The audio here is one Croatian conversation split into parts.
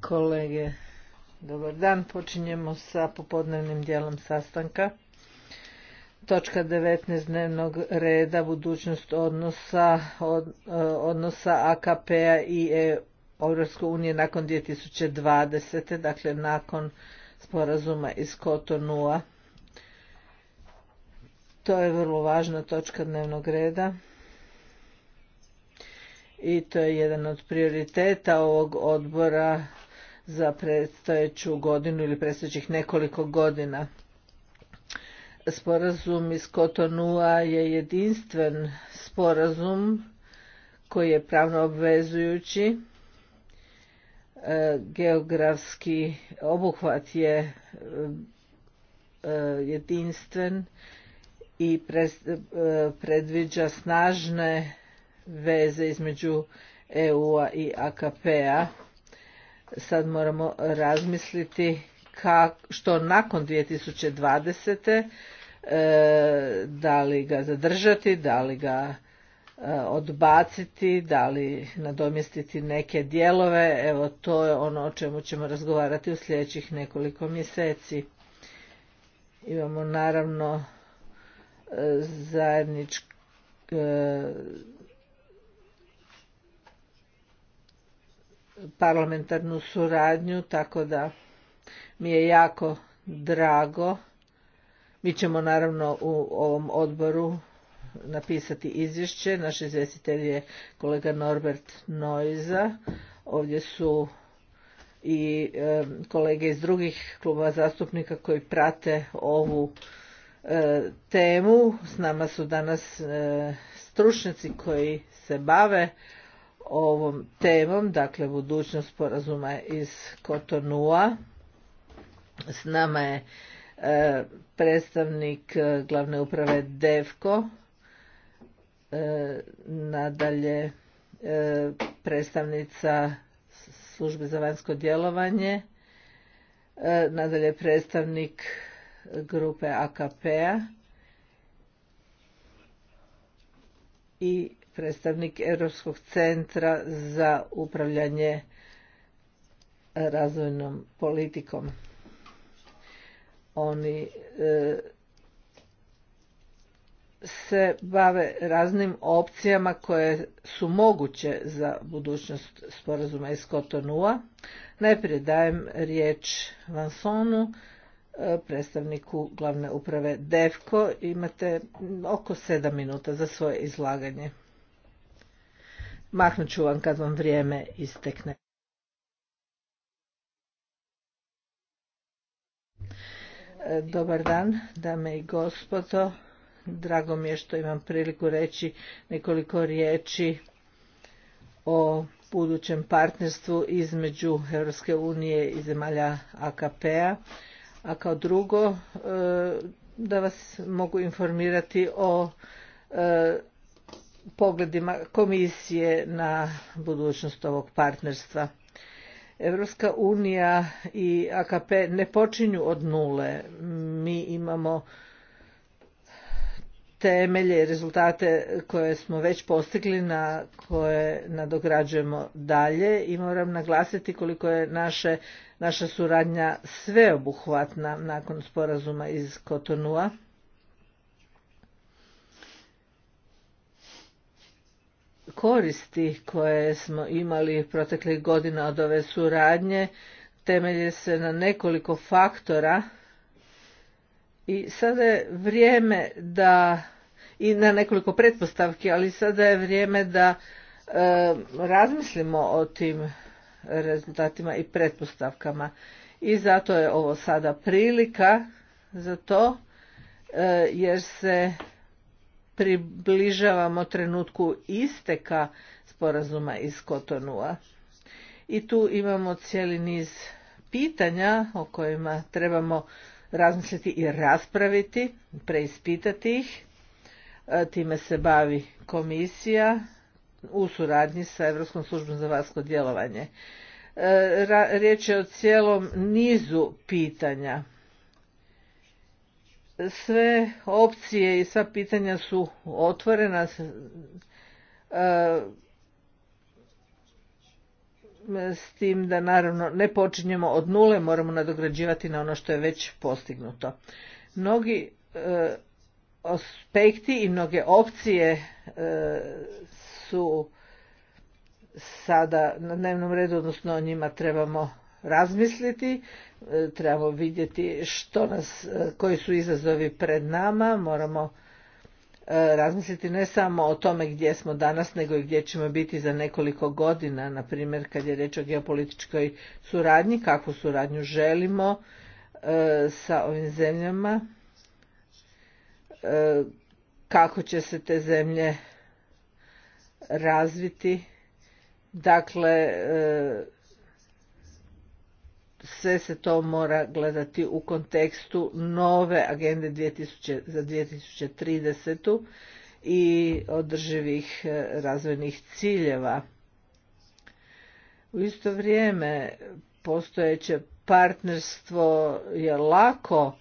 Kolege, dobar dan. Počinjemo sa popodnevnim dijelom sastanka. Točka 19 dnevnog reda, budućnost odnosa, e, odnosa AKP-a i e, Europske unije nakon 2020. Dakle, nakon sporazuma iz Kotonua. To je vrlo važna točka dnevnog reda i to je jedan od prioriteta ovog odbora za predstojeću godinu ili predstojećih nekoliko godina. Sporazum iz Kotonua je jedinstven sporazum koji je pravno obvezujući. E, geografski obuhvat je e, jedinstven i e, predviđa snažne veze između EU-a i AKP-a. Sad moramo razmisliti što nakon 2020. E, da li ga zadržati, da li ga e, odbaciti, da li nadomjestiti neke dijelove. Evo to je ono o čemu ćemo razgovarati u sljedećih nekoliko mjeseci. Imamo naravno e, zajedničku parlamentarnu suradnju, tako da mi je jako drago. Mi ćemo naravno u ovom odboru napisati izvješće. Naš izvjestitelj je kolega Norbert Noiza. Ovdje su i kolege iz drugih kluba zastupnika koji prate ovu e, temu. S nama su danas e, stručnjaci koji se bave ovom temom, dakle budućnost sporazuma iz Kotonua. S nama je e, predstavnik e, glavne uprave DEVKO, e, nadalje predstavnica službe za vanjsko djelovanje, nadalje predstavnik grupe AKP-a i predstavnik Europskog centra za upravljanje razvojnom politikom. Oni e, se bave raznim opcijama koje su moguće za budućnost sporazuma iz Kotonua. Najprije dajem riječ Vansonu, e, predstavniku glavne uprave DEFKO. Imate oko sedam minuta za svoje izlaganje. Mahnut ću vam kad vam vrijeme istekne. E, dobar dan, dame i gospodo. Drago mi je što imam priliku reći nekoliko riječi o budućem partnerstvu između Europske unije i zemalja AKP-a. A kao drugo, e, da vas mogu informirati o e, pogledima komisije na budućnost ovog partnerstva. Evropska unija i AKP ne počinju od nule. Mi imamo temelje i rezultate koje smo već postigli na koje nadograđujemo dalje i moram naglasiti koliko je naša suradnja sveobuhvatna nakon sporazuma iz Kotonua. koristi koje smo imali proteklih godina od ove suradnje temelje se na nekoliko faktora i sada je vrijeme da i na nekoliko pretpostavki, ali sada je vrijeme da e, razmislimo o tim rezultatima i pretpostavkama. I zato je ovo sada prilika za to e, jer se približavamo trenutku isteka sporazuma iz Kotonua. I tu imamo cijeli niz pitanja o kojima trebamo razmisliti i raspraviti, preispitati ih. E, time se bavi komisija u suradnji sa Europskom službom za vanjsko djelovanje. E, riječ je o cijelom nizu pitanja sve opcije i sva pitanja su otvorena e, s tim da naravno ne počinjemo od nule, moramo nadograđivati na ono što je već postignuto. Mnogi e, aspekti i mnoge opcije e, su sada na dnevnom redu, odnosno o njima trebamo razmisliti, e, trebamo vidjeti što nas, e, koji su izazovi pred nama, moramo e, razmisliti ne samo o tome gdje smo danas, nego i gdje ćemo biti za nekoliko godina, na primjer kad je reč o geopolitičkoj suradnji, kakvu suradnju želimo sa ovim zemljama, kako će se te zemlje razviti. Dakle, sve se to mora gledati u kontekstu nove agende 2000, za 2030. i održivih e, razvojnih ciljeva. U isto vrijeme postojeće partnerstvo je lako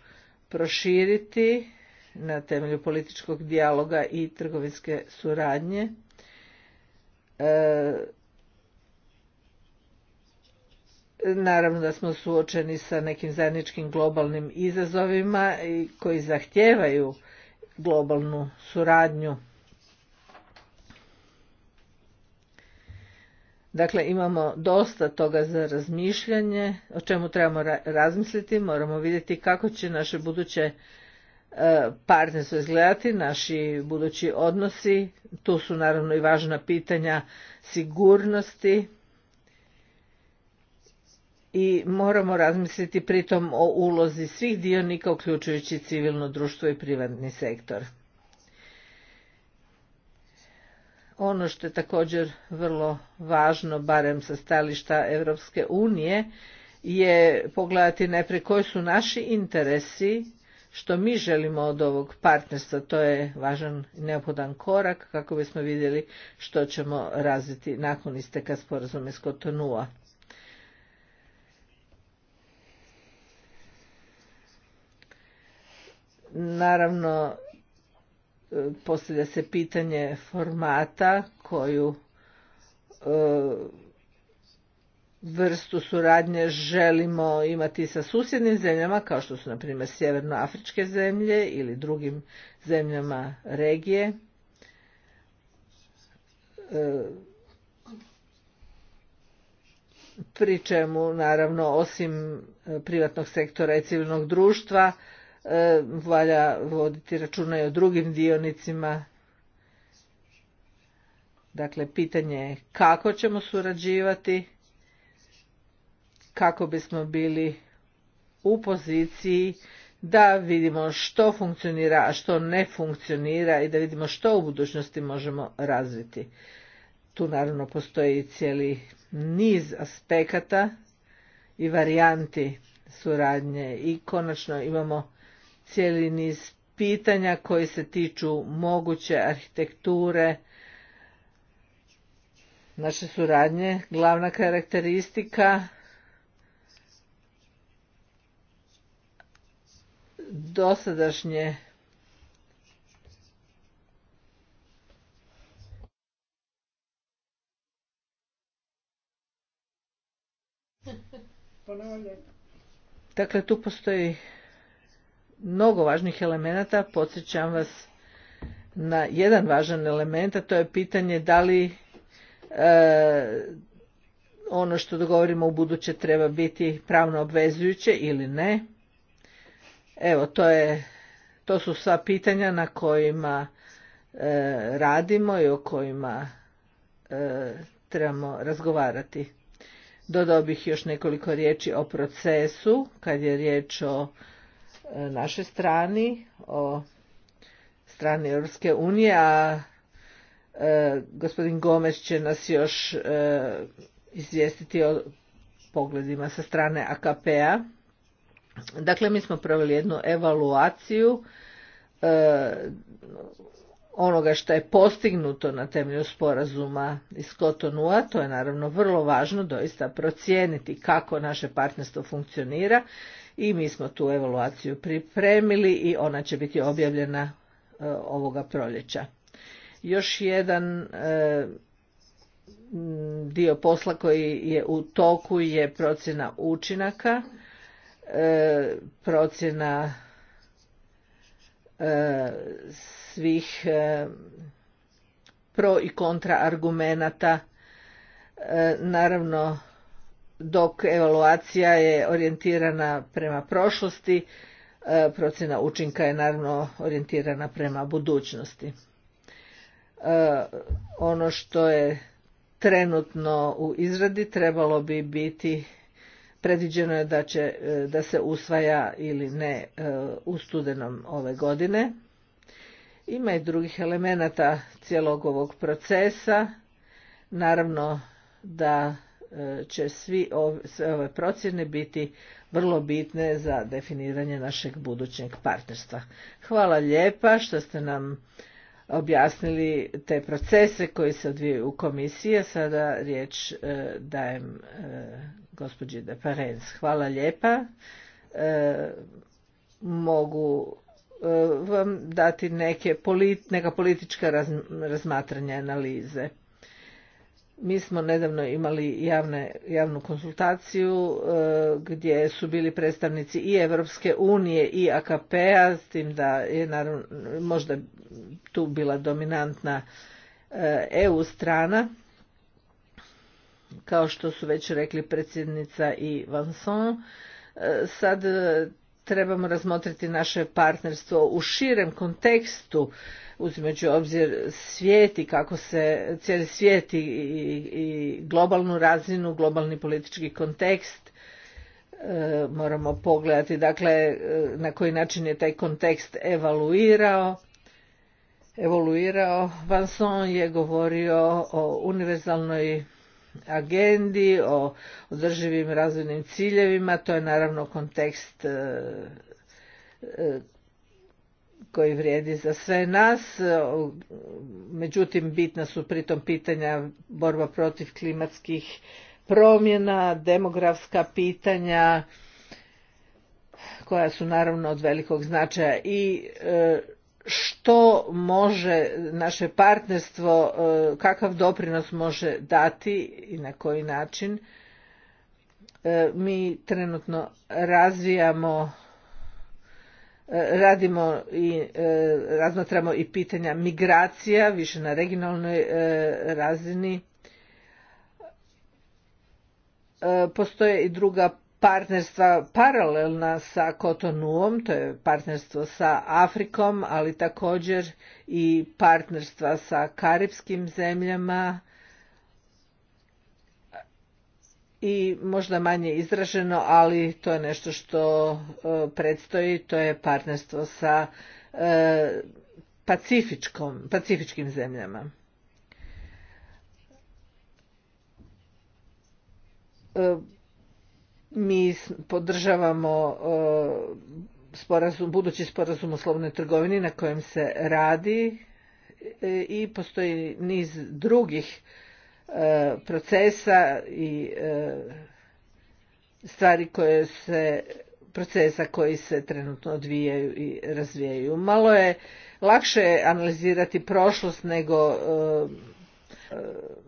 proširiti na temelju političkog dijaloga i trgovinske suradnje. E, Naravno da smo suočeni sa nekim zajedničkim globalnim izazovima i koji zahtijevaju globalnu suradnju. Dakle, imamo dosta toga za razmišljanje, o čemu trebamo razmisliti, moramo vidjeti kako će naše buduće e, partnerstvo izgledati, naši budući odnosi. Tu su naravno i važna pitanja sigurnosti, i moramo razmisliti pritom o ulozi svih dionika uključujući civilno društvo i privatni sektor. Ono što je također vrlo važno, barem sa stališta Europske unije, je pogledati najprije koji su naši interesi, što mi želimo od ovog partnerstva, to je važan i neophodan korak kako bismo vidjeli što ćemo razviti nakon isteka sporazume iz Kotonua. Naravno, e, postavlja se pitanje formata koju e, vrstu suradnje želimo imati sa susjednim zemljama kao što su na primjer sjevernoafričke zemlje ili drugim zemljama regije e, pri čemu naravno osim privatnog sektora i civilnog društva E, valja voditi računa i o drugim dionicima. Dakle, pitanje je kako ćemo surađivati, kako bismo bili u poziciji da vidimo što funkcionira, a što ne funkcionira i da vidimo što u budućnosti možemo razviti. Tu naravno postoji cijeli niz aspekata i varijanti suradnje i konačno imamo cijeli niz pitanja koji se tiču moguće arhitekture naše suradnje. Glavna karakteristika dosadašnje Dakle, tu postoji mnogo važnih elemenata. Podsjećam vas na jedan važan element, a to je pitanje da li e, ono što dogovorimo u buduće treba biti pravno obvezujuće ili ne. Evo, to, je, to su sva pitanja na kojima e, radimo i o kojima e, trebamo razgovarati. Dodao bih još nekoliko riječi o procesu, kad je riječ o našoj strani, o strani Europske unije, a e, gospodin Gomez će nas još e, izvijestiti o pogledima sa strane AKP-a. Dakle, mi smo proveli jednu evaluaciju e, onoga što je postignuto na temelju sporazuma iz Kotonua, to je naravno vrlo važno doista procijeniti kako naše partnerstvo funkcionira i mi smo tu evaluaciju pripremili i ona će biti objavljena e, ovoga proljeća. Još jedan e, dio posla koji je u toku je procjena učinaka, e, procjena svih pro i kontra argumenata. Naravno, dok evaluacija je orijentirana prema prošlosti, e, procjena učinka je naravno orijentirana prema budućnosti. E, ono što je trenutno u izradi trebalo bi biti predviđeno je da će e, da se usvaja ili ne u studenom ove godine. Ima i drugih elemenata cijelog ovog procesa. Naravno da će svi ove, sve ove procjene biti vrlo bitne za definiranje našeg budućeg partnerstva. Hvala lijepa što ste nam objasnili te procese koji se odvijaju u komisiji. Sada riječ e, dajem e, gospođi De Parenz. Hvala lijepa. E, mogu e, vam dati neke neka politička raz, razmatranja analize. Mi smo nedavno imali javne, javnu konsultaciju e, gdje su bili predstavnici i Europske unije i AKP-a, s tim da je naravno možda tu bila dominantna EU e strana, kao što su već rekli predsjednica i Vanson. E, sad trebamo razmotriti naše partnerstvo u širem kontekstu uzimajući obzir svijet i kako se cijeli svijet i, i globalnu razinu, globalni politički kontekst e, moramo pogledati dakle e, na koji način je taj kontekst evaluirao evoluirao. Vanson je govorio o univerzalnoj agendi, o održivim razvojnim ciljevima, to je naravno kontekst e, koji vrijedi za sve nas, međutim bitna su pritom pitanja borba protiv klimatskih promjena, demografska pitanja koja su naravno od velikog značaja i e, što može naše partnerstvo, e, kakav doprinos može dati i na koji način. E, mi trenutno razvijamo E, radimo i e, razmatramo i pitanja migracija više na regionalnoj e, razini postoje i druga partnerstva paralelna sa Kotonuom, to je partnerstvo sa Afrikom, ali također i partnerstva sa karipskim zemljama i možda manje izraženo, ali to je nešto što e, predstoji, to je partnerstvo sa e, pacifičkim zemljama. E, mi podržavamo sporazum, budući sporazum o slobodnoj trgovini na kojem se radi i postoji niz drugih procesa i e, stvari koje se procesa koji se trenutno odvijaju i razvijaju. Malo je lakše analizirati prošlost nego e, e,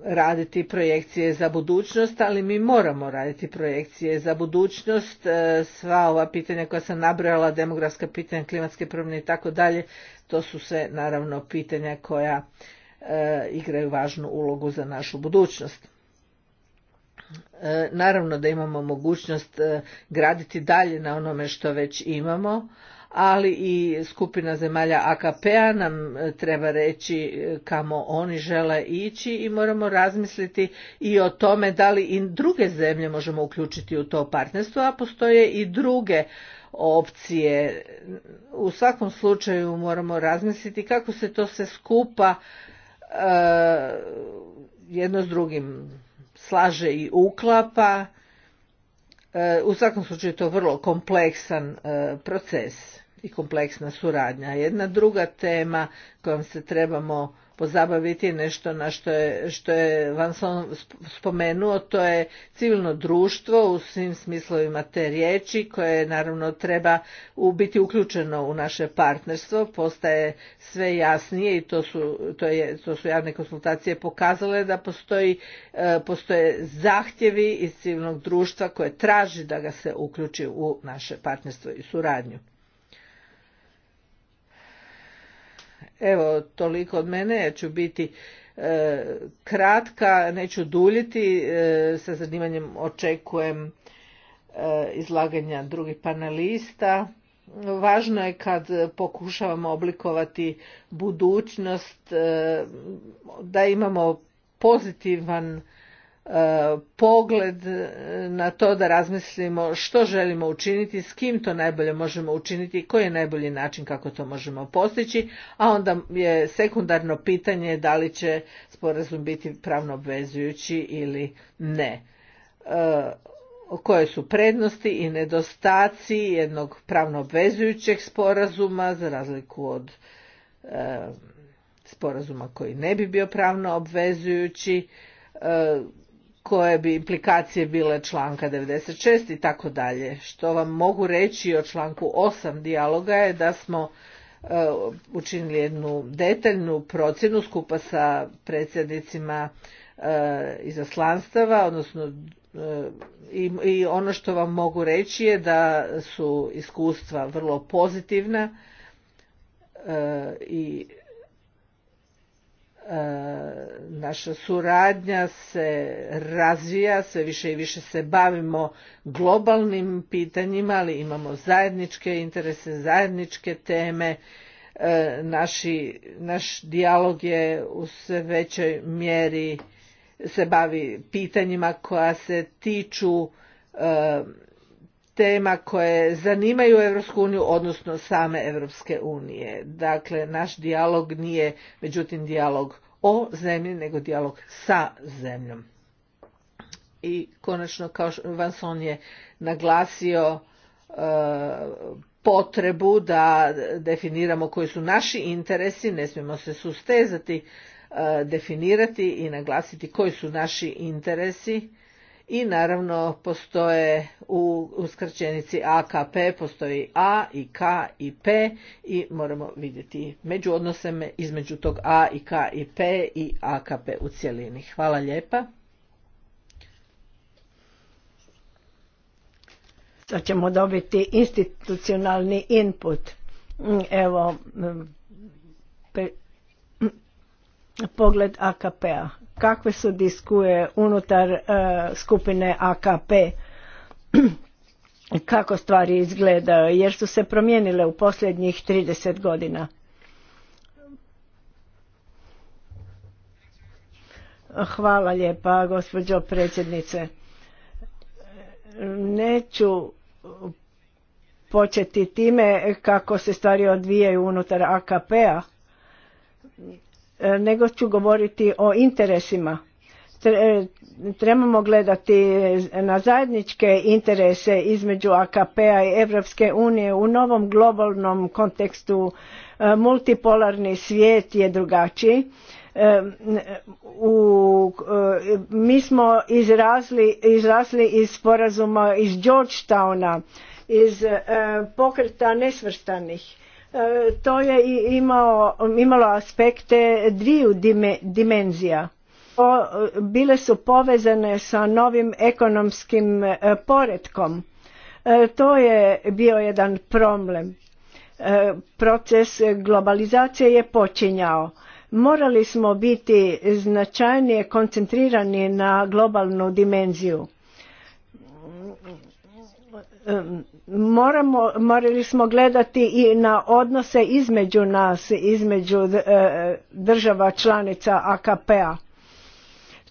raditi projekcije za budućnost, ali mi moramo raditi projekcije za budućnost. sva ova pitanja koja sam nabrojala, demografska pitanja, klimatske promjene i tako dalje, to su sve naravno pitanja koja E, igraju važnu ulogu za našu budućnost. E, naravno da imamo mogućnost e, graditi dalje na onome što već imamo, ali i skupina zemalja AKP-a nam treba reći kamo oni žele ići i moramo razmisliti i o tome da li i druge zemlje možemo uključiti u to partnerstvo, a postoje i druge opcije. U svakom slučaju moramo razmisliti kako se to sve skupa E, jedno s drugim slaže i uklapa. E, u svakom slučaju je to vrlo kompleksan e, proces i kompleksna suradnja. Jedna druga tema kojom se trebamo pozabaviti nešto na što je, što je Vanson spomenuo, to je civilno društvo u svim smislovima te riječi koje naravno treba biti uključeno u naše partnerstvo, postaje sve jasnije i to su, to je, to su javne konsultacije pokazale da postoji, e, postoje zahtjevi iz civilnog društva koje traži da ga se uključi u naše partnerstvo i suradnju. Evo, toliko od mene, ja ću biti e, kratka, neću duljiti, e, sa zanimanjem očekujem e, izlaganja drugih panelista. Važno je kad pokušavamo oblikovati budućnost, da imamo pozitivan pogled na to da razmislimo što želimo učiniti, s kim to najbolje možemo učiniti, koji je najbolji način kako to možemo postići, a onda je sekundarno pitanje da li će sporazum biti pravno obvezujući ili ne. E, koje su prednosti i nedostaci jednog pravno obvezujućeg sporazuma za razliku od e, sporazuma koji ne bi bio pravno obvezujući e, koje bi implikacije bile članka 96 i tako dalje. Što vam mogu reći o članku 8 dijaloga je da smo e, učinili jednu detaljnu procjenu skupa sa predsjednicima e, izaslanstava, odnosno e, i ono što vam mogu reći je da su iskustva vrlo pozitivna i E, naša suradnja se razvija, sve više i više se bavimo globalnim pitanjima, ali imamo zajedničke interese, zajedničke teme. E, naši, naš dijalog je u sve većoj mjeri se bavi pitanjima koja se tiču e, tema koje zanimaju Europsku uniju, odnosno same Europske unije. Dakle, naš dijalog nije, međutim, dijalog o zemlji, nego dijalog sa zemljom. I konačno, kao što Vanson je naglasio, e, potrebu da definiramo koji su naši interesi, ne smijemo se sustezati, e, definirati i naglasiti koji su naši interesi i naravno postoje u, u AKP, postoji A i K i P i moramo vidjeti među odnose između tog A i K i P i AKP u cjelini. Hvala lijepa. Sad ćemo dobiti institucionalni input. Evo, pogled AKP-a. Kakve su diskuje unutar e, skupine AKP? Kako stvari izgledaju? Jer su se promijenile u posljednjih 30 godina. Hvala lijepa, gospođo predsjednice. Neću početi time kako se stvari odvijaju unutar AKP-a E, nego ću govoriti o interesima. E, trebamo gledati na zajedničke interese između AKP-a i Evropske unije u novom globalnom kontekstu. E, multipolarni svijet je drugačiji. U, mi smo izrasli iz sporazuma iz Georgetowna, iz pokreta nesvrstanih E, to je imao, imalo aspekte dviju dimenzija. bile su povezane sa novim ekonomskim e, poretkom. E, to je bio jedan problem. Proces globalizacije je počinjao. Morali smo biti značajnije koncentrirani na globalnu dimenziju moramo, morali smo gledati i na odnose između nas, između e, država članica AKP-a.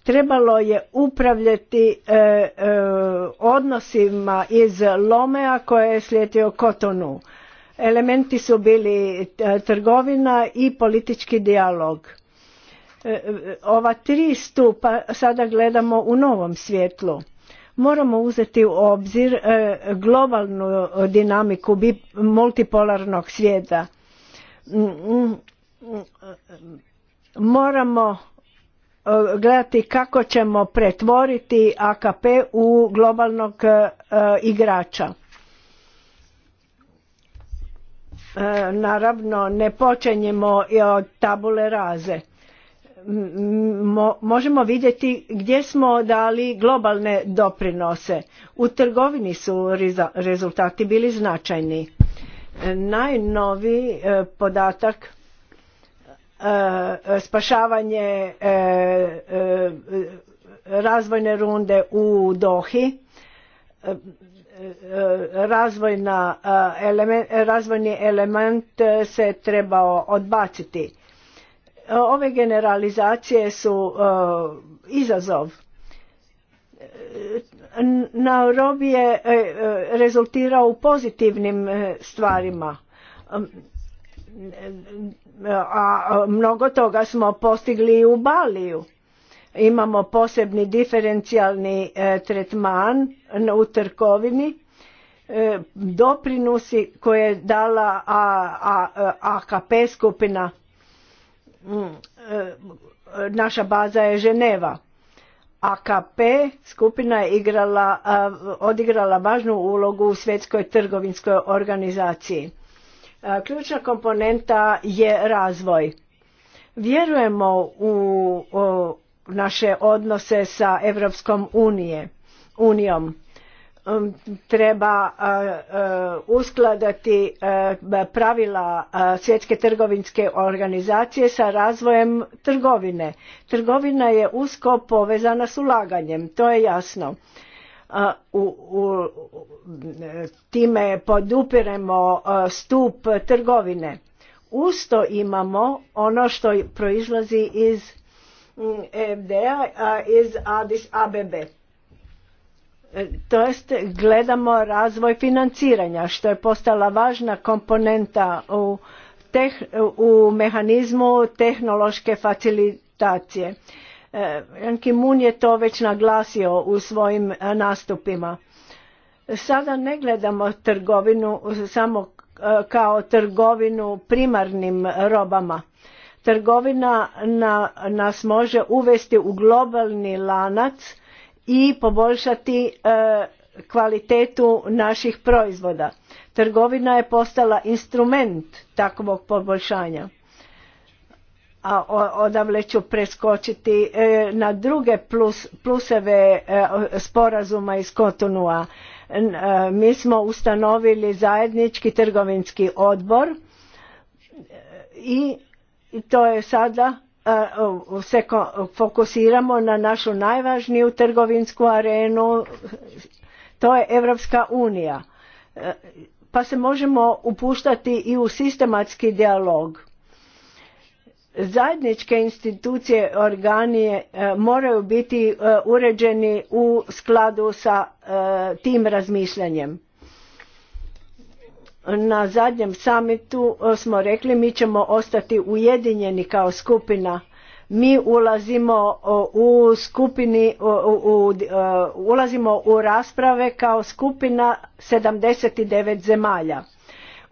Trebalo je upravljati e, e, odnosima iz Lomea koje je slijetio Kotonu. Elementi su bili trgovina i politički dijalog. Ova tri stupa sada gledamo u novom svjetlu Moramo uzeti u obzir e, globalnu dinamiku multipolarnog svijeta. Mm, mm, mm, moramo e, gledati kako ćemo pretvoriti AKP u globalnog e, igrača. Naravno, ne počinjemo od tabule raze možemo vidjeti gdje smo dali globalne doprinose. U trgovini su rezultati bili značajni. E, Najnovi e, podatak e, spašavanje razvojne runde u Dohi razvojni element se trebao odbaciti Ove generalizacije su e, izazov. Na je e, rezultirao u pozitivnim e, stvarima a mnogo toga smo postigli i u Baliju. Imamo posebni diferencijalni tretman u trkovini, doprinusi koje je dala AKP skupina Mm, e, naša baza je Ženeva. AKP skupina je igrala, odigrala važnu ulogu u svjetskoj trgovinskoj organizaciji. E, ključna komponenta je razvoj. Vjerujemo u naše odnose sa Europskom unijom Um, treba uh, uh, uskladati uh, pravila svjetske trgovinske organizacije sa razvojem trgovine. Trgovina je usko povezana s ulaganjem, to je jasno. U, u, time podupiremo stup trgovine. Usto imamo ono što proizlazi iz mm, FDA, iz Addis ABB E, to jest gledamo razvoj financiranja što je postala važna komponenta u, mehanizmu tehnološke facilitacije. E, Jan je to već naglasio u svojim e, nastupima. Sada ne gledamo trgovinu samo kao trgovinu primarnim robama. Trgovina nas može uvesti u globalni lanac i poboljšati e, kvalitetu naših proizvoda. Trgovina je postala instrument takvog poboljšanja. A odavle ću preskočiti e, na druge plus, pluseve e, sporazuma iz Kotonua. Mi smo ustanovili zajednički trgovinski odbor i to je sada E, se fokusiramo na našu najvažniju trgovinsku arenu, to je Europska unija. E, pa se možemo upuštati i u sistematski dijalog. Zajedničke institucije organi e, moraju biti uređeni u skladu sa tim razmišljanjem na zadnjem samitu e, smo rekli mi ćemo ostati ujedinjeni kao skupina mi ulazimo e, u skupini u, e, ulazimo u rasprave kao skupina 79 zemalja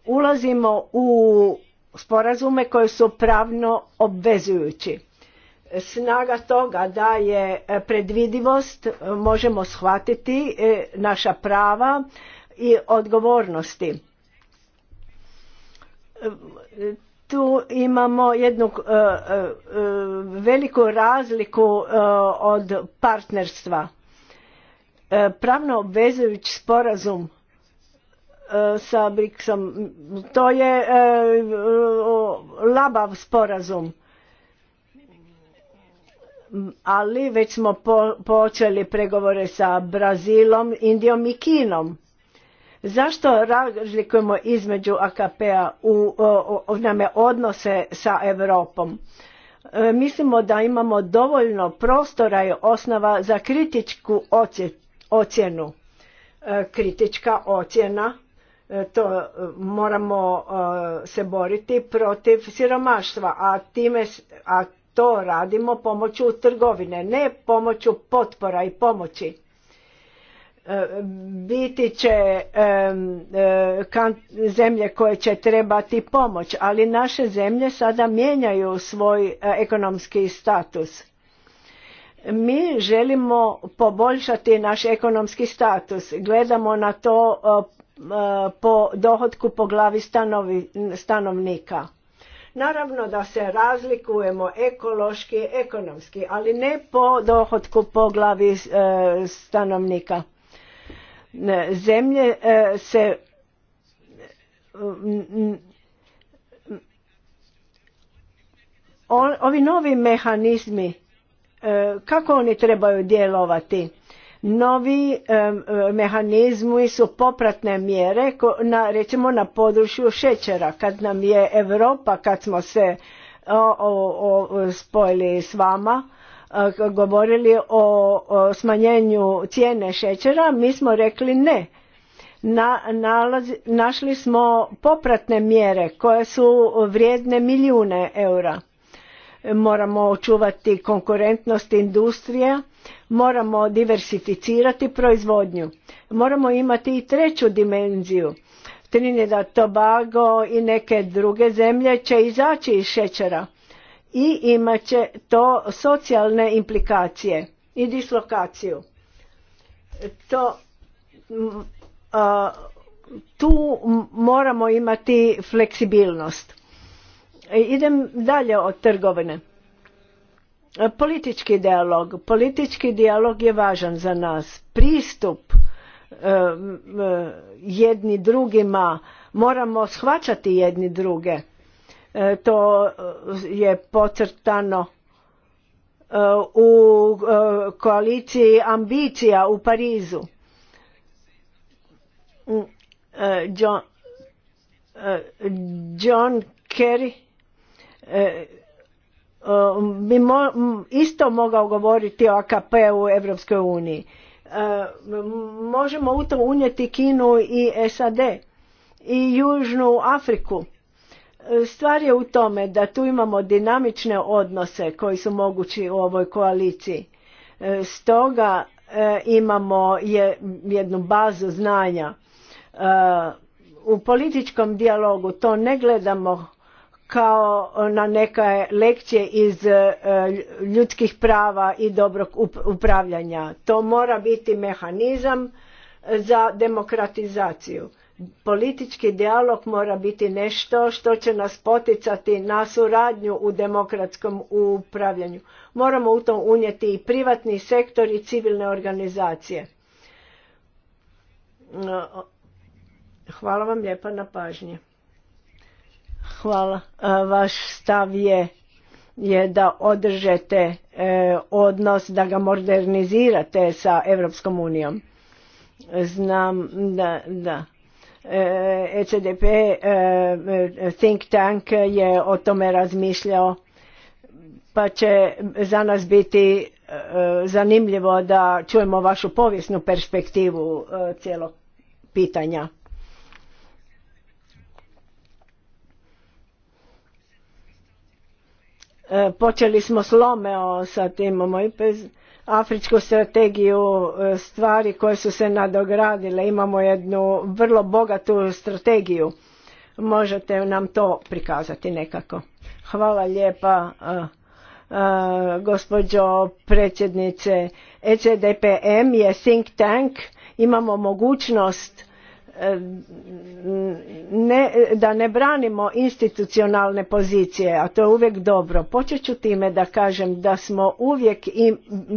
ulazimo u sporazume koji su pravno obvezujući snaga toga da je predvidivost možemo shvatiti naša prava i odgovornosti tu imamo jednu e, e, e, veliku razliku od partnerstva. Pravno obvezujući sporazum sa Briksom, to je labav sporazum. Ali već smo počeli pregovore sa Brazilom, Indijom i Kinom Zašto razlikujemo između AKP-a u, odnose sa Europom? E, mislimo da imamo dovoljno prostora i osnova za kritičku ocjenu. E, kritička ocjena, e, to moramo se boriti protiv siromaštva, a time, a to radimo pomoću trgovine, ne pomoću potpora i pomoći biti će eh, zemlje koje će trebati pomoć, ali naše zemlje sada mijenjaju svoj eh, ekonomski status. Mi želimo poboljšati naš ekonomski status. Gledamo na to eh, po dohodku po glavi stanovnika. Naravno da se razlikujemo ekološki, ekonomski, ali ne po dohodku po glavi stanovnika E, zemlje e, se e, ovi novi mehanizmi kako oni trebaju djelovati novi mehanizmi su popratne mjere na recimo na području šećera kad nam je Europa kad smo se spojili s vama govorili o, smanjenju cijene šećera, mi smo rekli ne. Na, našli smo popratne mjere koje su vrijedne milijune eura. Moramo očuvati konkurentnost industrije moramo diversificirati proizvodnju. Moramo imati i treću dimenziju. Trinidad, Tobago i neke druge zemlje će izaći iz šećera i imat će to socijalne implikacije i dislokaciju. To, tu moramo imati fleksibilnost. E, idem dalje od trgovine. Politički dijalog. Politički dijalog je važan za nas. Pristup e, e, jedni drugima moramo shvaćati jedni druge E, to e, je pocrtano e, u koaliciji ambicija u Parizu. Mm, John, Kerry isto mogao govoriti o AKP-u u uniji. Možemo u to unijeti Kinu i SAD i Južnu Afriku Stvar je u tome da tu imamo dinamične odnose koji su mogući u ovoj koaliciji. E, stoga e, imamo jednu bazu znanja. E, u političkom dijalogu to ne gledamo kao na neke lekcije iz ljudskih prava i dobrog upravljanja. To mora biti mehanizam za demokratizaciju Politički dijalog mora biti nešto što će nas poticati na suradnju u demokratskom upravljanju. Moramo u to unijeti i privatni sektor i civilne organizacije. Hvala vam lijepa na pažnji. Hvala. Vaš stav je, da održete e, odnos, da ga modernizirate sa Europskom unijom. Znam da, da ECDP e e, e, think tank je o tome razmišljao pa će za nas biti zanimljivo da čujemo vašu povijesnu perspektivu cijelog pitanja. Počeli smo s Lomeo sa tim mojim afričku strategiju e, stvari koje su se nadogradile. Imamo jednu vrlo bogatu strategiju. Možete nam to prikazati nekako. Hvala lijepa e, e, gospođo predsjednice. ECDPM je think tank. Imamo mogućnost da ne branimo institucionalne pozicije, a to je uvijek dobro. Počet ću time da kažem da smo uvijek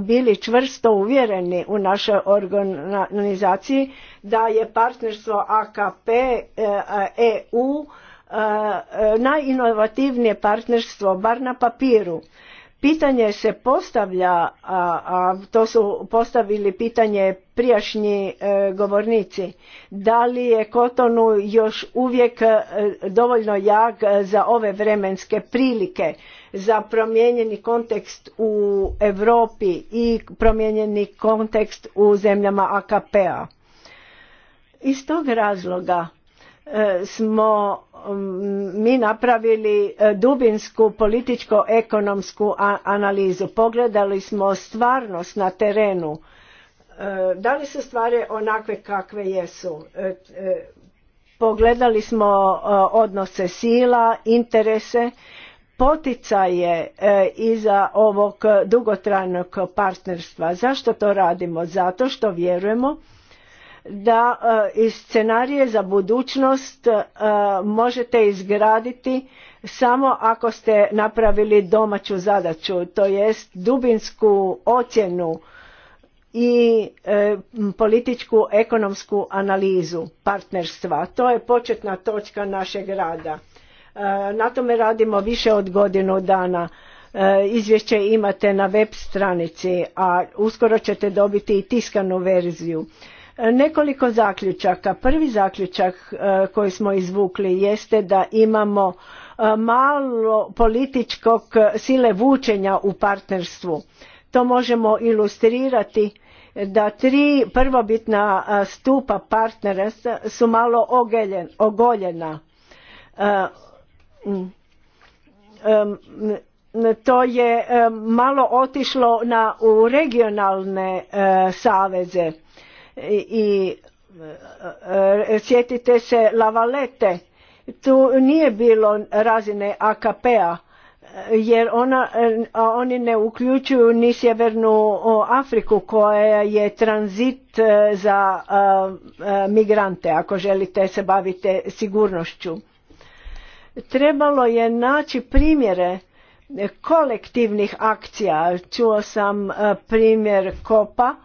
bili čvrsto uvjereni u našoj organizaciji da je partnerstvo AKP EU eh, e eh, eh, najinovativnije partnerstvo, bar na papiru Pitanje se postavlja, a, to su postavili pitanje prijašnji e, govornici, da li je Kotonu još uvijek e, dovoljno jak za ove vremenske prilike, za promijenjeni kontekst u Europi i promijenjeni kontekst u zemljama AKP-a. Iz tog razloga E, smo mi napravili e, dubinsku političko-ekonomsku analizu. Pogledali smo stvarnost na terenu. E, da li su stvari onakve kakve jesu? Pogledali smo odnose sila, interese, poticaje iza ovog dugotrajnog partnerstva. Zašto to radimo? Zato što vjerujemo da e, i scenarije za budućnost e, možete izgraditi samo ako ste napravili domaću zadaću, to jest dubinsku ocjenu i e, političku ekonomsku analizu partnerstva. To je početna točka našeg rada. Na tome radimo više od godinu dana. Izvješće imate na web stranici, a uskoro ćete dobiti i tiskanu verziju. Nekoliko zaključaka. Prvi zaključak e, koji smo izvukli jeste da imamo e, malo političkog sile vučenja u partnerstvu. To možemo ilustrirati da tri prvobitna e, stupa partnera su malo ogoljena. To je malo otišlo na, u regionalne saveze i e, sjetite se lavalete tu nije bilo razine AKP-a jer ona, e, oni ne uključuju ni Sjevernu Afriku koja je tranzit e, za migrante ako želite se baviti sigurnošću. Trebalo je naći primjere kolektivnih akcija. Čuo sam primjer Kopa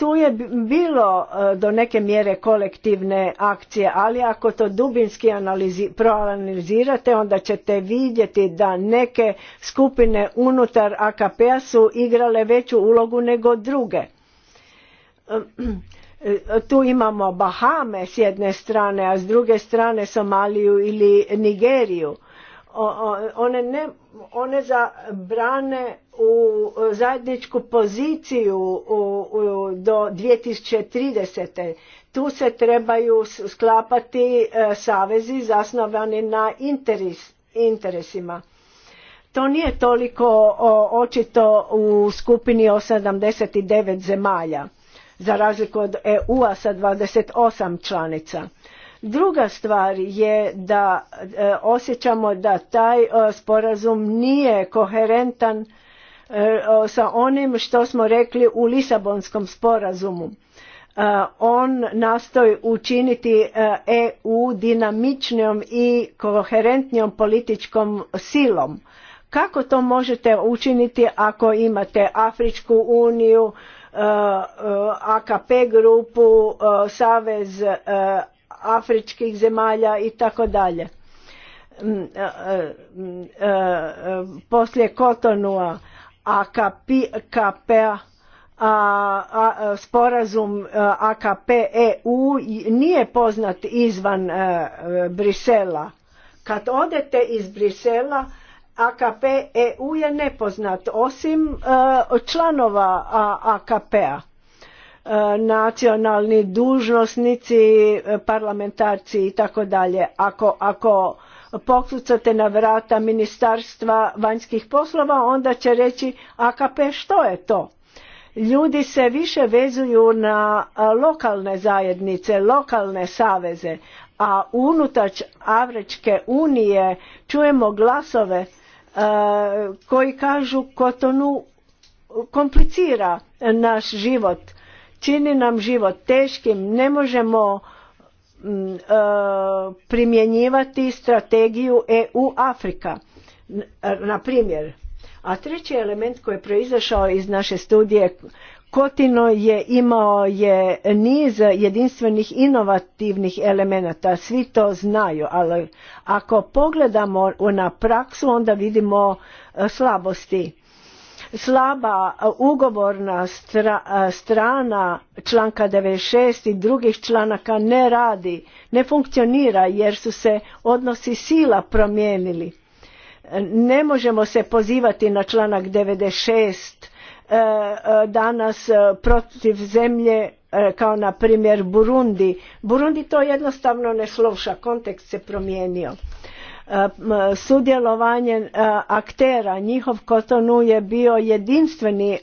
tu je bilo e, do neke mjere kolektivne akcije, ali ako to dubinski proanalizirate onda ćete vidjeti da neke skupine unutar AKP-a su igrale veću ulogu nego druge. E, e, tu imamo Bahame s jedne strane, a s druge strane Somaliju ili Nigeriju. One, ne, one u zajedničku poziciju u, u, do 2030. Tu se trebaju sklapati e, savezi zasnovani na interesima. To nije toliko očito u skupini o 79 zemalja, za razliku od EU-a sa 28 članica. Druga stvar je da e, osjećamo da taj e, sporazum nije koherentan E, sa onim što smo rekli u Lisabonskom sporazumu. E, on nastoji učiniti EU e dinamičnijom i koherentnijom političkom silom. Kako to možete učiniti ako imate Afričku uniju, AKP grupu, Savez afričkih zemalja i tako dalje? Mm, mm, poslije Kotonua AKP-a a, sporazum AKP EU nije poznat izvan e, Brisela. Kad odete iz Brisela AKP EU je nepoznat osim e, članova AKP-a. E, nacionalni dužnosnici, parlamentarci i tako dalje. Ako, ako pokucate na vrata ministarstva vanjskih poslova onda će reći AKP što je to? Ljudi se više vezuju na lokalne zajednice, lokalne saveze, a unutač Afričke unije čujemo glasove koji kažu Kotonu komplicira naš život, čini nam život teškim, ne možemo E, primjenjivati strategiju EU Afrika, e, na primjer. A treći element koji je proizašao iz naše studije Kotino je imao je niz jedinstvenih inovativnih elemenata, svi to znaju, ali ako pogledamo na praksu onda vidimo e, slabosti slaba ugovorna strana članka 96 i drugih članaka ne radi, ne funkcionira jer su se odnosi sila promijenili. E, ne možemo se pozivati na članak 96 e, e, danas protiv zemlje kao na primjer Burundi. Burundi to jednostavno ne sluša, kontekst se promijenio E, sudjelovanje e, aktera, njihov kotonu je bio jedinstveni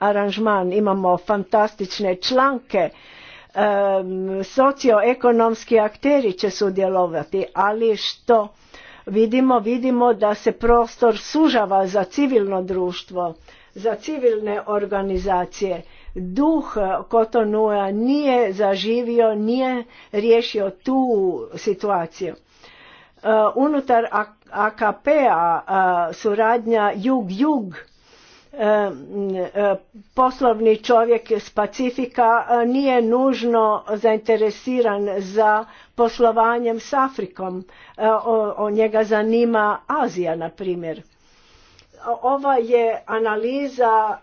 aranžman, imamo fantastične članke, e, socioekonomski akteri će sudjelovati, ali što vidimo, vidimo da se prostor sužava za civilno društvo, za civilne organizacije. Duh Kotonua nije zaživio, nije riješio tu situaciju. Uh, unutar AKP-a uh, suradnja jug-jug uh, poslovni čovjek s Pacifika nije nužno zainteresiran za poslovanjem s Afrikom. O, njega zanima Azija, na primjer. Ova je analiza,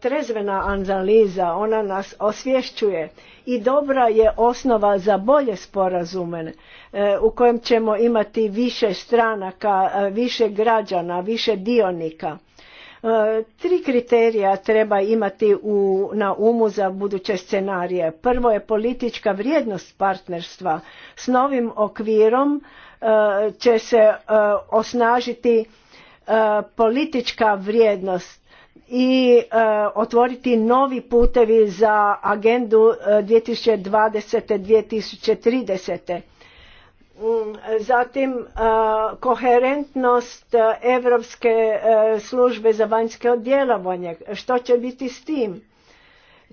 trezvena analiza, ona nas osvješćuje i dobra je osnova za bolje sporazumene E, u kojem ćemo imati više stranaka, e, više građana, više dionika. E, tri kriterija treba imati u, na umu za buduće scenarije. Prvo je politička vrijednost partnerstva. S novim okvirom će se osnažiti politička vrijednost i otvoriti novi putevi za agendu 2020. 2030 Mm, zatim e, koherentnost Europske e, službe za vanjske djelovanje, što će biti s tim?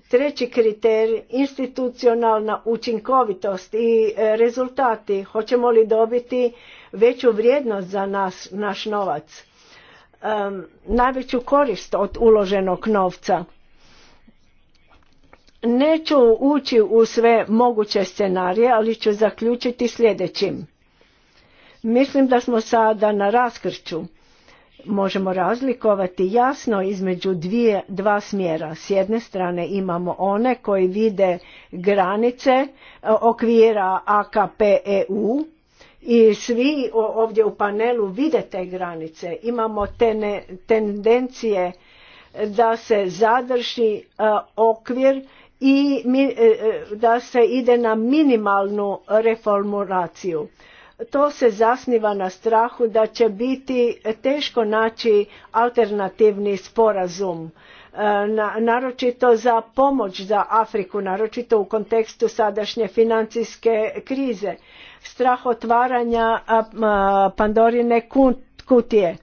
Treći kriterij, institucionalna učinkovitost i e, rezultati, hoćemo li dobiti veću vrijednost za nas, naš novac, najveću korist od uloženog novca Neću ući u sve moguće scenarije, ali ću zaključiti sljedećim. Mislim da smo sada na raskrću Možemo razlikovati jasno između dvije, dva smjera. S jedne strane imamo one koji vide granice e, okvira AKP EU i svi ovdje u panelu vide te granice. Imamo tendencije da se zadrži e, okvir i e, e, da se ide na minimalnu reformulaciju. To se zasniva na strahu da će biti teško naći alternativni sporazum, e, naročito za pomoć za Afriku, naročito u kontekstu sadašnje financijske krize. Strah otvaranja Pandorine kutije,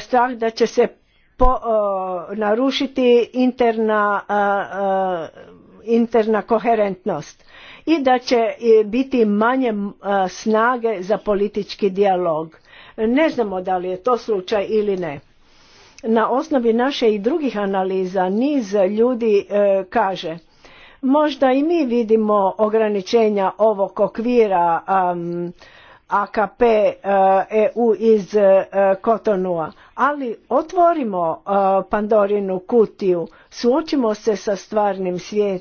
strah da će se narušiti interna interna koherentnost i da će e, biti manje e, snage za politički dijalog. Ne znamo da li je to slučaj ili ne. Na osnovi naše i drugih analiza niz ljudi e, kaže možda i mi vidimo ograničenja ovog okvira AKP EU iz Kotonua, ali otvorimo uh, Pandorinu kutiju, suočimo se sa stvarnim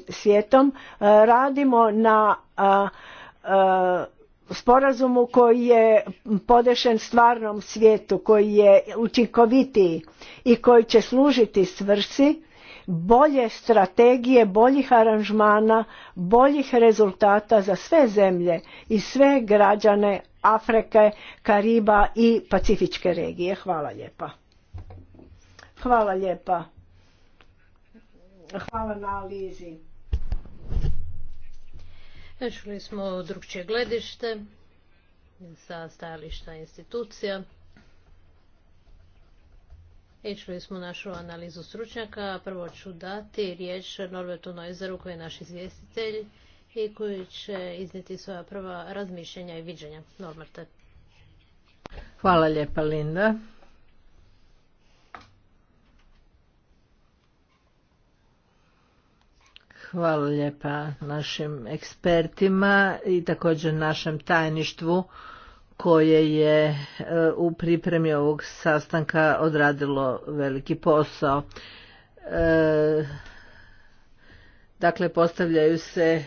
svijetom, uh, radimo na uh, sporazumu koji je podešen stvarnom svijetu, koji je učinkovitiji i koji će služiti svrsi bolje strategije, boljih aranžmana, boljih rezultata za sve zemlje i sve građane Afrike, Kariba i Pacifičke regije. Hvala lijepa. Hvala lijepa. Hvala na analizi. Čuli smo drugčije gledište sa stajališta institucija. I čuli smo našu analizu stručnjaka. Prvo ću dati riječ Norbertu Noizeru koji je naš izvjestitelj i koji će izniti svoja prva razmišljenja i viđenja. Norberte. Hvala lijepa Linda. Hvala lijepa našim ekspertima i također našem tajništvu koje je e, u pripremi ovog sastanka odradilo veliki posao. E, dakle, postavljaju se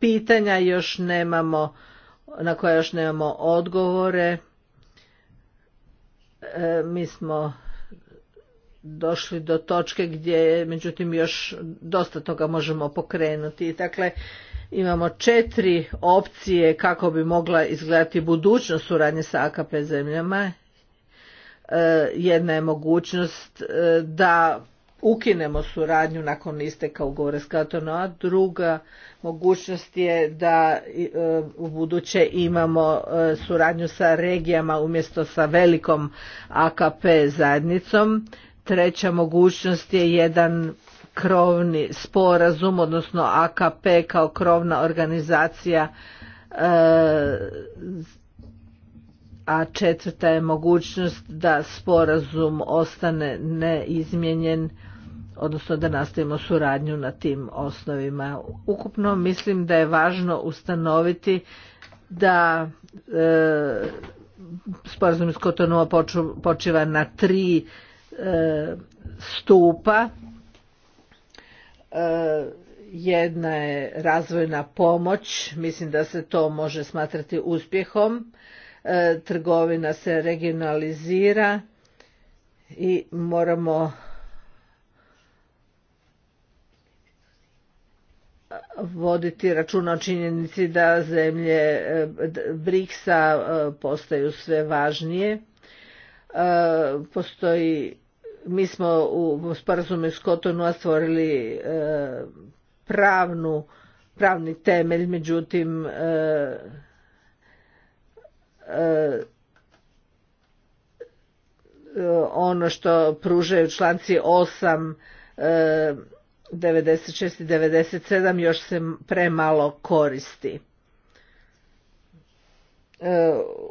pitanja, još nemamo, na koja još nemamo odgovore. E, mi smo došli do točke gdje međutim još dosta toga možemo pokrenuti. Dakle, imamo četiri opcije kako bi mogla izgledati budućnost suradnje sa AKP zemljama. E, jedna je mogućnost e, da ukinemo suradnju nakon isteka ugovora s Katona, druga mogućnost je da e, u buduće imamo suradnju sa regijama umjesto sa velikom AKP zajednicom. Treća mogućnost je jedan krovni sporazum, odnosno AKP kao krovna organizacija, e, a četvrta je mogućnost da sporazum ostane neizmjenjen, odnosno da nastavimo suradnju na tim osnovima. Ukupno mislim da je važno ustanoviti da e, sporazum iz Kotonova počiva na tri e, stupa E, jedna je razvojna pomoć, mislim da se to može smatrati uspjehom, e, trgovina se regionalizira i moramo e, voditi računa o činjenici da zemlje BRICS-a postaju sve važnije. Postoji mi smo u sporazumu s Kotonu stvorili e, pravnu, pravni temelj, međutim e, e, ono što pružaju članci 8, 96 i 97 još se premalo koristi.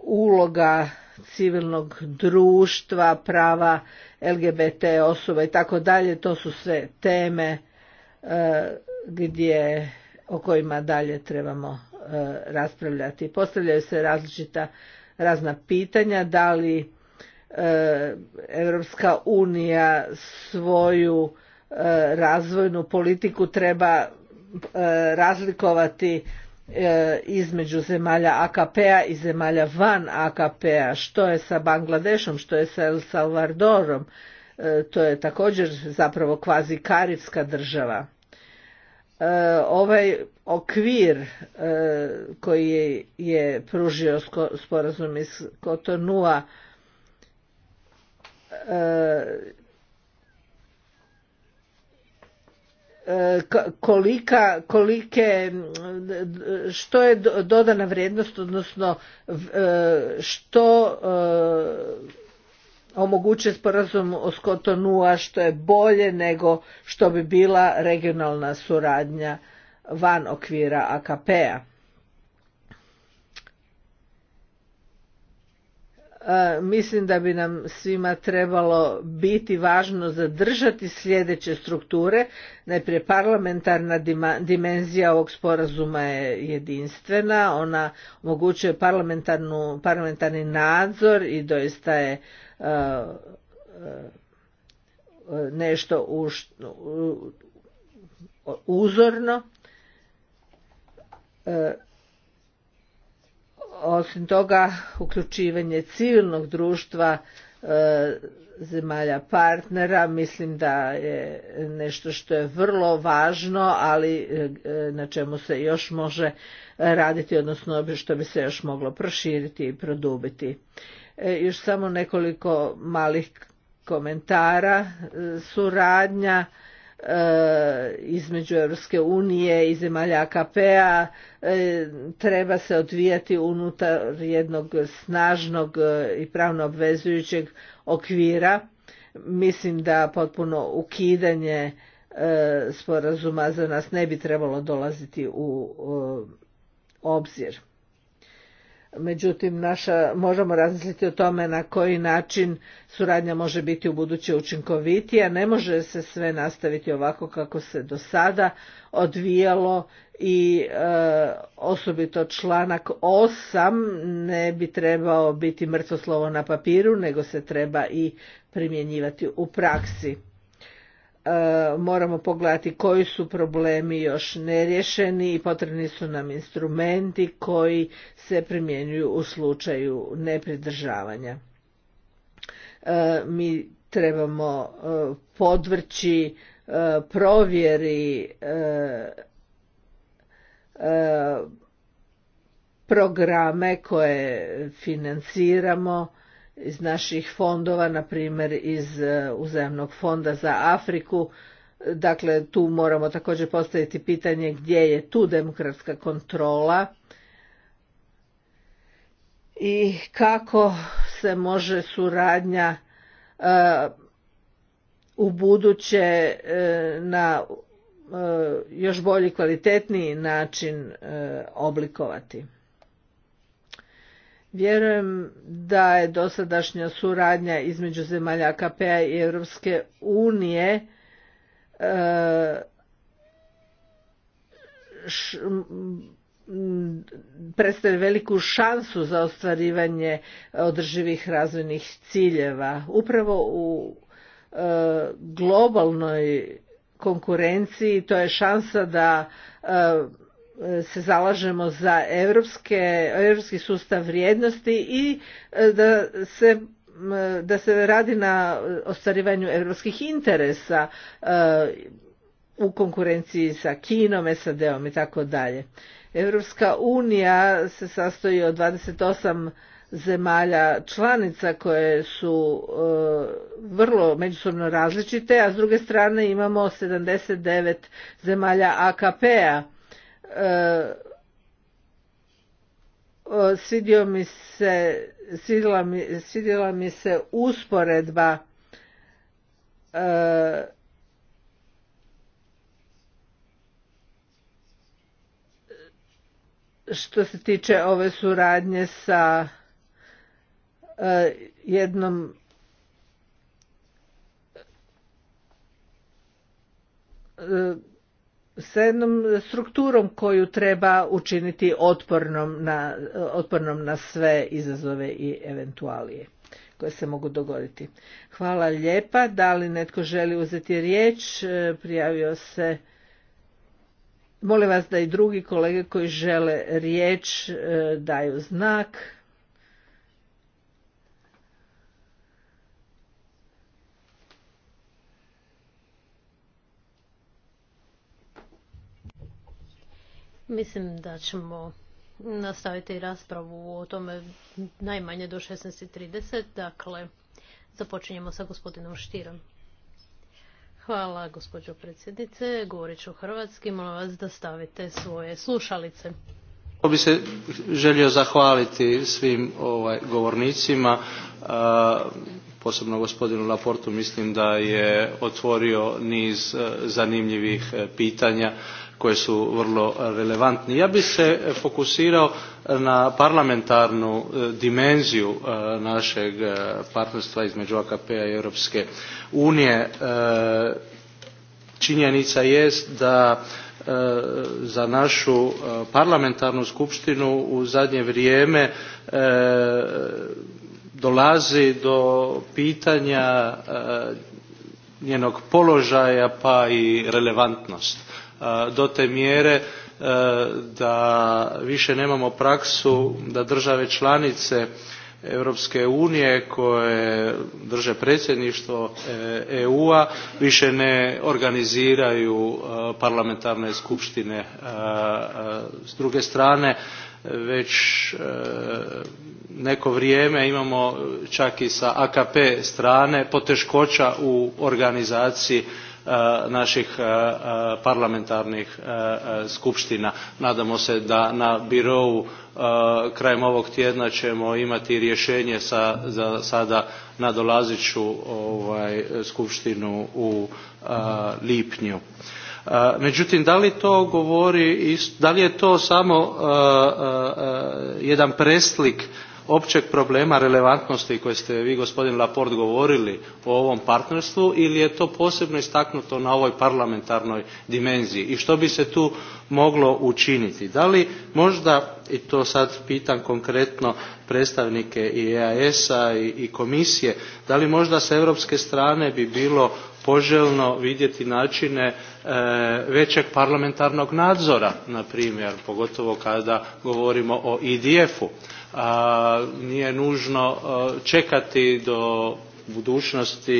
Uloga civilnog društva, prava LGBT osoba i tako dalje. To su sve teme e, gdje o kojima dalje trebamo e, raspravljati. Postavljaju se različita razna pitanja da li Europska unija svoju e, razvojnu politiku treba razlikovati E, između zemalja AKP-a i zemalja van AKP-a, što je sa Bangladešom, što je sa El Salvadorom, e, to je također zapravo kvazi karibska država. E, ovaj okvir koji je pružio sporazum iz Kotonua kolika, kolike, što je dodana vrijednost, odnosno e, što e, omogućuje sporazum o Skotonu, a što je bolje nego što bi bila regionalna suradnja van okvira AKP-a. mislim da bi nam svima trebalo biti važno zadržati sljedeće strukture. Najprije parlamentarna dimenzija ovog sporazuma je jedinstvena, ona omogućuje parlamentarni nadzor i doista je nešto uzorno osim toga uključivanje civilnog društva e, zemalja partnera mislim da je nešto što je vrlo važno ali e, e, na čemu se još može raditi odnosno što bi se još moglo proširiti i produbiti još samo nekoliko malih komentara suradnja E, između Europske unije i zemalja AKP-a e, treba se odvijati unutar jednog snažnog e, i pravno obvezujućeg okvira. Mislim da potpuno ukidanje sporazuma za nas ne bi trebalo dolaziti u obzir međutim naša, možemo razmisliti o tome na koji način suradnja može biti u buduće učinkovitija. Ne može se sve nastaviti ovako kako se do sada odvijalo i e, osobito članak 8 ne bi trebao biti mrtvo slovo na papiru, nego se treba i primjenjivati u praksi. E, moramo pogledati koji su problemi još neriješeni i potrebni su nam instrumenti koji se primjenjuju u slučaju nepridržavanja. E, mi trebamo e, podvrći provjeri programe koje financiramo iz naših fondova, na primjer iz e, Uzemnog fonda za Afriku. Dakle, tu moramo također postaviti pitanje gdje je tu demokratska kontrola i kako se može suradnja e, u buduće e, na još bolji kvalitetniji način oblikovati. Vjerujem da je dosadašnja suradnja između zemalja AKP-a i Europske unije e, predstavlja veliku šansu za ostvarivanje održivih razvojnih ciljeva. Upravo u e, globalnoj konkurenciji to je šansa da e, se zalažemo za europski sustav vrijednosti i e, da se da se radi na ostvarivanju europskih interesa e, u konkurenciji sa Kinom, SAD-om i tako dalje. Europska unija se sastoji od 28 zemalja članica koje su e, vrlo međusobno različite, a s druge strane imamo 79 zemalja AKP-a E, svidio mi se, svidjela, mi, se usporedba e, što se tiče ove suradnje sa e, jednom s jednom strukturom koju treba učiniti otpornom na, otpornom na sve izazove i eventualije koje se mogu dogoditi. Hvala lijepa. Da li netko želi uzeti riječ? E, prijavio se. Molim vas da i drugi kolege koji žele riječ e, daju znak. Mislim da ćemo nastaviti raspravu o tome najmanje do 16.30. Dakle, započinjemo sa gospodinom Štirom. Hvala, gospođo predsjednice. Govorit ću hrvatski. Molim vas da stavite svoje slušalice. bi se želio zahvaliti svim ovaj, govornicima. E, posebno gospodinu Laportu mislim da je otvorio niz e, zanimljivih e, pitanja koje su vrlo e, relevantni. Ja bih se e, fokusirao na parlamentarnu e, dimenziju našeg partnerstva između AKP-a i Europske unije. Činjenica jest da za našu parlamentarnu skupštinu u zadnje vrijeme dolazi do pitanja njenog položaja pa i relevantnost E, do te mjere e, da više nemamo praksu da države članice Europske unije koje drže predsjedništvo EU-a e više ne organiziraju parlamentarne skupštine. S druge strane već neko vrijeme imamo čak i sa AKP strane poteškoća u organizaciji E, naših e, e, parlamentarnih skupština. Nadamo se da na birou krajem ovog tjedna ćemo imati rješenje za sada nadolazeću ovaj, skupštinu u lipnju. međutim, da li to govori, da li je to samo jedan preslik općeg problema relevantnosti koje ste vi gospodin Laport govorili o ovom partnerstvu ili je to posebno istaknuto na ovoj parlamentarnoj dimenziji i što bi se tu moglo učiniti? Da li možda, i to sad pitam konkretno predstavnike i EAS-a i komisije, da li možda s europske strane bi bilo poželjno vidjeti načine e, većeg parlamentarnog nadzora na primjer pogotovo kada govorimo o idf e u a nije nužno e, čekati do budućnosti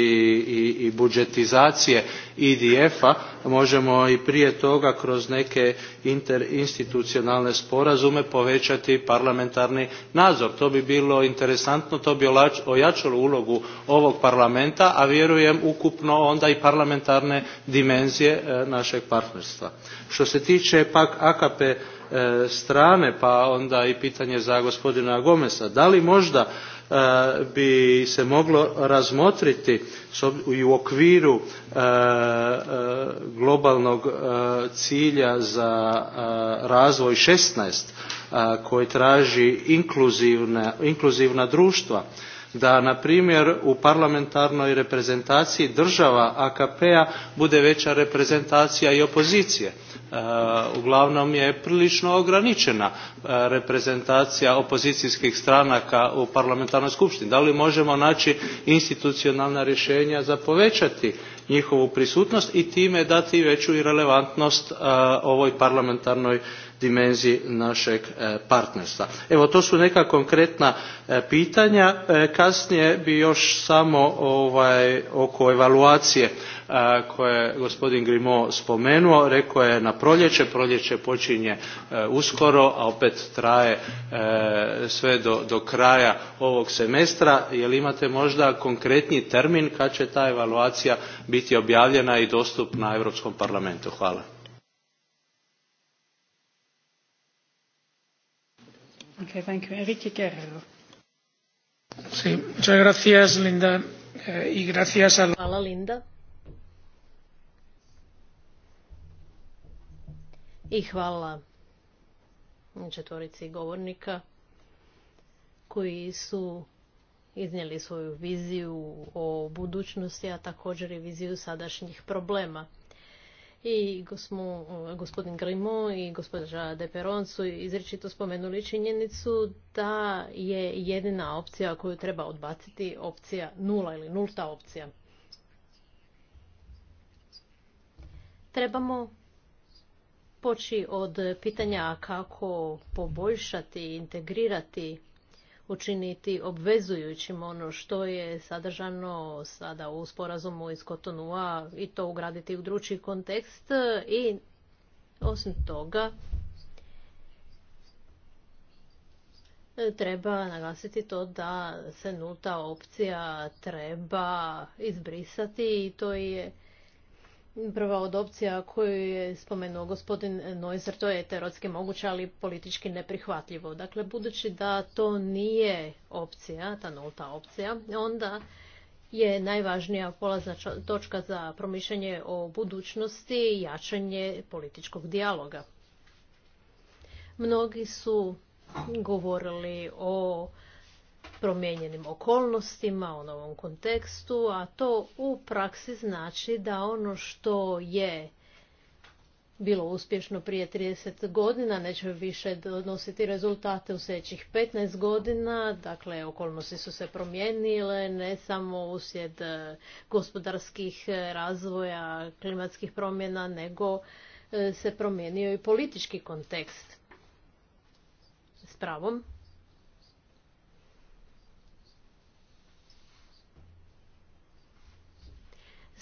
i, i budžetizacije idf e a možemo i prije toga kroz neke interinstitucionalne sporazume povećati parlamentarni nadzor. To bi bilo interesantno, to bi ojačalo ulogu ovog parlamenta, a vjerujem ukupno onda i parlamentarne dimenzije e, našeg partnerstva. Što se tiče pak AKP E, strane, pa onda i pitanje za gospodina Gomesa. Da li možda e, bi se moglo razmotriti i u okviru e, globalnog cilja za razvoj 16 koji traži inkluzivna, inkluzivna društva da na primjer u parlamentarnoj reprezentaciji država AKP-a bude veća reprezentacija i opozicije E, uglavnom je prilično ograničena e, reprezentacija opozicijskih stranaka u parlamentarnoj skupštini. Da li možemo naći institucionalna rješenja za povećati njihovu prisutnost i time dati veću i relevantnost ovoj parlamentarnoj dimenziji našeg e, partnerstva. Evo to su neka konkretna e, pitanja. E, kasnije bi još samo ovaj, oko evaluacije koje je gospodin Grimo spomenuo, rekao je na proljeće, proljeće počinje uskoro, a opet traje sve do, do kraja ovog semestra, jel imate možda konkretni termin kad će ta evaluacija biti biti objavljena i dostupna Europskom parlamentu. Hvala. Okay, thank you. Enrique sí, muchas gracias, Linda. Eh, y gracias a... Hvala, Linda. I hvala četvorici govornika koji su iznijeli svoju viziju o budućnosti, a također i viziju sadašnjih problema. I gospodin Grimo i gospođa De Peron su izrečito spomenuli činjenicu da je jedina opcija koju treba odbaciti opcija nula ili nulta opcija. Trebamo poći od pitanja kako poboljšati, integrirati učiniti obvezujućim ono što je sadržano sada u sporazumu iz Kotonua i to ugraditi u drugi kontekst i osim toga treba naglasiti to da se nulta opcija treba izbrisati i to je Prva od opcija koju je spomenuo gospodin Neuser, to je teoretski moguće, ali politički neprihvatljivo. Dakle, budući da to nije opcija, ta nulta opcija, onda je najvažnija polazna točka za promišljanje o budućnosti i jačanje političkog dijaloga. Mnogi su govorili o promijenjenim okolnostima, u novom kontekstu, a to u praksi znači da ono što je bilo uspješno prije 30 godina, neće više donositi rezultate u sljedećih 15 godina. Dakle, okolnosti su se promijenile, ne samo uslijed e, gospodarskih e, razvoja, klimatskih promjena, nego e, se promijenio i politički kontekst. S pravom.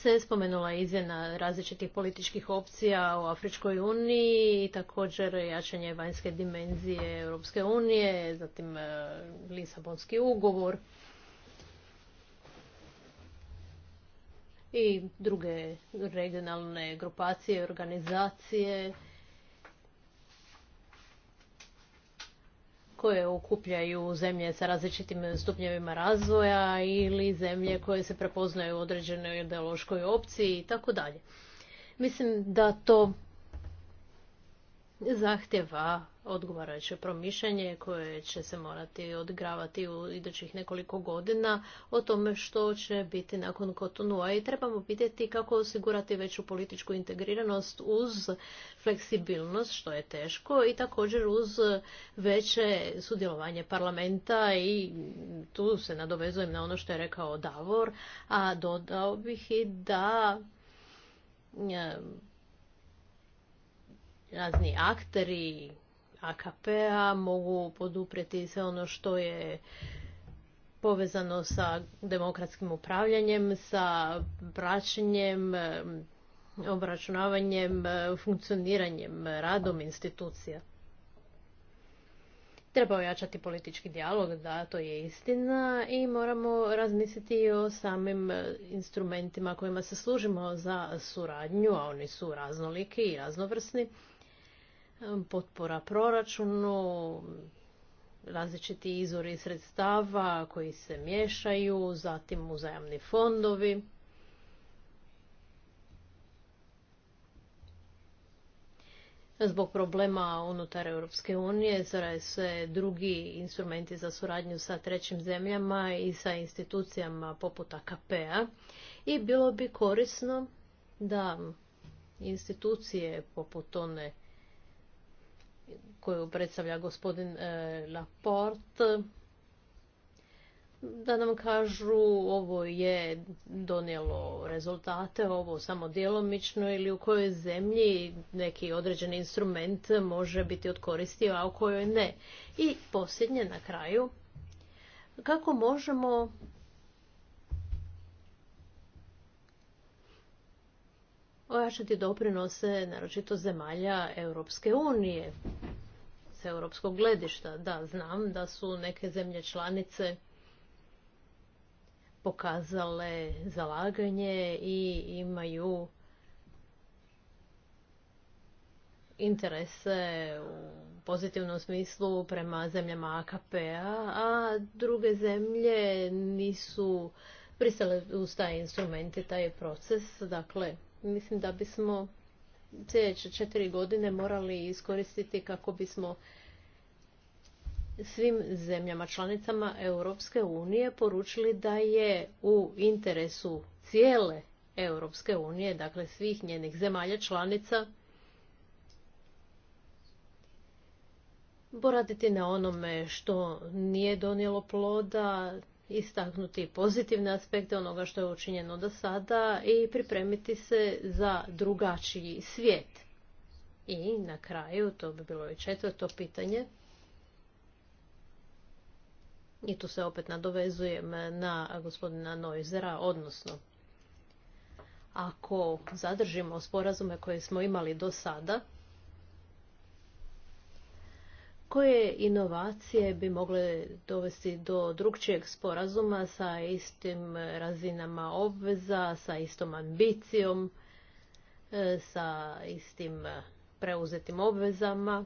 se spomenula izmjena različitih političkih opcija u Afričkoj uniji i također jačanje vanjske dimenzije Europske unije, zatim e, Lisabonski ugovor i druge regionalne grupacije, organizacije koje okupljaju zemlje sa različitim stupnjevima razvoja ili zemlje koje se prepoznaju u određenoj ideološkoj opciji i tako dalje. Mislim da to zahtjeva odgovarajuće promišljanje koje će se morati odigravati u idućih nekoliko godina o tome što će biti nakon Kotonua i trebamo vidjeti kako osigurati veću političku integriranost uz fleksibilnost što je teško i također uz veće sudjelovanje parlamenta i tu se nadovezujem na ono što je rekao Davor, a dodao bih i da razni akteri AKP-a mogu poduprijeti sve ono što je povezano sa demokratskim upravljanjem, sa praćenjem, obračunavanjem, funkcioniranjem, radom institucija. Treba ojačati politički dijalog, da, to je istina i moramo razmisliti i o samim instrumentima kojima se služimo za suradnju, a oni su raznoliki i raznovrsni potpora proračunu, različiti izvori sredstava koji se miješaju, zatim uzajamni fondovi. Zbog problema unutar Europske unije zaraje se drugi instrumenti za suradnju sa trećim zemljama i sa institucijama poput AKP-a i bilo bi korisno da institucije poput one koju predstavlja gospodin e, Laporte, da nam kažu ovo je donijelo rezultate, ovo samo djelomično ili u kojoj zemlji neki određeni instrument može biti od a u kojoj ne. I posljednje na kraju, kako možemo ojačati doprinose naročito zemalja Europske unije europskog gledišta. Da, znam da su neke zemlje članice pokazale zalaganje i imaju interese u pozitivnom smislu prema zemljama AKP-a, a druge zemlje nisu pristale uz taj instrument i taj proces. Dakle, mislim da bismo sljedeće četiri godine morali iskoristiti kako bismo svim zemljama članicama Europske unije poručili da je u interesu cijele Europske unije, dakle svih njenih zemalja članica, poraditi na onome što nije donijelo ploda, istaknuti pozitivne aspekte onoga što je učinjeno do sada i pripremiti se za drugačiji svijet. I na kraju, to bi bilo i četvrto pitanje, i tu se opet nadovezujem na gospodina Noizera, odnosno ako zadržimo sporazume koje smo imali do sada, koje inovacije bi mogle dovesti do drugčijeg sporazuma sa istim razinama obveza, sa istom ambicijom, e, sa istim preuzetim obvezama,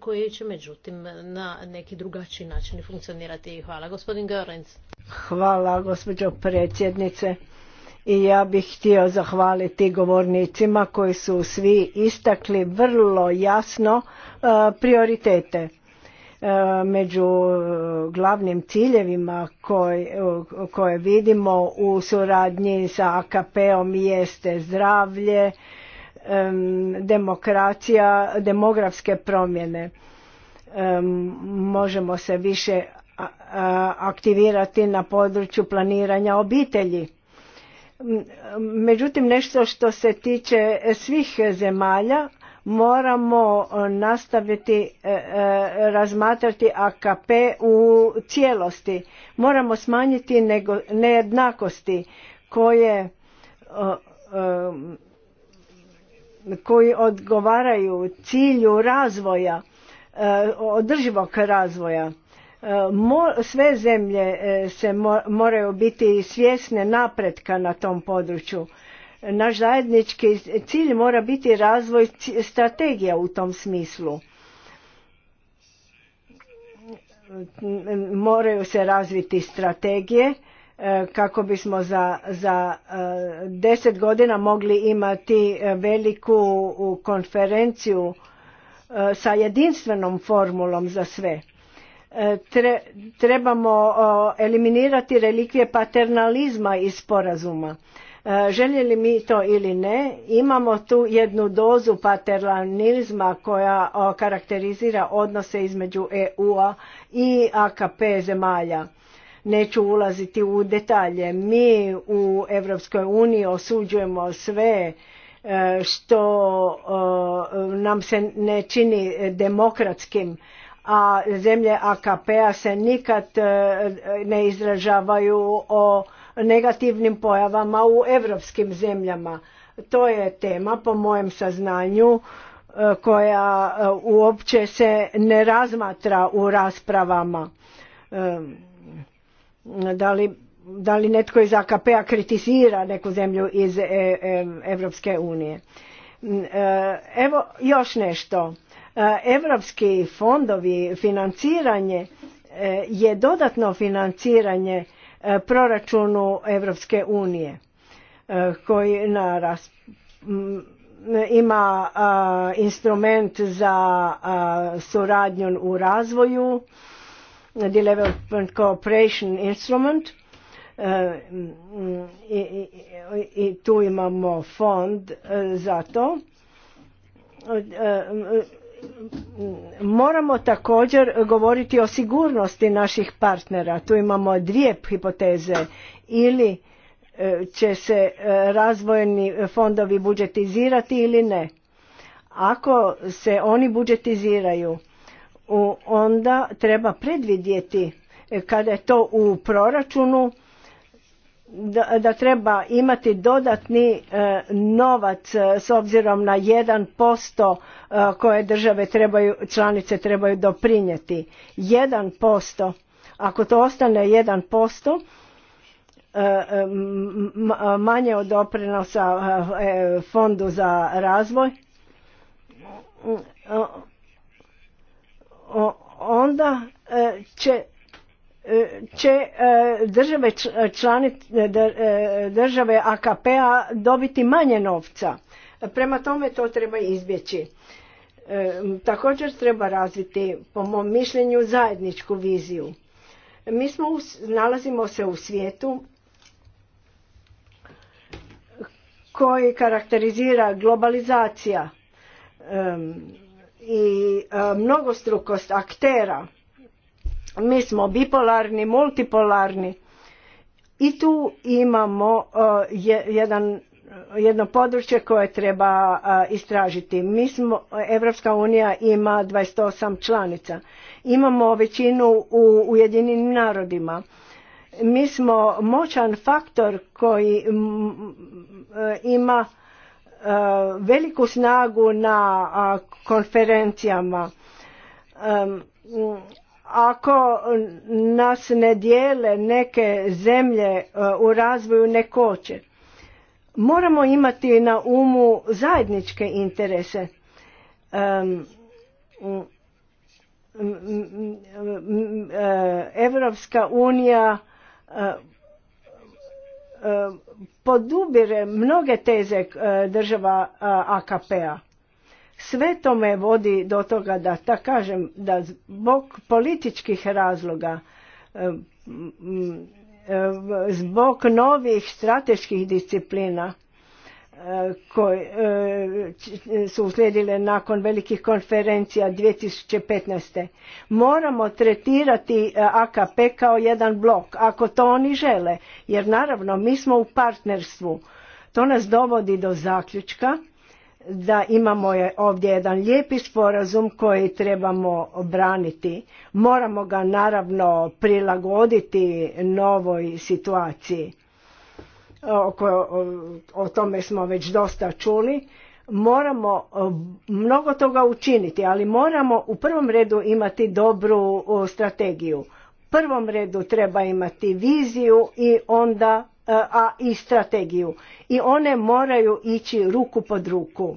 koji će međutim na neki drugačiji način funkcionirati. Hvala gospodin Görens. Hvala gospođo predsjednice i ja bih htio zahvaliti govornicima koji su svi istakli vrlo jasno e, prioritete e, među e, glavnim ciljevima koje, vidimo u suradnji sa AKP-om jeste zdravlje, demokracija, demografske promjene. Možemo se više aktivirati na području planiranja obitelji Međutim, nešto što se tiče svih zemalja, moramo nastaviti e, e, razmatrati AKP u cijelosti. Moramo smanjiti nejednakosti koje koji odgovaraju cilju razvoja, e, održivog razvoja sve zemlje e, se moraju biti svjesne napretka na tom području naš zajednički cilj mora biti razvoj strategija u tom smislu moraju se razviti strategije e, kako bismo za, za e, deset godina mogli imati veliku konferenciju sa jedinstvenom formulom za sve E, trebamo eliminirati relikvije paternalizma iz sporazuma. E, željeli mi to ili ne, imamo tu jednu dozu paternalizma koja karakterizira odnose između EU-a i AKP zemalja. Neću ulaziti u detalje. Mi u Europskoj uniji osuđujemo sve e, što nam se ne čini demokratskim a zemlje AKP-a se nikad e, ne izražavaju o negativnim pojavama u europskim zemljama. To je tema po mojem saznanju e, koja e, uopće se ne razmatra u raspravama. Da li, da li netko iz AKP-a kritizira neku zemlju iz Evropske unije? Evo još nešto Europski fondovi, financiranje e, je dodatno financiranje e, proračunu Europske unije e, koji ima instrument za suradnju u razvoju Development Cooperation Instrument i, i tu imamo fond za to moramo također govoriti o sigurnosti naših partnera. Tu imamo dvije hipoteze ili e, će se e, razvojni fondovi budžetizirati ili ne. Ako se oni budžetiziraju, onda treba predvidjeti e, kada je to u proračunu da, treba imati dodatni e, novac e, s obzirom na 1% e, koje države trebaju, članice trebaju doprinijeti. 1%, ako to ostane 1%, manje od doprinosa fondu za razvoj onda će će e, države, e, e, države AKP-a dobiti manje novca. Prema tome to treba izbjeći. Također treba razviti, po mom mišljenju, zajedničku viziju. Mi smo, nalazimo se u svijetu koji karakterizira globalizacija i mnogostrukost aktera mi smo bipolarni, multipolarni i tu imamo e, jedan jedno područje koje treba e, istražiti. Mi smo, Evropska unija ima 28 članica. Imamo većinu u Ujedinjenim narodima. Mi smo moćan faktor koji e, ima veliku snagu na konferencijama ako nas ne dijele neke zemlje e, u razvoju ne koče. Moramo imati na umu zajedničke interese. Evropska unija e, e, podubire mnoge teze država AKP-a sve to me vodi do toga da ta kažem da zbog političkih razloga, e, e, zbog novih strateških disciplina e, koje su uslijedile nakon velikih konferencija 2015. Moramo tretirati AKP kao jedan blok, ako to oni žele, jer naravno mi smo u partnerstvu. To nas dovodi do zaključka da imamo ovdje jedan lijepi sporazum koji trebamo braniti. Moramo ga naravno prilagoditi novoj situaciji. O, o, o tome smo već dosta čuli. Moramo mnogo toga učiniti, ali moramo u prvom redu imati dobru strategiju. U prvom redu treba imati viziju i onda E, a i strategiju i one moraju ići ruku pod ruku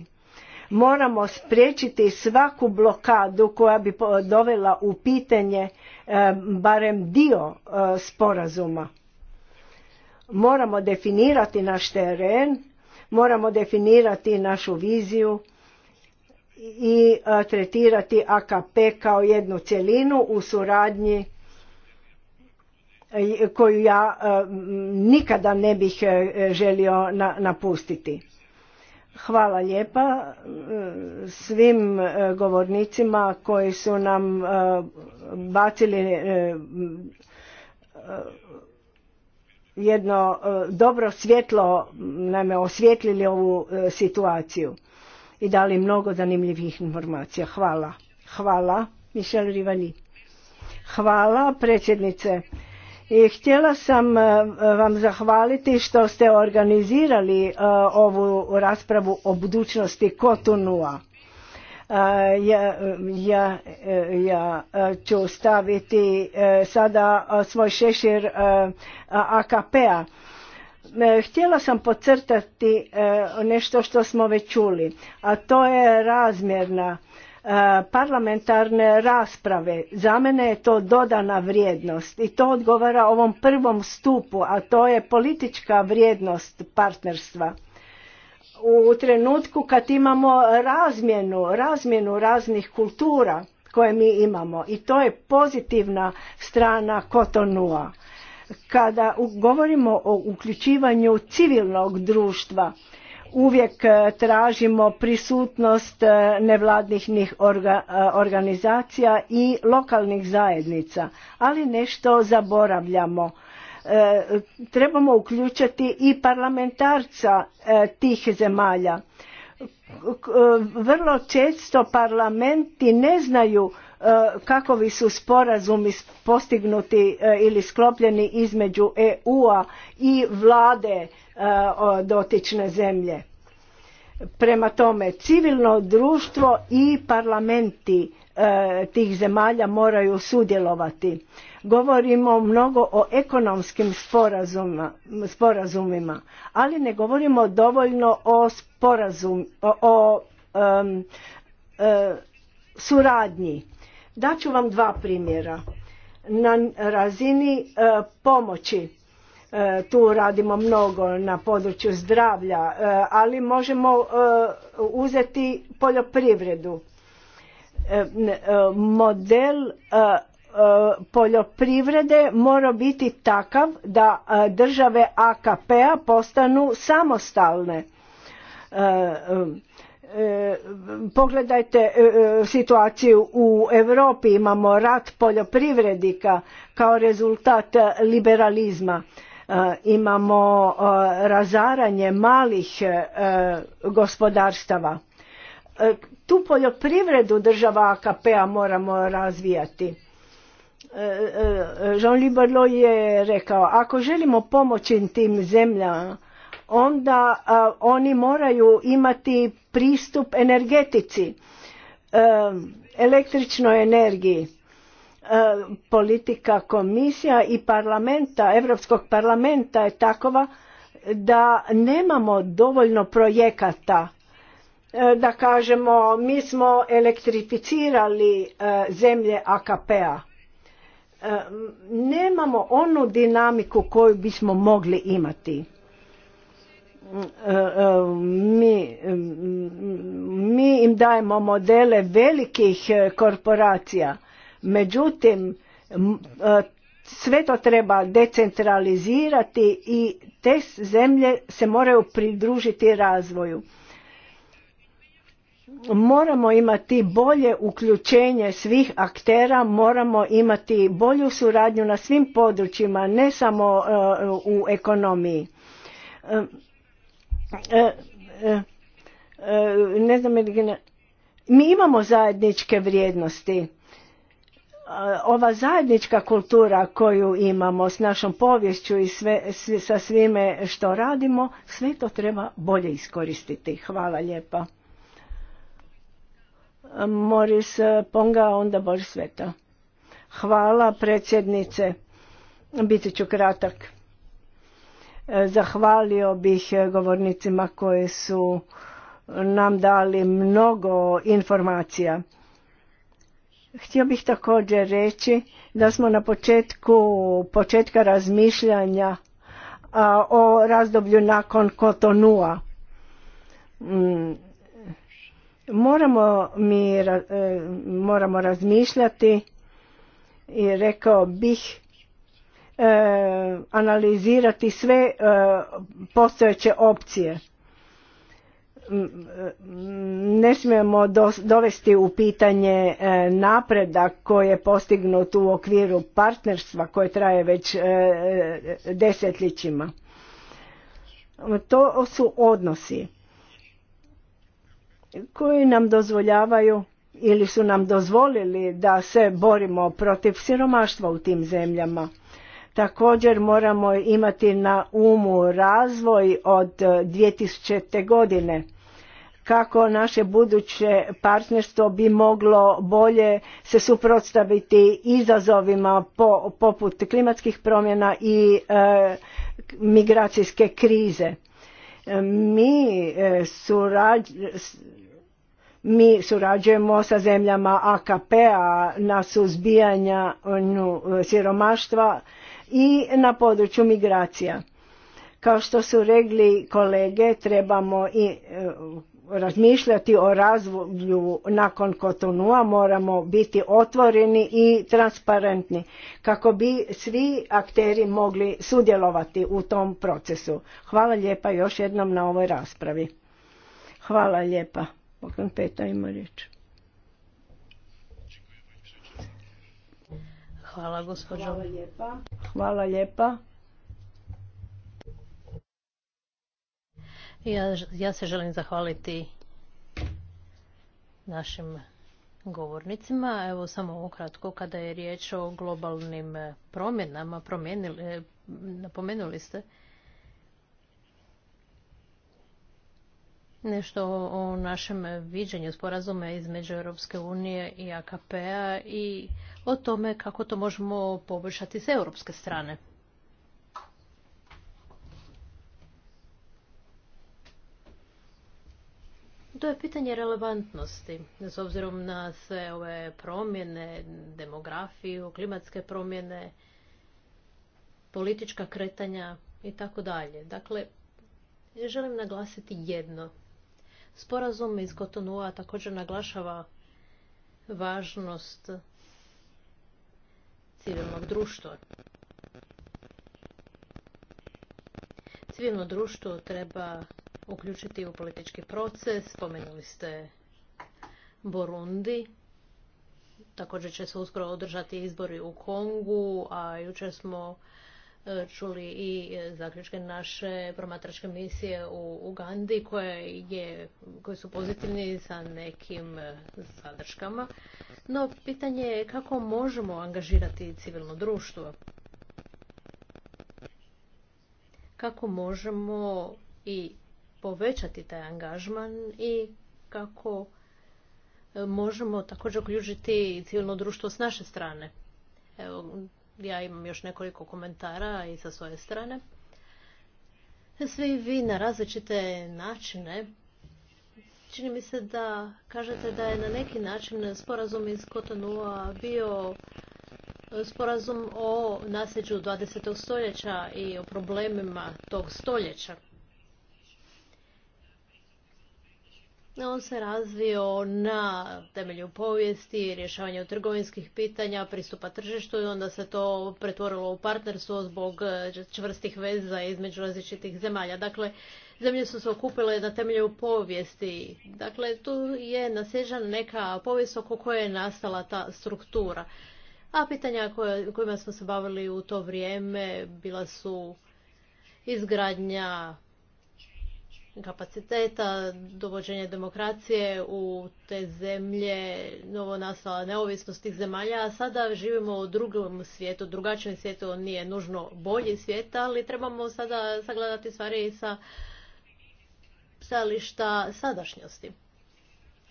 moramo spriječiti svaku blokadu koja bi dovela u pitanje e, barem dio e, sporazuma moramo definirati naš teren moramo definirati našu viziju i tretirati AKP kao jednu cjelinu u suradnji koju ja e, nikada ne bih e, želio napustiti. Hvala lijepa e, svim govornicima koji su nam bacili jedno dobro svjetlo, naime osvjetlili ovu situaciju i dali mnogo zanimljivih informacija. Hvala. Hvala, Michel Rivali. Hvala, predsjednice. I htjela sam e, vam zahvaliti što ste organizirali e, ovu raspravu o budućnosti Kotonua. E, ja, ja, ja ću staviti sada svoj šešir AKP-a. Htjela sam podcrtati nešto što smo već čuli, a to je razmjerna E, parlamentarne rasprave. Za mene je to dodana vrijednost i to odgovara ovom prvom stupu, a to je politička vrijednost partnerstva. U trenutku kad imamo razmjenu, razmjenu raznih kultura koje mi imamo i to je pozitivna strana Kotonua. Kada govorimo o uključivanju civilnog društva, uvijek e, tražimo prisutnost e, nevladnih e, organizacija i lokalnih zajednica, ali nešto zaboravljamo. Trebamo uključiti i parlamentarca tih zemalja. Vrlo često parlamenti ne znaju kakovi su sporazumi postignuti ili sklopljeni između EU-a i vlade dotične zemlje. Prema tome, civilno društvo i parlamenti tih zemalja moraju sudjelovati. Govorimo mnogo o ekonomskim sporazumima, ali ne govorimo dovoljno o sporazum, o, e, suradnji. Daću vam dva primjera. Na razini e, pomoći E, tu radimo mnogo na području zdravlja, e, ali možemo e, uzeti poljoprivredu. Model poljoprivrede mora biti takav da države AKP-a postanu samostalne. Pogledajte situaciju u Europi, imamo rat poljoprivrednika kao rezultat liberalizma E, imamo e, razaranje malih e, gospodarstava. Tu poljoprivredu država AKP-a moramo razvijati. Jean-Louis Barlo je rekao, ako želimo pomoći tim zemljama, onda oni moraju imati pristup energetici, električnoj energiji E, politika komisija i parlamenta, Europskog parlamenta je takova da nemamo dovoljno projekata e, da kažemo mi smo elektrificirali e, zemlje AKP-a. Nemamo onu dinamiku koju bismo mogli imati. Mi, mi im dajemo modele velikih korporacija Međutim, e, sve to treba decentralizirati i te zemlje se moraju pridružiti razvoju. Moramo imati bolje uključenje svih aktera, moramo imati bolju suradnju na svim područjima, ne samo e, u ekonomiji. E, mi imamo zajedničke vrijednosti ova zajednička kultura koju imamo s našom poviješću i sve, sa svime što radimo, sve to treba bolje iskoristiti. Hvala lijepa. Moris Ponga, onda Boris Sveta. Hvala predsjednice. Biti ću kratak. E, zahvalio bih govornicima koji su nam dali mnogo informacija. Htio bih također reći da smo na početku početka razmišljanja a, o razdoblju nakon Kotonua. Mm, moramo mi e, moramo razmišljati i rekao bih e, analizirati sve e, postojeće opcije ne smijemo dovesti u pitanje e, napredak koji je postignut u okviru partnerstva koje traje već e, e, desetljećima. To su odnosi koji nam dozvoljavaju ili su nam dozvolili da se borimo protiv siromaštva u tim zemljama Također moramo imati na umu razvoj od 2000. E, godine kako naše buduće partnerstvo bi moglo bolje se suprotstaviti izazovima poput klimatskih promjena i e, migracijske krize. E, mi, mi surađujemo sa zemljama AKP-a na suzbijanju siromaštva i na području migracija. Kao što su regli kolege, trebamo i e, razmišljati o razvoju nakon Kotonua, moramo biti otvoreni i transparentni kako bi svi akteri mogli sudjelovati u tom procesu. Hvala lijepa još jednom na ovoj raspravi. Hvala lijepa. Pokon peta ima riječ. Hvala gospođo. Hvala lijepa. Hvala lijepa. Ja, se želim zahvaliti našim govornicima. Evo samo ukratko kada je riječ o globalnim promjenama, napomenuli ste nešto o našem viđenju sporazume između Europske unije i AKP-a i o tome kako to možemo poboljšati s europske strane. To je pitanje relevantnosti. S obzirom na sve ove promjene, demografiju, klimatske promjene, politička kretanja i tako dalje. Dakle, želim naglasiti jedno. Sporazum iz Kotonua također naglašava važnost civilnog društva. Civilno društvo treba uključiti u politički proces, spomenuli ste Borundi, također će se uskoro održati izbori u Kongu, a jučer smo čuli i e, zaključke naše promatračke misije u Ugandi koje, su pozitivni sa nekim sadrškama. E, no, pitanje je kako možemo angažirati civilno društvo? Kako možemo i povećati taj angažman i kako e, možemo također uključiti civilno društvo s naše strane? Evo, ja imam još nekoliko komentara i sa svoje strane. Svi vi na različite načine čini mi se da kažete da je na neki način sporazum iz Kotonua bio sporazum o nasljeđu 20. stoljeća i o problemima tog stoljeća. On se razvio na temelju povijesti, rješavanju trgovinskih pitanja, pristupa tržištu i onda se to pretvorilo u partnerstvo zbog e, čvrstih veza između različitih zemalja. Dakle, zemlje su se okupile na temelju povijesti. Dakle, tu je nasježana neka povijest oko koje je nastala ta struktura. A pitanja kojima smo se bavili u to vrijeme bila su izgradnja kapaciteta, dovođenje demokracije u te zemlje, novo nastala neovisnost tih zemalja, a sada živimo u drugom svijetu, drugačijem svijetu, on nije nužno bolji svijet, ali trebamo sada sagledati stvari sa stajališta sadašnjosti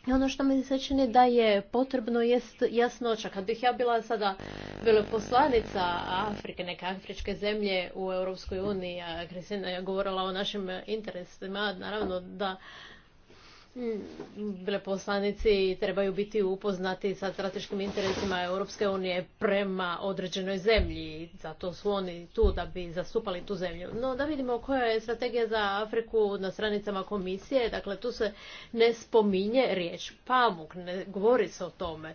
ono što mi se čini da je potrebno jest jasnoća. Kad bih ja bila sada veleposlanica Afrike, neke afričke zemlje u Europskoj uniji, a Kristina je govorila o našim interesima, naravno da veleposlanici trebaju biti upoznati sa strateškim interesima Europske unije prema određenoj zemlji. Zato su oni tu da bi zastupali tu zemlju. No da vidimo koja je strategija za Afriku na stranicama komisije. Dakle, tu se ne spominje riječ pamuk, ne govori se o tome.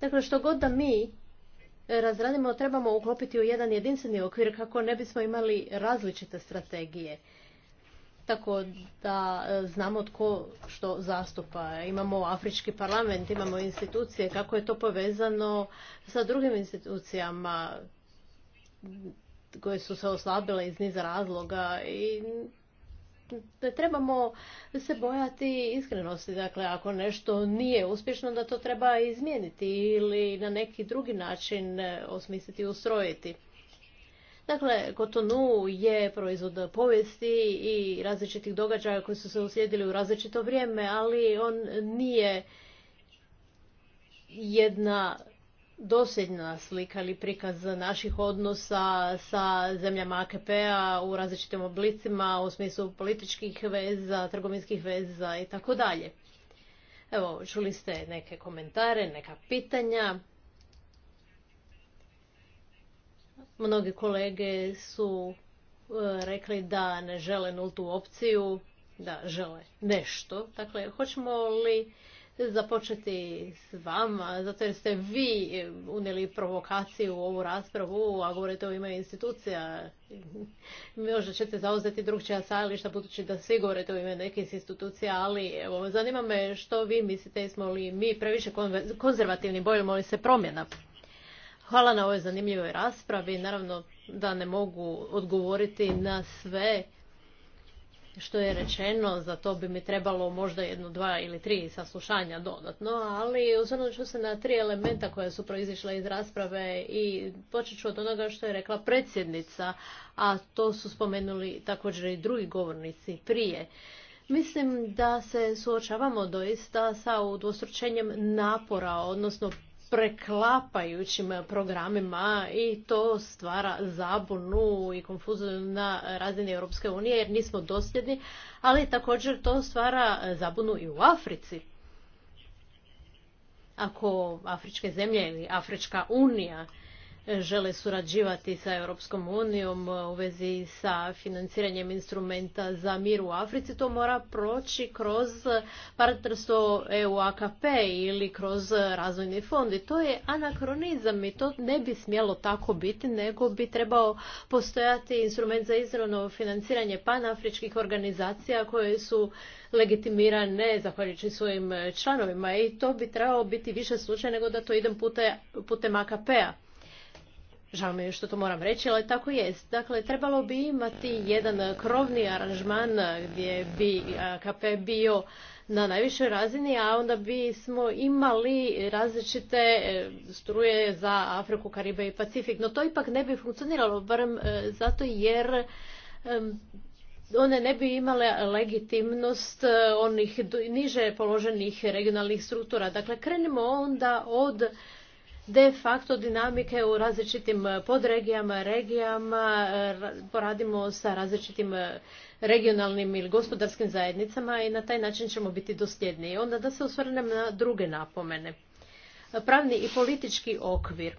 Dakle, što god da mi razradimo trebamo uklopiti u jedan jedinstveni okvir kako ne bismo imali različite strategije. Tako da e, znamo tko što zastupa. Imamo Afrički parlament, imamo institucije, kako je to povezano sa drugim institucijama koje su se oslabile iz niza razloga i trebamo se bojati iskrenosti. Dakle, ako nešto nije uspješno, da to treba izmijeniti ili na neki drugi način e, osmisliti i ustrojiti. Dakle, Kotonu je proizvod povijesti i različitih događaja koji su se uslijedili u različito vrijeme, ali on nije jedna dosljedna slika ili prikaz naših odnosa sa zemljama AKP-a u različitim oblicima u smislu političkih veza, trgovinskih veza i tako dalje. Evo, čuli ste neke komentare, neka pitanja. Mnogi kolege su e, rekli da ne žele nultu opciju, da žele nešto. Dakle, hoćemo li započeti s vama, zato jer ste vi unijeli provokaciju u ovu raspravu, a govorite o ime institucija. Možda ćete zauzeti drugčija stajališta, budući da svi govorite o ime nekih institucija, ali evo, zanima me što vi mislite, smo li mi previše konzervativni, bojimo li se promjena? Hvala na ovoj zanimljivoj raspravi. Naravno da ne mogu odgovoriti na sve što je rečeno, za to bi mi trebalo možda jedno, dva ili tri saslušanja dodatno, ali osvrnut ću se na tri elementa koja su proizišla iz rasprave i počet ću od onoga što je rekla predsjednica, a to su spomenuli također i drugi govornici prije. Mislim da se suočavamo doista sa udvostručenjem napora, odnosno preklapajućim programima i to stvara zabunu i konfuziju na razini Europske unije jer nismo dosljedni, ali također to stvara zabunu i u Africi. Ako afričke zemlje ili Afrička unija žele surađivati sa Europskom unijom u vezi sa financiranjem instrumenta za mir u Africi, to mora proći kroz partnerstvo EU-AKP ili kroz razvojni fond. I to je anakronizam i to ne bi smjelo tako biti, nego bi trebao postojati instrument za izravno financiranje panafričkih organizacija koje su legitimirane zahvaljujući svojim članovima i to bi trebao biti više slučaj nego da to idem putem AKP-a. Žao mi je što to moram reći, ali tako jest. Dakle, trebalo bi imati jedan krovni aranžman gdje bi KP bio na najvišoj razini, a onda bi smo imali različite e, struje za Afriku, Karibe i Pacifik. No to ipak ne bi funkcioniralo, barem e, zato jer one ne bi imale legitimnost e, onih niže položenih regionalnih struktura. Dakle, krenimo onda od de facto dinamike u različitim eh, podregijama, regijama, eh, poradimo sa različitim eh, regionalnim ili gospodarskim zajednicama i na taj način ćemo biti dosljedniji. Onda da se osvrnem na druge napomene. Pravni i politički okvir.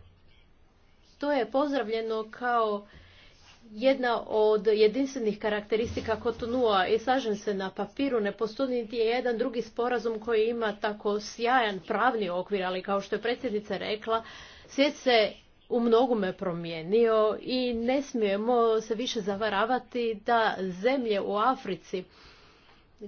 To je pozdravljeno kao jedna od jedinstvenih karakteristika Kotonua i slažem se na papiru, ne postoji je jedan drugi sporazum koji ima tako sjajan pravni okvir, ali kao što je predsjednica rekla, svijet se u mnogome promijenio i ne smijemo se više zavaravati da zemlje u Africi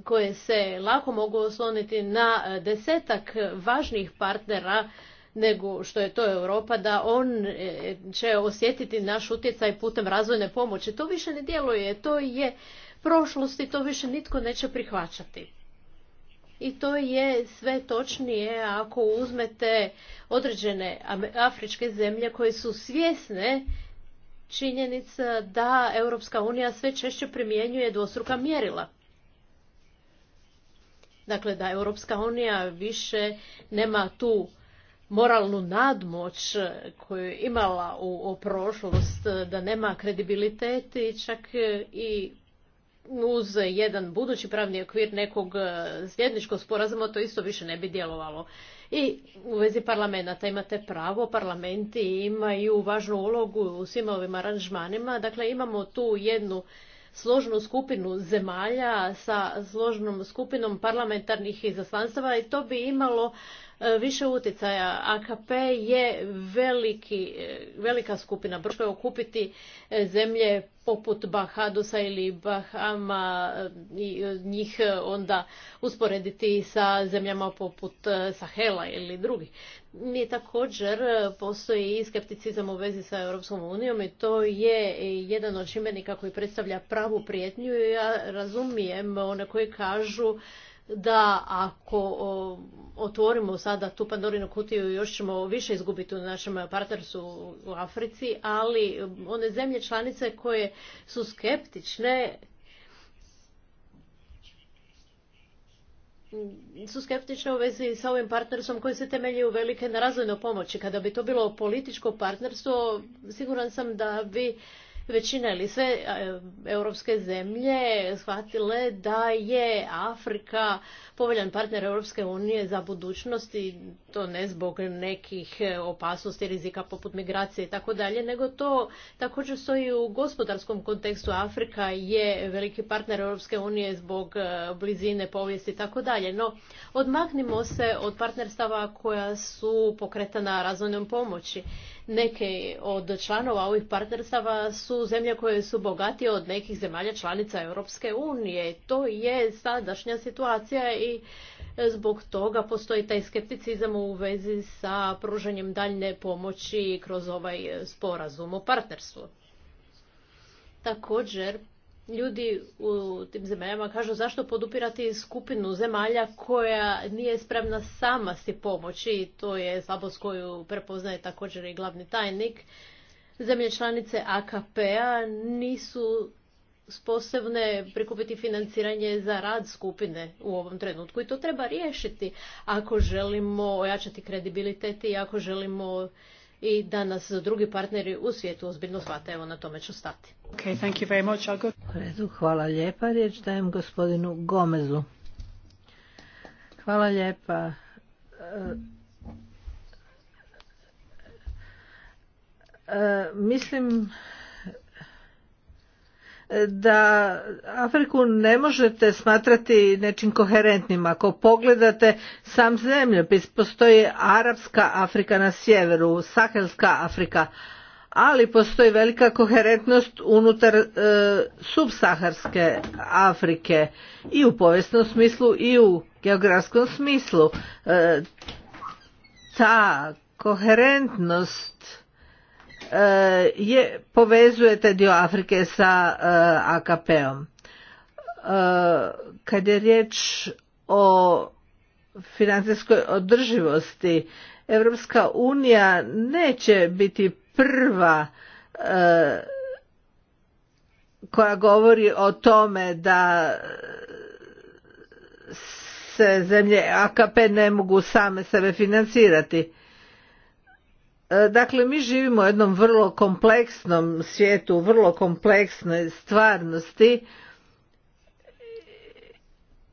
koje se lako mogu osloniti na desetak važnih partnera nego što je to Europa, da on e, će osjetiti naš utjecaj putem razvojne pomoći. To više ne djeluje, to je prošlost i to više nitko neće prihvaćati. I to je sve točnije ako uzmete određene afričke zemlje koje su svjesne činjenica da Europska unija sve češće primjenjuje dvostruka mjerila. Dakle, da Europska unija više nema tu moralnu nadmoć koju je imala u, prošlost, da nema kredibilitet i čak i uz jedan budući pravni okvir nekog sljedničkog e, sporazuma to isto više ne bi djelovalo. I u vezi parlamenta imate pravo, parlamenti imaju važnu ulogu u svim ovim aranžmanima, dakle imamo tu jednu složnu skupinu zemalja sa složnom skupinom parlamentarnih izaslanstava i to bi imalo E, više utjecaja. AKP je veliki, e, velika skupina. Prošlo je okupiti e, zemlje poput Bahadusa ili Bahama i njih onda usporediti sa zemljama poput Sahela ili drugih. Mi također postoji i skepticizam u vezi sa Europskom unijom i to je jedan od čimbenika koji predstavlja pravu prijetnju. Ja razumijem one koji kažu da ako otvorimo sada tu Pandorinu kutiju još ćemo više izgubiti u našem partnerstvu u Africi, ali one zemlje članice koje su skeptične su skeptične u vezi sa ovim partnerstvom koji se temelji u velike na pomoći. Kada bi to bilo političko partnerstvo, siguran sam da bi većina ili sve e, europske zemlje shvatile da je Afrika povoljan partner Europske unije za budućnost i to ne zbog nekih e, opasnosti, rizika poput migracije i tako dalje, nego to također stoji u gospodarskom kontekstu. Afrika je veliki partner Europske unije zbog e, blizine povijesti i tako dalje. No, odmaknimo se od partnerstava koja su pokretana razvojnom pomoći. Neke od članova ovih partnerstava su zemlje koje su bogatije od nekih zemalja članica Europske unije. To je sadašnja situacija i Zbog toga postoji taj skepticizam u vezi sa pruženjem daljne pomoći kroz ovaj sporazum o partnerstvu. Također, ljudi u tim zemljama kažu zašto podupirati skupinu zemalja koja nije spremna sama si pomoći. To je slabost koju prepoznaje također i glavni tajnik. Zemlje članice AKP-a nisu sposobne prikupiti financiranje za rad skupine u ovom trenutku i to treba riješiti ako želimo ojačati kredibilitet i ako želimo i da nas drugi partneri u svijetu ozbiljno shvate. Evo na tome ću stati. Okay, thank hvala lijepa. Riječ dajem gospodinu Gomezu. Hvala lijepa. E, e, mislim da Afriku ne možete smatrati nečim koherentnim. Ako pogledate sam zemljopis, postoji Arapska Afrika na sjeveru, Sahelska Afrika, ali postoji velika koherentnost unutar e, subsaharske Afrike i u povijesnom smislu i u geografskom smislu. E, ta koherentnost Eh, je, povezujete dio Afrike sa eh, AKP-om. Eh, kad je riječ o financijskoj održivosti, Evropska unija neće biti prva koja govori o tome da se zemlje AKP ne mogu same sebe financirati. E, dakle, mi živimo u jednom vrlo kompleksnom svijetu, vrlo kompleksnoj stvarnosti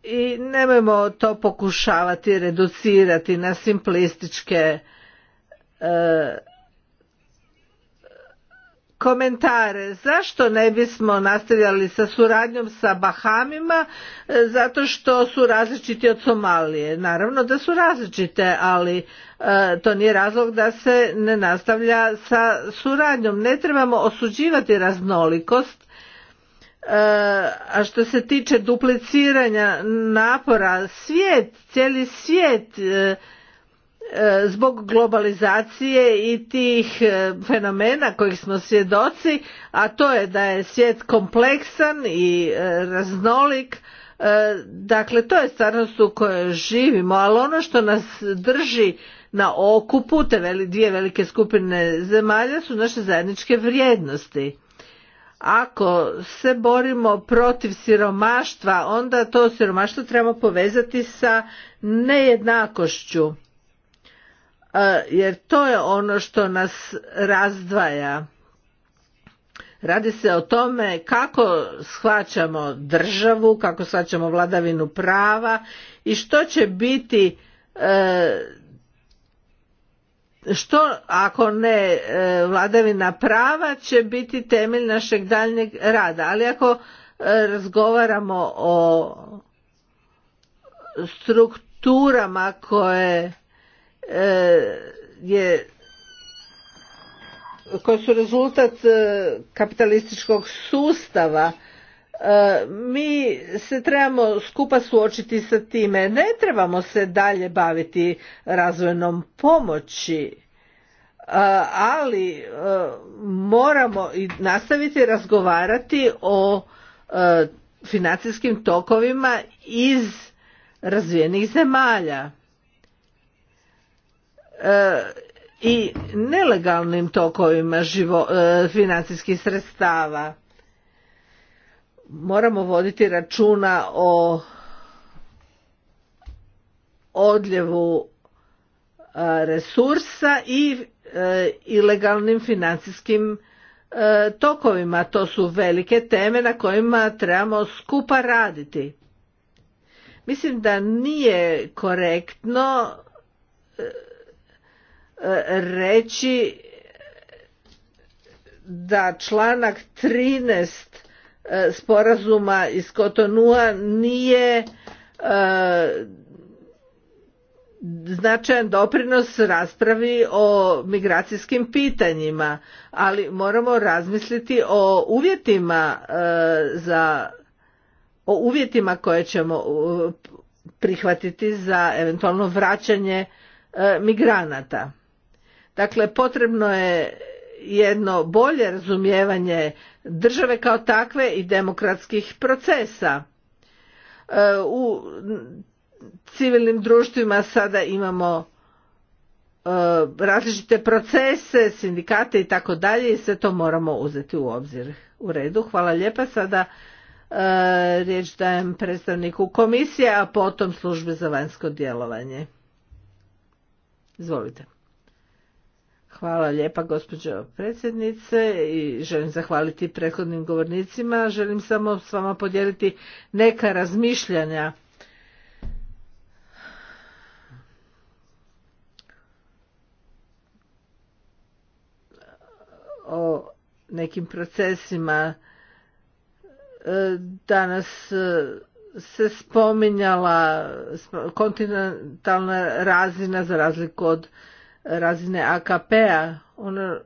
i nemojmo to pokušavati reducirati na simplističke e, komentare. Zašto ne bismo nastavljali sa suradnjom sa Bahamima e, zato što su različiti od Somalije? Naravno da su različite, ali e, to nije razlog da se ne nastavlja sa suradnjom. Ne trebamo osuđivati raznolikost. E, a što se tiče dupliciranja napora, svijet, cijeli svijet E, zbog globalizacije i tih e, fenomena kojih smo svjedoci, a to je da je svijet kompleksan i e, raznolik, dakle to je stvarnost u kojoj živimo, ali ono što nas drži na okupu, te dvije velike skupine zemalja su naše zajedničke vrijednosti. Ako se borimo protiv siromaštva, onda to siromaštvo trebamo povezati sa nejednakošću jer to je ono što nas razdvaja. Radi se o tome kako shvaćamo državu, kako shvaćamo vladavinu prava i što će biti e, što ako ne e, vladavina prava će biti temelj našeg daljnjeg rada, ali ako e, razgovaramo o strukturama koje E, je koje su rezultat e, kapitalističkog sustava e, mi se trebamo skupa suočiti sa time ne trebamo se dalje baviti razvojnom pomoći ali moramo i nastaviti razgovarati o financijskim tokovima iz razvijenih zemalja i nelegalnim tokovima e, financijskih sredstava. Moramo voditi računa o odljevu e, resursa i e, ilegalnim financijskim tokovima. To su velike teme na kojima trebamo skupa raditi. Mislim da nije korektno reći da članak 13 e, sporazuma iz Kotonua nije e, značajan doprinos raspravi o migracijskim pitanjima, ali moramo razmisliti o uvjetima e, za o uvjetima koje ćemo prihvatiti za eventualno vraćanje migranata. Dakle, potrebno je jedno bolje razumijevanje države kao takve i demokratskih procesa. E, u civilnim društvima sada imamo e, različite procese, sindikate i tako dalje i sve to moramo uzeti u obzir. U redu, hvala lijepa. Sada e, riječ dajem predstavniku komisije, a potom službe za vanjsko djelovanje. Izvolite. Hvala lijepa gospođo predsjednice i želim zahvaliti prethodnim govornicima. Želim samo s vama podijeliti neka razmišljanja. o nekim procesima. E, danas e, se spominjala kontinentalna razina za razliku od razine AKP-a. Ono,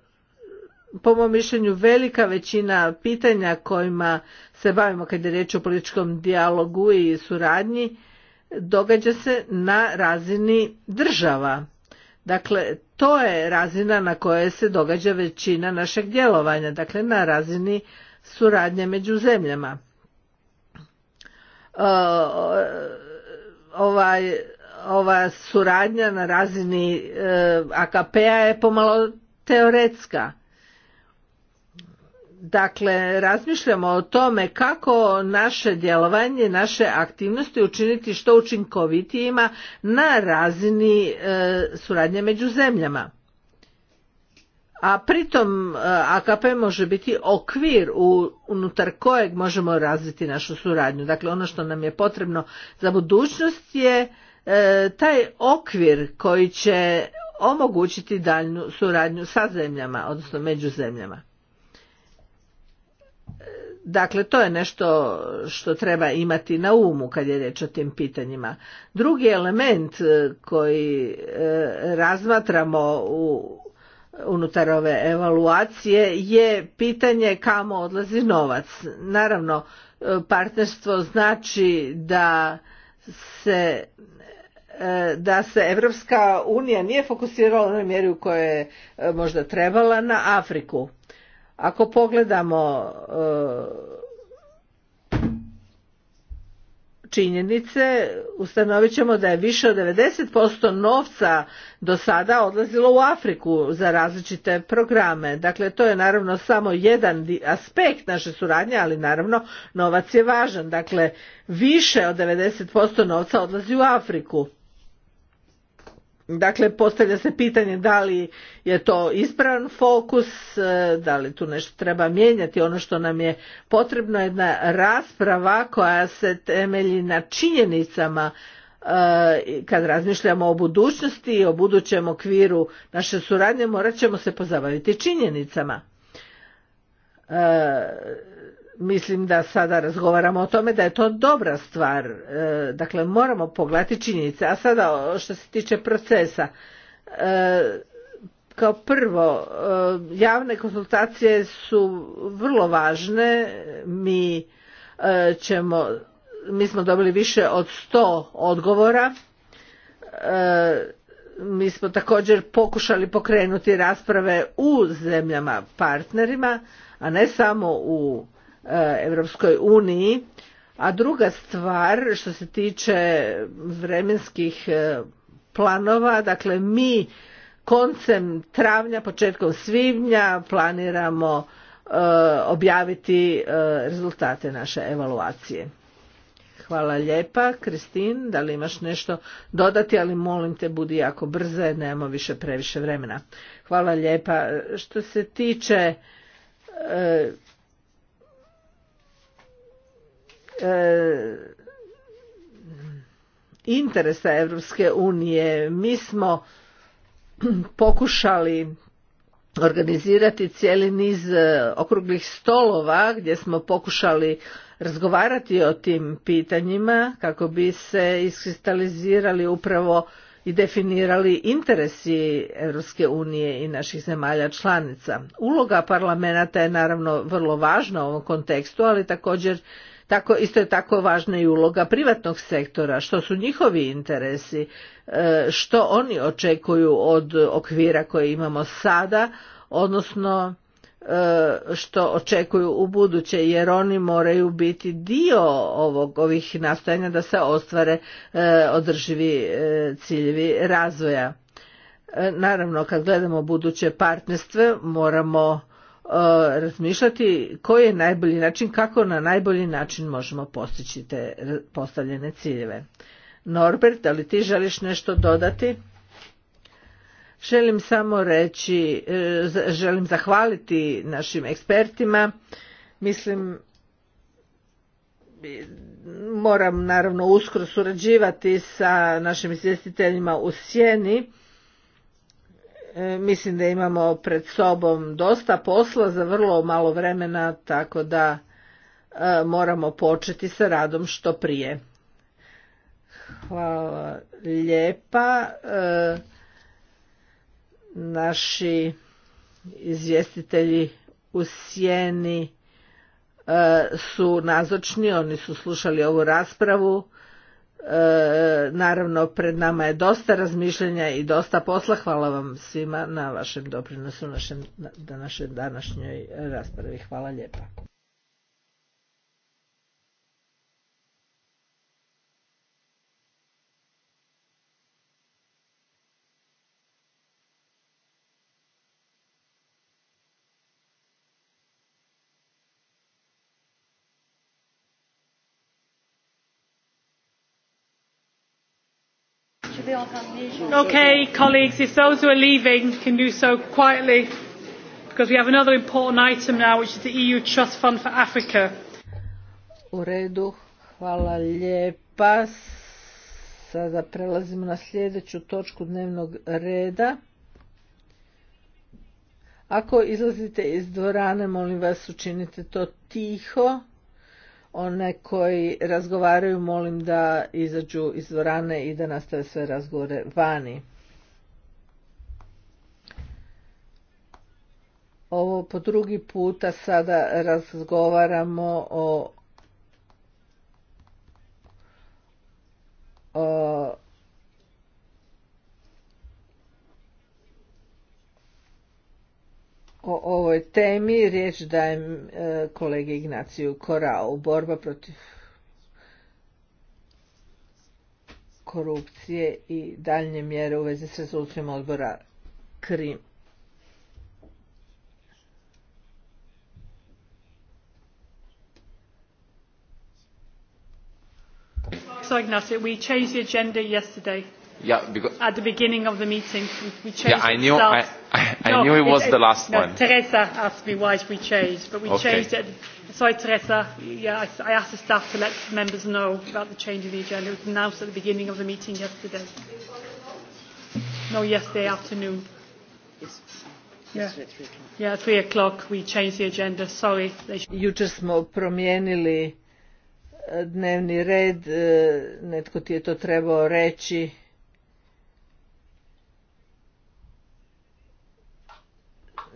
po mom mišljenju velika većina pitanja kojima se bavimo kad je riječ o političkom dijalogu i suradnji događa se na razini država. Dakle, to je razina na kojoj se događa većina našeg djelovanja, dakle na razini suradnje među zemljama. E, ovaj ova suradnja na razini eh, AKP-a je pomalo teoretska. Dakle, razmišljamo o tome kako naše djelovanje, naše aktivnosti učiniti što učinkovitijima na razini eh, suradnje među zemljama. A pritom eh, AKP može biti okvir unutar kojeg možemo razviti našu suradnju. Dakle, ono što nam je potrebno za budućnost je E, taj okvir koji će omogućiti daljnu suradnju sa zemljama, odnosno među zemljama. Dakle, to je nešto što treba imati na umu kad je riječ o tim pitanjima. Drugi element e, koji e, razmatramo u unutar ove evaluacije je pitanje kamo odlazi novac. Naravno, partnerstvo znači da se E, da se Evropska unija nije fokusirala na u kojoj je e, možda trebala na Afriku. Ako pogledamo e, činjenice, ustanovit ćemo da je više od 90% novca do sada odlazilo u Afriku za različite programe. Dakle, to je naravno samo jedan aspekt naše suradnje, ali naravno novac je važan. Dakle, više od 90% novca odlazi u Afriku. Dakle, postavlja se pitanje da li je to ispravan fokus, e, da li tu nešto treba mijenjati. Ono što nam je potrebno je jedna rasprava koja se temelji na činjenicama e, kad razmišljamo o budućnosti i o budućem okviru naše suradnje morat ćemo se pozabaviti činjenicama. E, mislim da sada razgovaramo o tome da je to dobra stvar. E, dakle, moramo pogledati činjenice. A sada što se tiče procesa. E, kao prvo, e, javne konsultacije su vrlo važne. Mi ćemo, mi smo dobili više od sto odgovora. Mi smo također pokušali pokrenuti rasprave u zemljama partnerima, a ne samo u Europskoj eh, uniji. A druga stvar što se tiče vremenskih eh, planova, dakle mi koncem travnja, početkom svibnja planiramo eh, objaviti rezultate naše evaluacije. Hvala lijepa. Kristin, da li imaš nešto dodati, ali molim te budi jako brze, nemamo više previše vremena. Hvala lijepa. Što se tiče E, interesa Europske unije. Mi smo pokušali organizirati cijeli niz e, okruglih stolova gdje smo pokušali razgovarati o tim pitanjima kako bi se iskristalizirali upravo i definirali interesi Europske unije i naših zemalja članica. Uloga parlamenta je naravno vrlo važna u ovom kontekstu, ali također tako isto je tako važna i uloga privatnog sektora što su njihovi interesi e, što oni očekuju od okvira koje imamo sada odnosno e, što očekuju u buduće jer oni moraju biti dio ovih nastojanja da se ostvare e, održivi ciljevi razvoja naravno kad gledamo buduće partnerstve moramo E, razmišljati koji je najbolji način, kako na najbolji način možemo postići te postavljene ciljeve. Norbert, da li ti želiš nešto dodati? Želim samo reći, e, želim zahvaliti našim ekspertima. Mislim, moram naravno uskoro surađivati sa našim izvjestiteljima u Sjeni E, mislim da imamo pred sobom dosta posla za vrlo malo vremena, tako da e, moramo početi sa radom što prije. Hvala lijepa. E, naši izvjestitelji u sjeni su nazočni, oni su slušali ovu raspravu. E, naravno pred nama je dosta razmišljanja i dosta posla. Hvala vam svima na vašem doprinosu našem, na našoj današnjoj raspravi. Hvala lijepa. Okay, colleagues, if those who are leaving can do so quietly, because we have another important item now, which is the EU Trust Fund for Africa. U redu, hvala lijepa. Sada prelazimo na sljedeću točku dnevnog reda. Ako izlazite iz dvorane, molim vas učinite to tiho one koji razgovaraju molim da izađu iz dvorane i da nastave sve razgovore vani. Ovo po drugi puta sada razgovaramo o, o o ovoj temi riječ dajem e, kolegi Ignaciju Korao. Borba protiv korupcije i daljnje mjere u vezi s rezultatima odbora Krim. So Ignacio, we changed the agenda yesterday. Yeah, because at the beginning of the meeting, we changed. Yeah, I knew. I, I, I no, knew it was it, the last no, one. Teresa asked me why we changed, but we okay. changed it. Sorry, Teresa. Yeah, I, I asked the staff to let members know about the change in the agenda. It was announced at the beginning of the meeting yesterday. No, yesterday afternoon. Yeah. Yeah, three o'clock. We changed the agenda. Sorry. They should... Jučer smo promijenili eh, dnevni red. Eh, netko ti je to trebao reći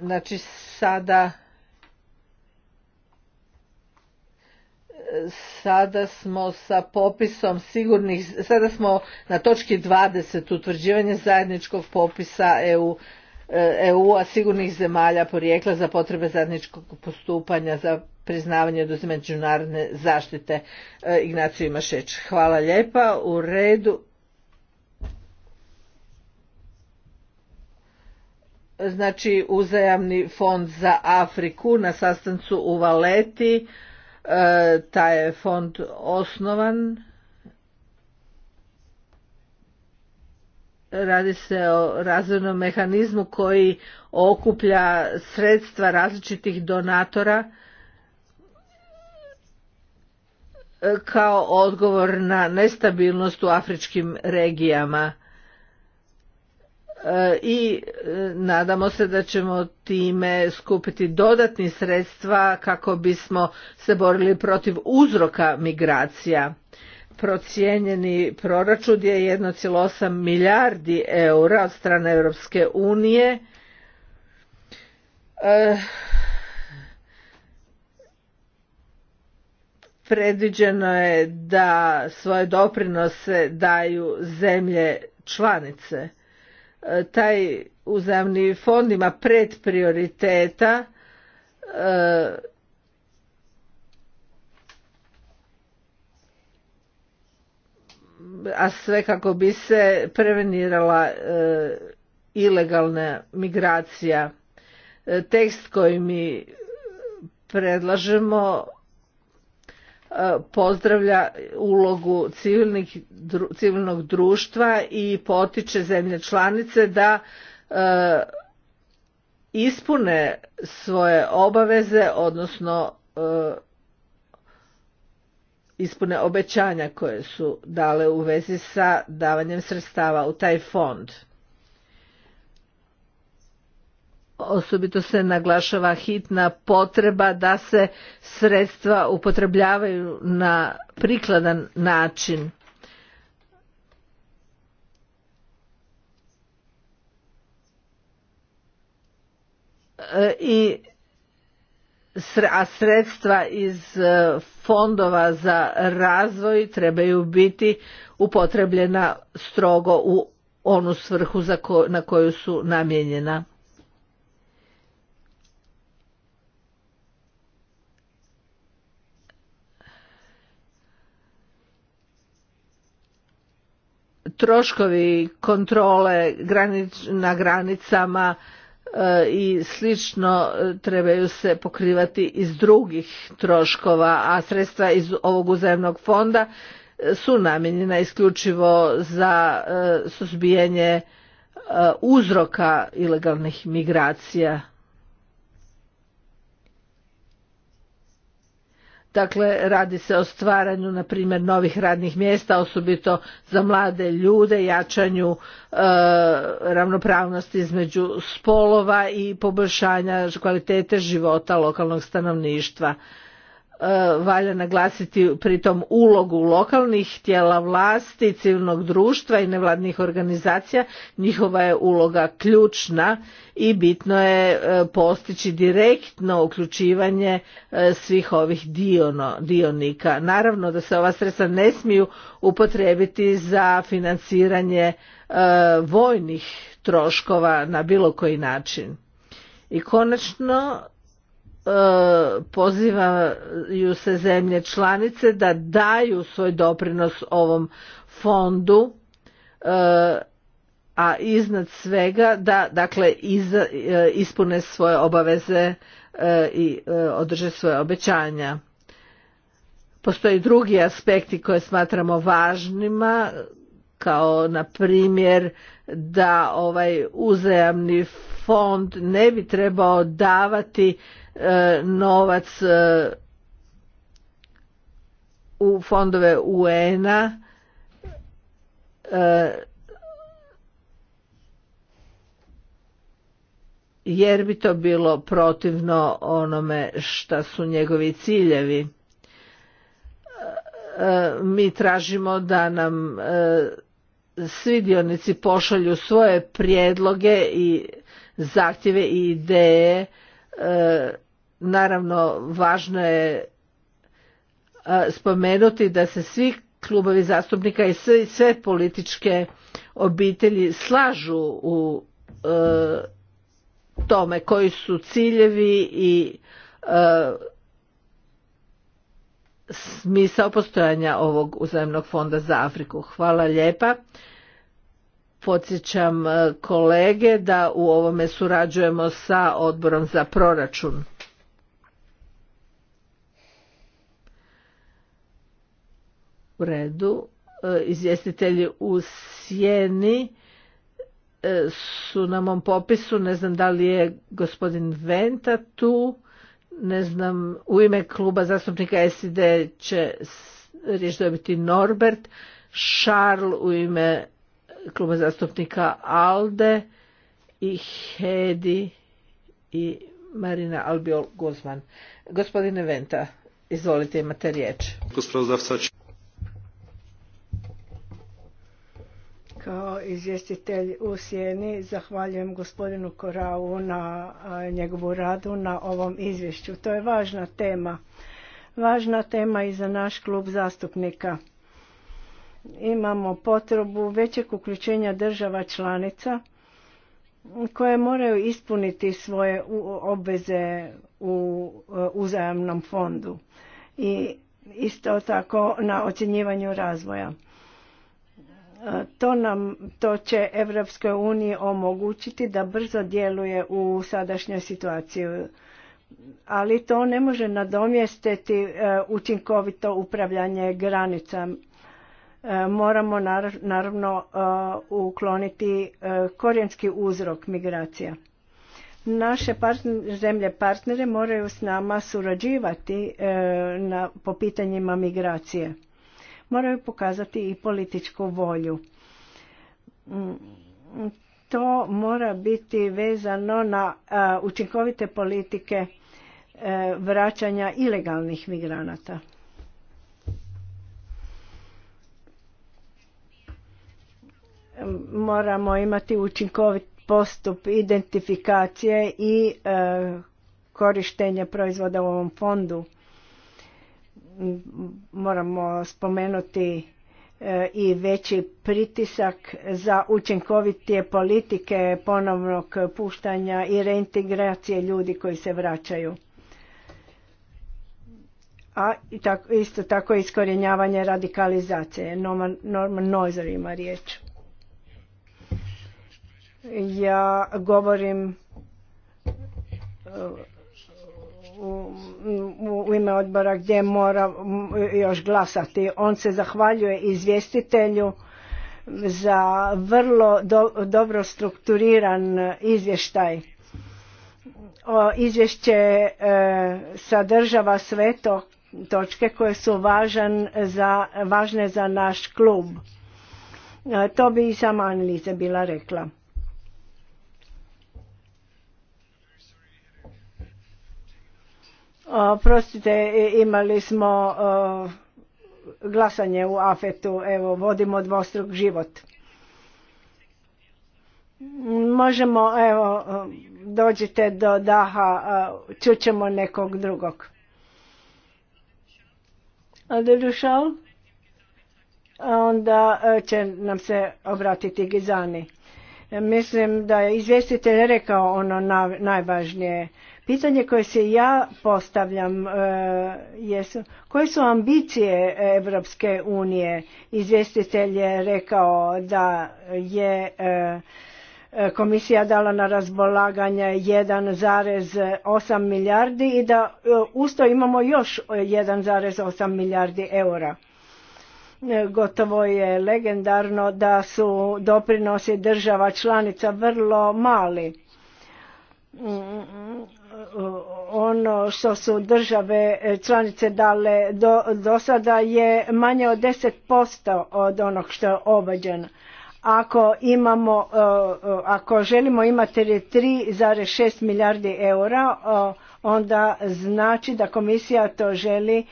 Znači sada sada smo sa popisom sigurnih, sada smo na točki 20 utvrđivanje zajedničkog popisa EU eh, EU-a sigurnih zemalja porijekla za potrebe zajedničkog postupanja za priznavanje do međunarodne zaštite. Eh, Ignaciju Imašeć. Hvala lijepa. U redu. znači uzajamni fond za Afriku na sastancu u Valeti. E, taj je fond osnovan. Radi se o razvojnom mehanizmu koji okuplja sredstva različitih donatora e, kao odgovor na nestabilnost u afričkim regijama E, i e, nadamo se da ćemo time skupiti dodatni sredstva kako bismo se borili protiv uzroka migracija. Procijenjeni proračun je 1,8 milijardi eura od strane Europske unije. E, predviđeno je da svoje doprinose daju zemlje članice E, taj uzajamni fond ima pred prioriteta e, a sve kako bi se prevenirala e, ilegalna migracija. Tekst koji mi predlažemo pozdravlja ulogu civilnog društva i potiče zemlje članice da e, ispune svoje obaveze odnosno e, ispune obećanja koje su dale u vezi sa davanjem sredstava u taj fond osobito se naglašava hitna potreba da se sredstva upotrebljavaju na prikladan način. E, i a sredstva iz e, fondova za razvoj trebaju biti upotrebljena strogo u onu svrhu na koju su namijenjena troškovi kontrole na granicama e, i slično e, trebaju se pokrivati iz drugih troškova, a sredstva iz ovog uzajemnog fonda e, su namijenjena isključivo za suzbijanje uzroka ilegalnih migracija. Dakle, radi se o stvaranju, na primjer, novih radnih mjesta, osobito za mlade ljude, jačanju e, ravnopravnosti između spolova i poboljšanja kvalitete života lokalnog stanovništva. E, valja naglasiti pritom ulogu lokalnih tijela vlasti, civilnog društva i nevladnih organizacija. Njihova je uloga ključna i bitno je e, postići direktno uključivanje e, svih ovih dionika. Naravno da se ova sredstva ne smiju upotrebiti za financiranje vojnih troškova na bilo koji način. I konačno E, pozivaju se zemlje članice da daju svoj doprinos ovom fondu e, a iznad svega da dakle e, ispune svoje obaveze i održe svoje obećanja postoje drugi aspekti koje smatramo važnima kao na primjer da ovaj uzajamni fond ne bi trebao davati E, novac e, u fondove UN-a e, jer bi to bilo protivno onome šta su njegovi ciljevi. Mi tražimo da nam svi dionici pošalju svoje prijedloge i zahtjeve i ideje E, naravno, važno je e, spomenuti da se svi klubovi zastupnika i sve političke obitelji slažu u e, tome koji su ciljevi i smisao postojanja ovog uzajemnog fonda za Afriku. Hvala lijepa podsjećam e, kolege da u ovome surađujemo sa odborom za proračun. U redu, e, izvjestitelji u sjeni e, su na mom popisu, ne znam da li je gospodin Venta tu, ne znam, u ime kluba zastupnika SID će riječ dobiti Norbert, Šarl u ime kluba zastupnika Alde i Hedi i Marina Albiol Guzman. Gospodine Venta, izvolite imate riječ. Kao izvjestitelj u Sjeni zahvaljujem gospodinu Korau na njegovu radu na ovom izvješću. To je važna tema. Važna tema i za naš klub zastupnika imamo potrebu većeg uključenja država članica koje moraju ispuniti svoje obveze u e, uzajamnom fondu i isto tako na ocjenjivanju razvoja. E, to nam to će Europskoj uniji omogućiti da brzo djeluje u sadašnjoj situaciji. Ali to ne može nadomjestiti e, učinkovito upravljanje granicama E, moramo naravno e, ukloniti e, korijenski uzrok migracija. Naše zemlje partnere moraju s nama surađivati po pitanjima migracije. Moraju pokazati i političku volju. Mm, to mora biti vezano na učinkovite politike vraćanja ilegalnih migranata. moramo imati učinkovit postup identifikacije i e, korištenja proizvoda u ovom fondu. Moramo spomenuti e, i veći pritisak za učinkovitije politike ponovnog puštanja i reintegracije ljudi koji se vraćaju. A isto tako iskorjenjavanje radikalizacije. Norman Noiser ima riječ. Ja govorim u, ime odbora gdje mora još glasati. On se zahvaljuje izvjestitelju za vrlo dobro strukturiran izvještaj. izvješće e, sadržava sve to točke koje su važne za naš klub. E, to bi i sama Anilize bila rekla. Prostite, imali smo glasanje u afetu, evo, vodimo dvostruk život. Možemo, evo, dođite do daha, čućemo nekog drugog. Adelušal? Onda će nam se obratiti Gizani. Mislim da je izvjestitelj rekao ono najvažnije Pitanje koje se ja postavljam e, jesu koje su ambicije Europske unije. Izvjestitelj je rekao da je e, e, komisija dala na razbolaganje 1,8 milijardi i da usto imamo još 1,8 milijardi eura. Gotovo je legendarno da su doprinosi država članica vrlo mali mm, mm, mm ono što su države e, članice dale do, sada je manje od 10% od onog što je obađeno. Ako, imamo, e, e, ako želimo imati 3,6 milijardi eura, onda znači da komisija to želi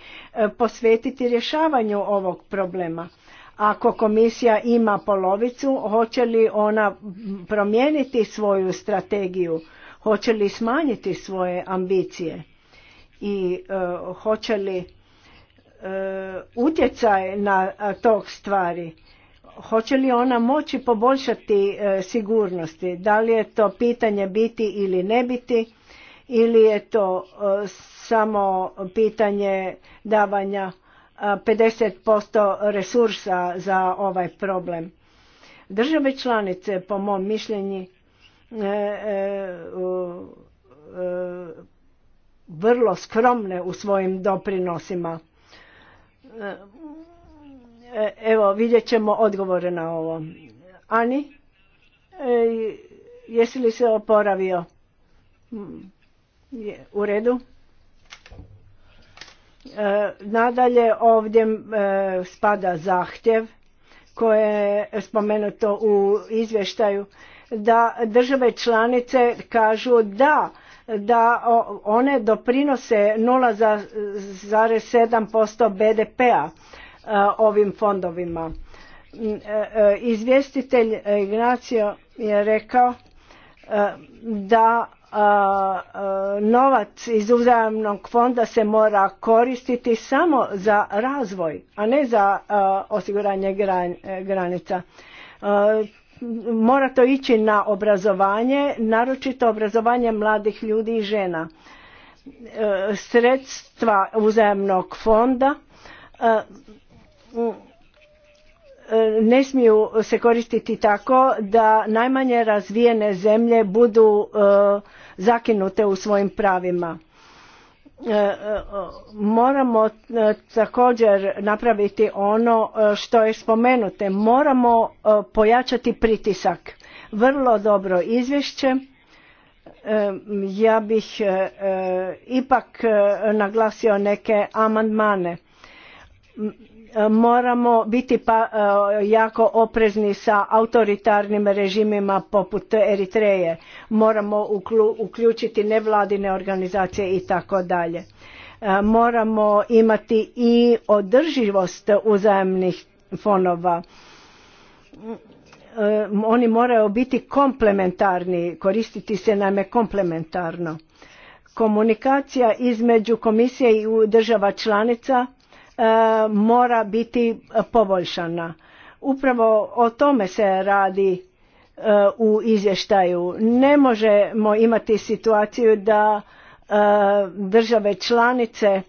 posvetiti rješavanju ovog problema. Ako komisija ima polovicu, hoće li ona promijeniti svoju strategiju? hoće li smanjiti svoje ambicije i e, hoće li e, utjecaj na tog stvari hoće li ona moći poboljšati e, sigurnosti da li je to pitanje biti ili ne biti ili je to samo pitanje davanja 50% resursa za ovaj problem. Države članice, po mom mišljenju, E, e, e, vrlo skromne u svojim doprinosima. Evo, vidjet ćemo odgovore na ovo. Ani, jesi li se oporavio? Mm, u redu. Nadalje ovdje spada zahtjev koje je spomenuto u izvještaju da države članice kažu da da one doprinose 0,7% BDP-a e, ovim fondovima. E, e, izvjestitelj Ignacio je rekao da novac iz uzajamnog fonda se mora koristiti samo za razvoj, a ne za osiguranje granica mora to ići na obrazovanje, naročito obrazovanje mladih ljudi i žena. E, sredstva uzajemnog fonda e, e, ne smiju se koristiti tako da najmanje razvijene zemlje budu zakinute u svojim pravima E, e, moramo e, također napraviti ono što je spomenute. Moramo pojačati pritisak. Vrlo dobro izvješće. Ja bih ipak naglasio neke amandmane E, moramo biti pa, e, jako oprezni sa autoritarnim režimima poput Eritreje. Moramo uključiti nevladine organizacije i tako dalje. E, moramo imati i održivost uzajemnih fonova. Oni moraju biti komplementarni, koristiti se naime komplementarno. Komunikacija između komisije i država članica E, mora biti poboljšana. Upravo o tome se radi e, u izvještaju. Ne možemo imati situaciju da e, države članice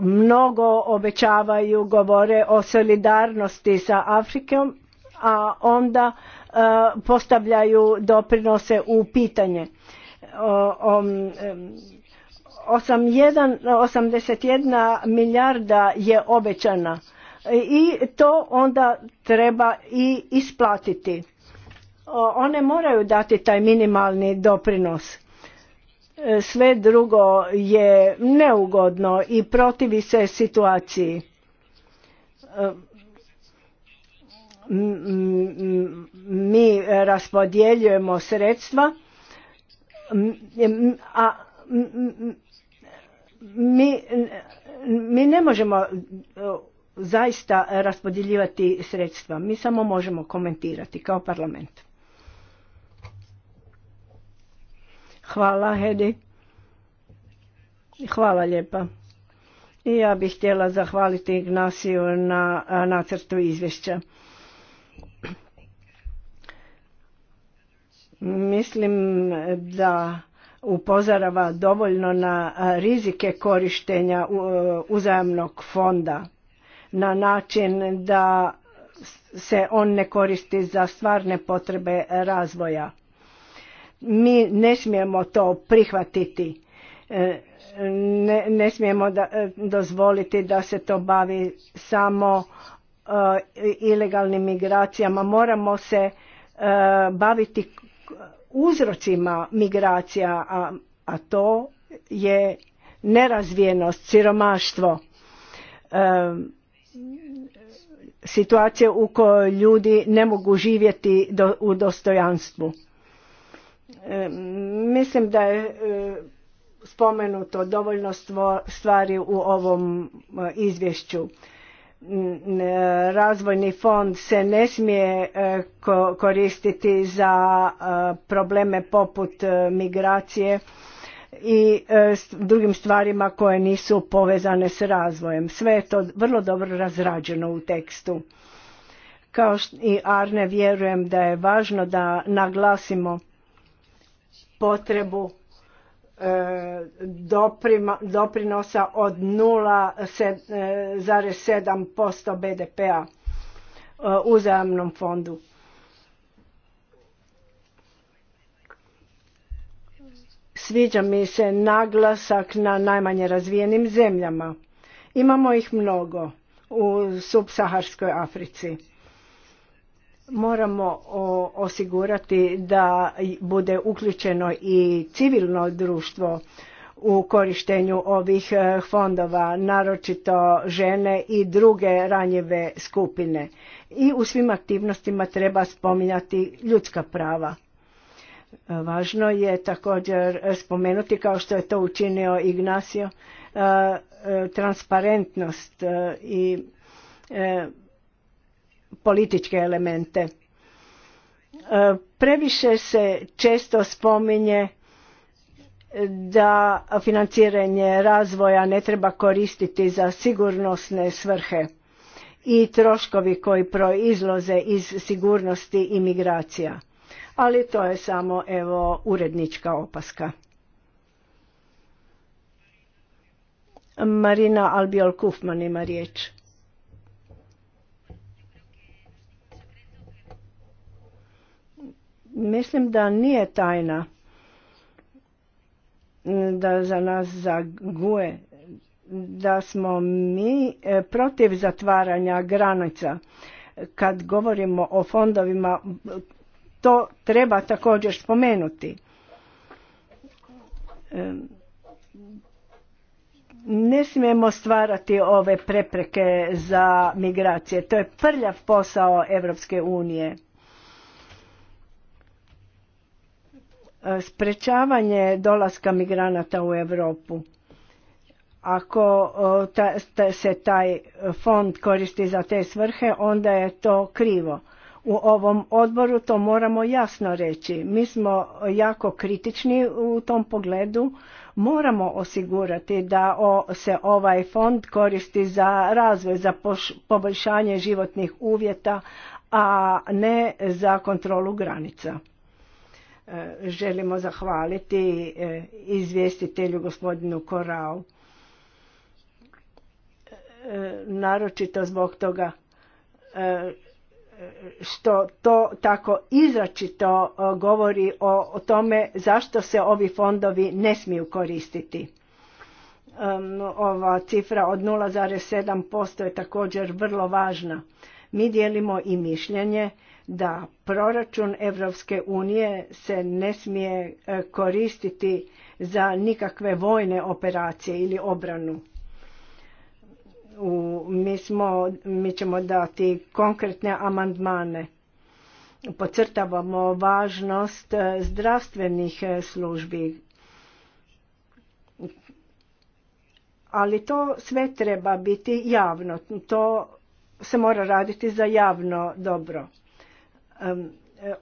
mnogo obećavaju, govore o solidarnosti sa Afrikom, a onda postavljaju doprinose u pitanje. 81 milijarda je obećana i to onda treba i isplatiti. One moraju dati taj minimalni doprinos. E, sve drugo je neugodno i protivi se situaciji. E, mi raspodjeljujemo sredstva, a mi, mi ne možemo e, zaista raspodjeljivati sredstva. Mi samo možemo komentirati kao parlament. Hvala Hedi. Hvala lijepa. I ja bih htjela zahvaliti Ignaciju na e, nacrtu izvješća. Mislim da upozorava dovoljno na rizike korištenja e, uzajamnog fonda na način da se on ne koristi za stvarne potrebe razvoja. Mi ne smijemo to prihvatiti. E, ne, smijemo e, dozvoliti da se to bavi samo ilegalnim migracijama. Moramo se baviti uzrocima migracija, a, a to je nerazvijenost, siromaštvo, e, situacije u kojoj ljudi ne mogu živjeti u dostojanstvu. mislim da je e, spomenuto dovoljno stvari u ovom e, izvješću. E, razvojni fond se ne smije e, koristiti za e, probleme poput migracije i drugim stvarima koje nisu povezane s razvojem. Sve je to vrlo dobro razrađeno u tekstu. Kao i Arne vjerujem da je važno da naglasimo potrebu E, doprinosa od 0,7% e, BDP-a e, uzajamnom fondu. Sviđa mi se naglasak na najmanje razvijenim zemljama. Imamo ih mnogo u subsaharskoj Africi moramo osigurati da bude uključeno i civilno društvo u korištenju ovih e, fondova, naročito žene i druge ranjive skupine. I u svim aktivnostima treba spominjati ljudska prava. E, važno je također spomenuti, kao što je to učinio Ignacio, e, transparentnost i političke elemente. E, previše se često spominje da financiranje razvoja ne treba koristiti za sigurnosne svrhe i troškovi koji proizlaze iz sigurnosti i migracija. Ali to je samo evo urednička opaska. Marina Albiol Kufman ima riječ. Mislim da nije tajna mm, da za nas za GUE da smo mi e, protiv zatvaranja granica. Kad govorimo o fondovima, to treba također spomenuti. E, ne smijemo stvarati ove prepreke za migracije. To je prljav posao Europske unije sprečavanje dolaska migranata u Europu. Ako se taj fond koristi za te svrhe, onda je to krivo. U ovom odboru to moramo jasno reći. Mi smo jako kritični u tom pogledu. Moramo osigurati da se ovaj fond koristi za razvoj, za poboljšanje životnih uvjeta, a ne za kontrolu granica. E, želimo zahvaliti e, izvjestitelju gospodinu Korao. E, naročito zbog toga što to tako izračito govori o, tome zašto se ovi fondovi ne smiju koristiti. Ova cifra od 0,7% je također vrlo važna. Mi dijelimo i mišljenje da proračun Europske unije se ne smije e, koristiti za nikakve vojne operacije ili obranu. mi, smo, mi ćemo dati konkretne amandmane. Pocrtavamo važnost e, zdravstvenih e, službi. Ali to sve treba biti javno. To se mora raditi za javno dobro. E,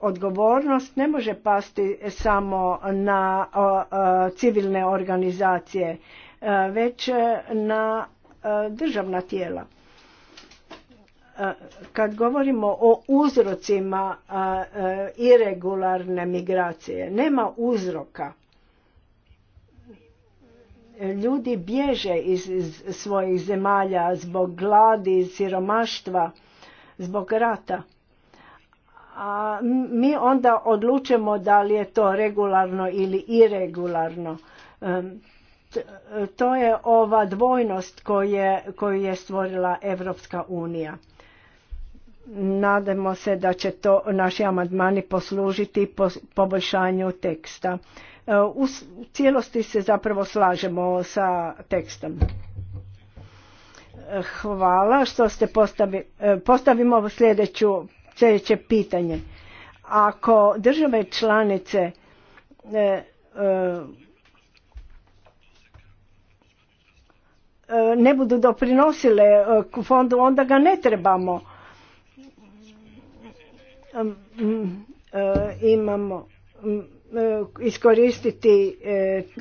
odgovornost ne može pasti samo na e, civilne organizacije e, već na državna tijela kad govorimo o uzrocima irregularne migracije nema uzroka ljudi bježe iz svojih zemalja zbog gladi siromaštva zbog rata a mi onda odlučemo da li je to regularno ili iregularno. To je ova dvojnost koju je stvorila Evropska unija. Nadamo se da će to naši amandmani poslužiti poboljšanju teksta. E, u cijelosti se zapravo slažemo sa tekstom. E, hvala što ste postavili. E, postavimo sljedeću sljedeće pitanje. Ako države članice e, e, ne budu doprinosile e, fondu, onda ga ne trebamo. Imamo iskoristiti,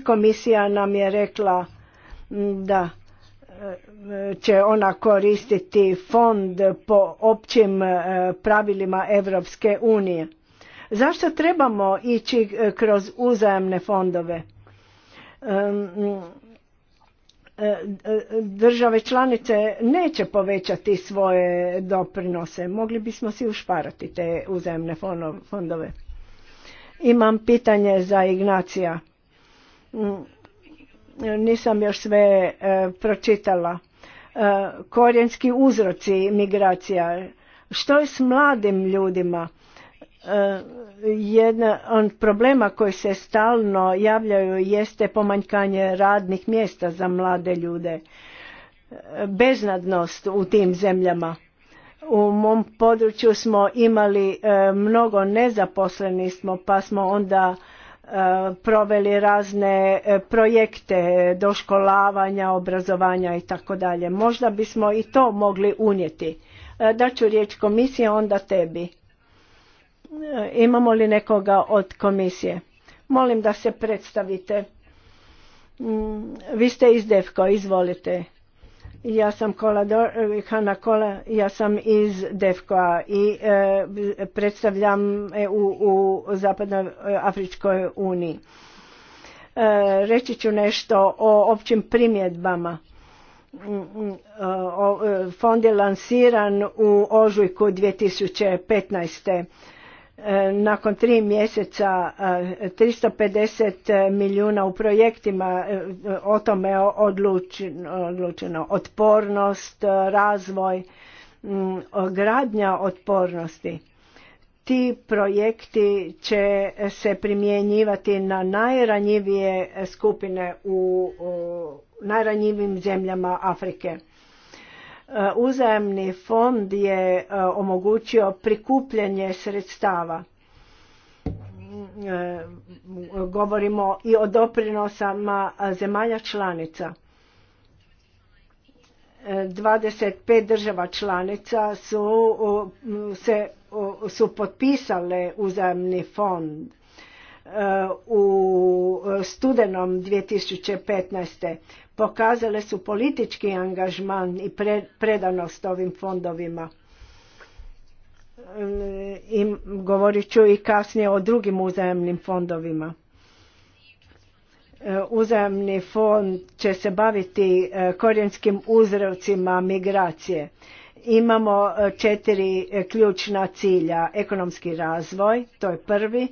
komisija nam je rekla da će ona koristiti fond po općim e, pravilima Europske unije. Zašto trebamo ići e, kroz uzajamne fondove? E, države članice neće povećati svoje doprinose. Mogli bismo si ušparati te uzajamne fondove. Imam pitanje za Ignacija mm, nisam još sve e, pročitala. E, korijenski uzroci migracija. Što je s mladim ljudima? E, Jedan od problema koji se stalno javljaju jeste pomanjkanje radnih mjesta za mlade ljude. Beznadnost u tim zemljama. U mom području smo imali mnogo nezaposlenih smo pa smo onda proveli razne e, projekte doškolavanja, obrazovanja i tako dalje. Možda bismo i to mogli unijeti. E, da ću riječ komisije, onda tebi. E, imamo li nekoga od komisije? Molim da se predstavite. Mm, vi ste iz izvolite. Ja sam Dor, eh, Hanna Kola, ja sam iz Defkoa i eh, predstavljam EU u eh, Afričkoj uniji. reći ću nešto o općim primjedbama. Mm, mm, fond je lansiran u ožujku 2015 nakon tri mjeseca 350 e, milijuna u projektima e, o tome je odlučeno otpornost, razvoj, mm, gradnja otpornosti. Ti projekti će se primjenjivati na najranjivije skupine u najranjivim zemljama Afrike E, uzajemni fond je e, omogućio prikupljanje sredstava e, govorimo i o doprinosama zemalja članica 25 država članica su se su potpisale uzajemni fond u studenom 2015. pokazale su politički angažman i predanost ovim fondovima. E, I govorit ću i kasnije o drugim uzajemnim fondovima. E, Uzajemni fond će se baviti e, korijenskim uzrocima migracije. Imamo četiri ključna cilja. Ekonomski razvoj, to je prvi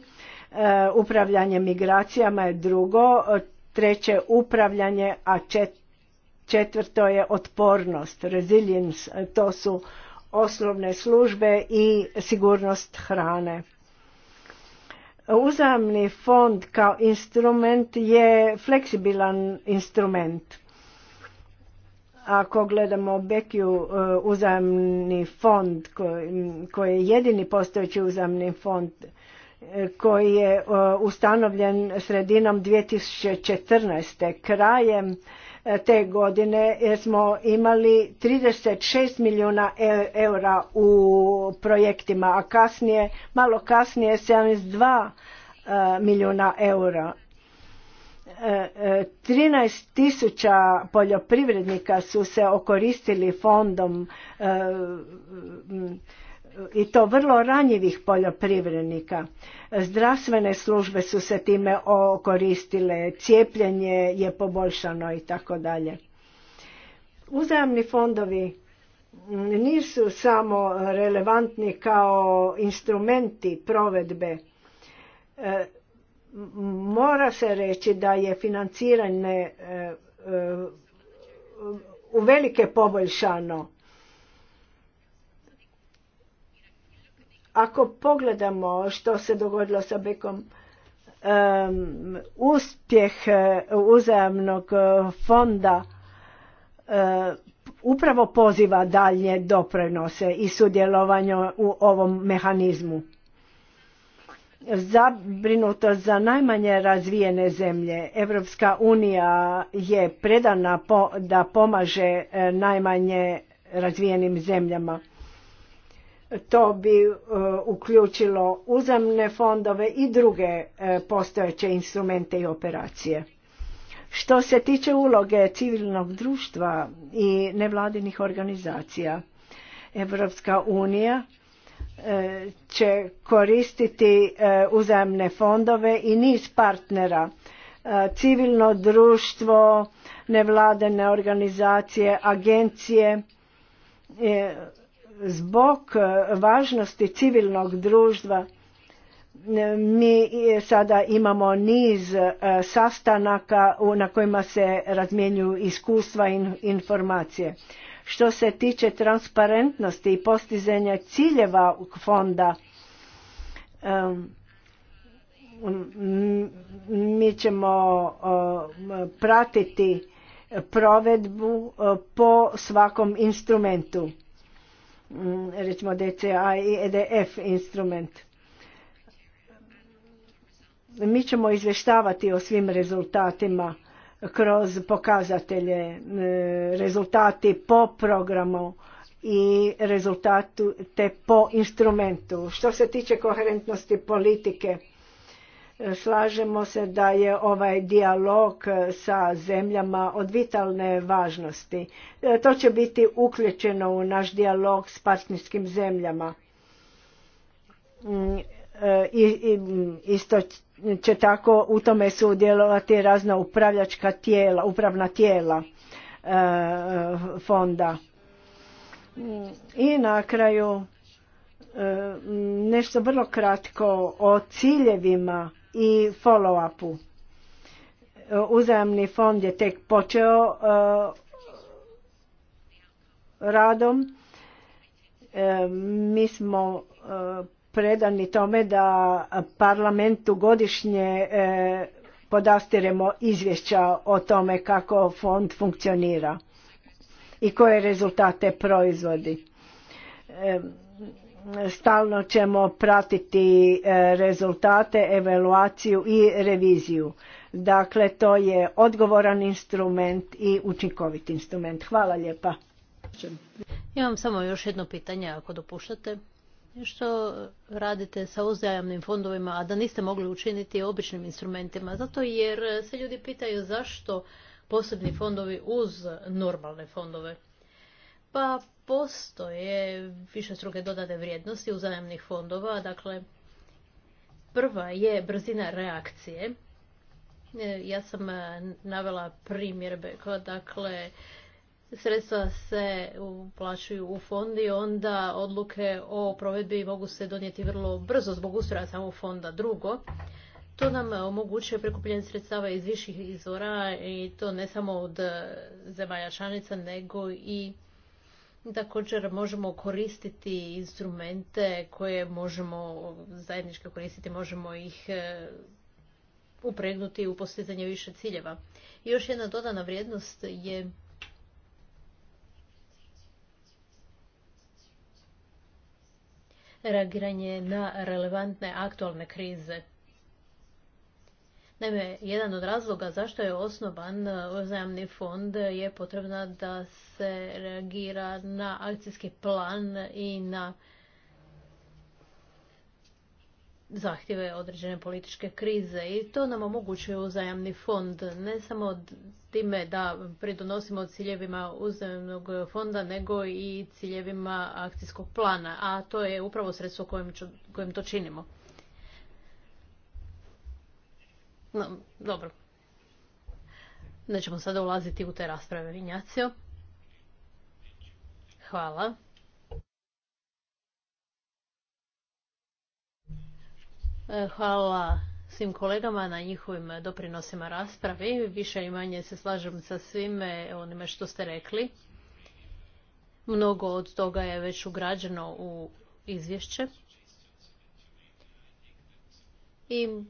E, upravljanje migracijama je drugo, treće upravljanje, a četvrto je otpornost, resilience, e, to su osnovne službe i sigurnost hrane. Uzajamni fond kao instrument je fleksibilan instrument. Ako gledamo Bekiju e, uzajamni fond koji je jedini postojeći uzajamni fond koji je e, ustanovljen sredinom 2014. krajem e, te godine e, smo imali 36 milijuna eura u projektima, a kasnije, malo kasnije 72 milijuna eura. 13 tisuća poljoprivrednika su se okoristili fondom i to vrlo ranjivih poljoprivrednika. Zdravstvene službe su se time okoristile, cijepljenje je poboljšano i tako dalje. Uzajamni fondovi nisu samo relevantni kao instrumenti provedbe. E, mora se reći da je financiranje e, e, u velike poboljšano Ako pogledamo što se dogodilo sa Bekom, um, uspjeh e, uzajamnog e, fonda e, upravo poziva dalje doprinose i sudjelovanje u ovom mehanizmu. Zabrinuto za najmanje razvijene zemlje. Evropska unija je predana da pomaže najmanje razvijenim zemljama to bi e, uključilo uzemne fondove i druge e, postojeće instrumente i operacije. Što se tiče uloge civilnog društva i nevladinih organizacija, Evropska unija e, će koristiti uzemne fondove i niz partnera, civilno društvo, nevladene organizacije, agencije Zbog e, važnosti civilnog društva e, mi sada imamo niz e, sastanaka na kojima se razmjenjuju iskustva i informacije. Što se tiče transparentnosti i postizanja ciljeva fonda, mi ćemo pratiti provedbu po svakom instrumentu Mm, recimo DCA i EDF instrument. Mi ćemo izvještavati o svim rezultatima kroz pokazatelje, e, rezultati po programu i rezultatu te po instrumentu. Što se tiče koherentnosti politike, Slažemo se da je ovaj dijalog sa zemljama od vitalne važnosti. E, to će biti uključeno u naš dijalog s partnerskim zemljama. Mm, e, I, mm, isto će tako u tome sudjelovati razna upravljačka tijela, upravna tijela e, fonda. Mm, I na kraju nešto vrlo kratko o ciljevima i follow-upu. Uzajamni fond je tek počeo e, radom. E, mi smo e, predani tome da parlamentu godišnje podastiremo izvješća o tome kako fond funkcionira i koje rezultate proizvodi stalno ćemo pratiti e, rezultate, evaluaciju i reviziju. Dakle, to je odgovoran instrument i učinkovit instrument. Hvala lijepa. Imam samo još jedno pitanje, ako dopuštate. Što radite sa uzajamnim fondovima, a da niste mogli učiniti običnim instrumentima? Zato jer se ljudi pitaju zašto posebni fondovi uz normalne fondove. Pa postoje više struke dodane vrijednosti uzajamnih fondova. Dakle, prva je brzina reakcije. E, ja sam e, navela primjer Beko, dakle, sredstva se uplaćuju u fond i onda odluke o provedbi mogu se donijeti vrlo brzo zbog ustroja samog fonda. Drugo, to nam omogućuje prikupljanje sredstava iz viših izvora i to ne samo od e, zemalja članica, nego i Također možemo koristiti instrumente koje možemo zajednički koristiti, možemo ih e, upregnuti u postizanje više ciljeva. I još jedna dodana vrijednost je reagiranje na relevantne aktualne krize. Naime, jedan od razloga zašto je osnovan e, uzajamni fond je potrebna da se reagira na akcijski plan i na zahtjeve određene političke krize i to nam omogućuje uzajamni fond. Ne samo time da pridonosimo ciljevima uzajamnog fonda, nego i ciljevima akcijskog plana, a to je upravo sredstvo kojim, kojim to činimo. No, dobro. Nećemo sada ulaziti u te rasprave, Vinjacio. Hvala. E, hvala svim kolegama na njihovim doprinosima raspravi. Više i manje se slažem sa svime onime što ste rekli. Mnogo od toga je već ugrađeno u izvješće. I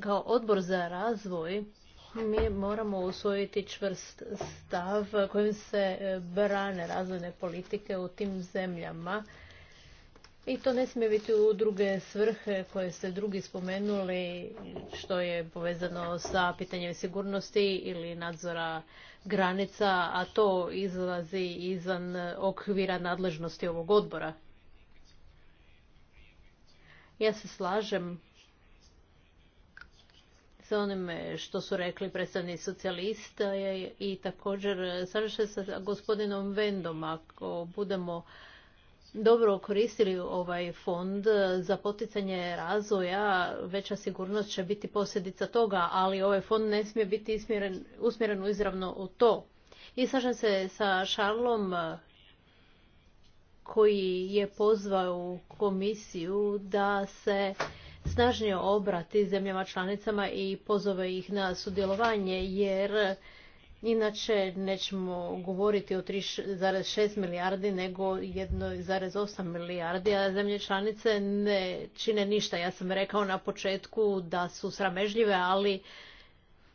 Kao odbor za razvoj mi moramo usvojiti čvrst stav kojim se e, brane razvojne politike u tim zemljama. I to ne smije biti u druge svrhe koje ste drugi spomenuli, što je povezano sa pitanjem sigurnosti ili nadzora granica, a to izlazi izvan okvira nadležnosti ovog odbora. Ja se slažem s što su rekli predstavni socijalista i također sadašnje sa gospodinom Vendom ako budemo dobro koristili ovaj fond za poticanje razvoja, veća sigurnost će biti posljedica toga, ali ovaj fond ne smije biti ismjeren, usmjeren izravno u to. I slažem se sa Šarlom koji je pozvao komisiju da se snažnije obrati zemljama članicama i pozove ih na sudjelovanje jer inače nećemo govoriti o 3,6 milijardi nego 1,8 milijardi, a zemlje članice ne čine ništa. Ja sam rekao na početku da su sramežljive, ali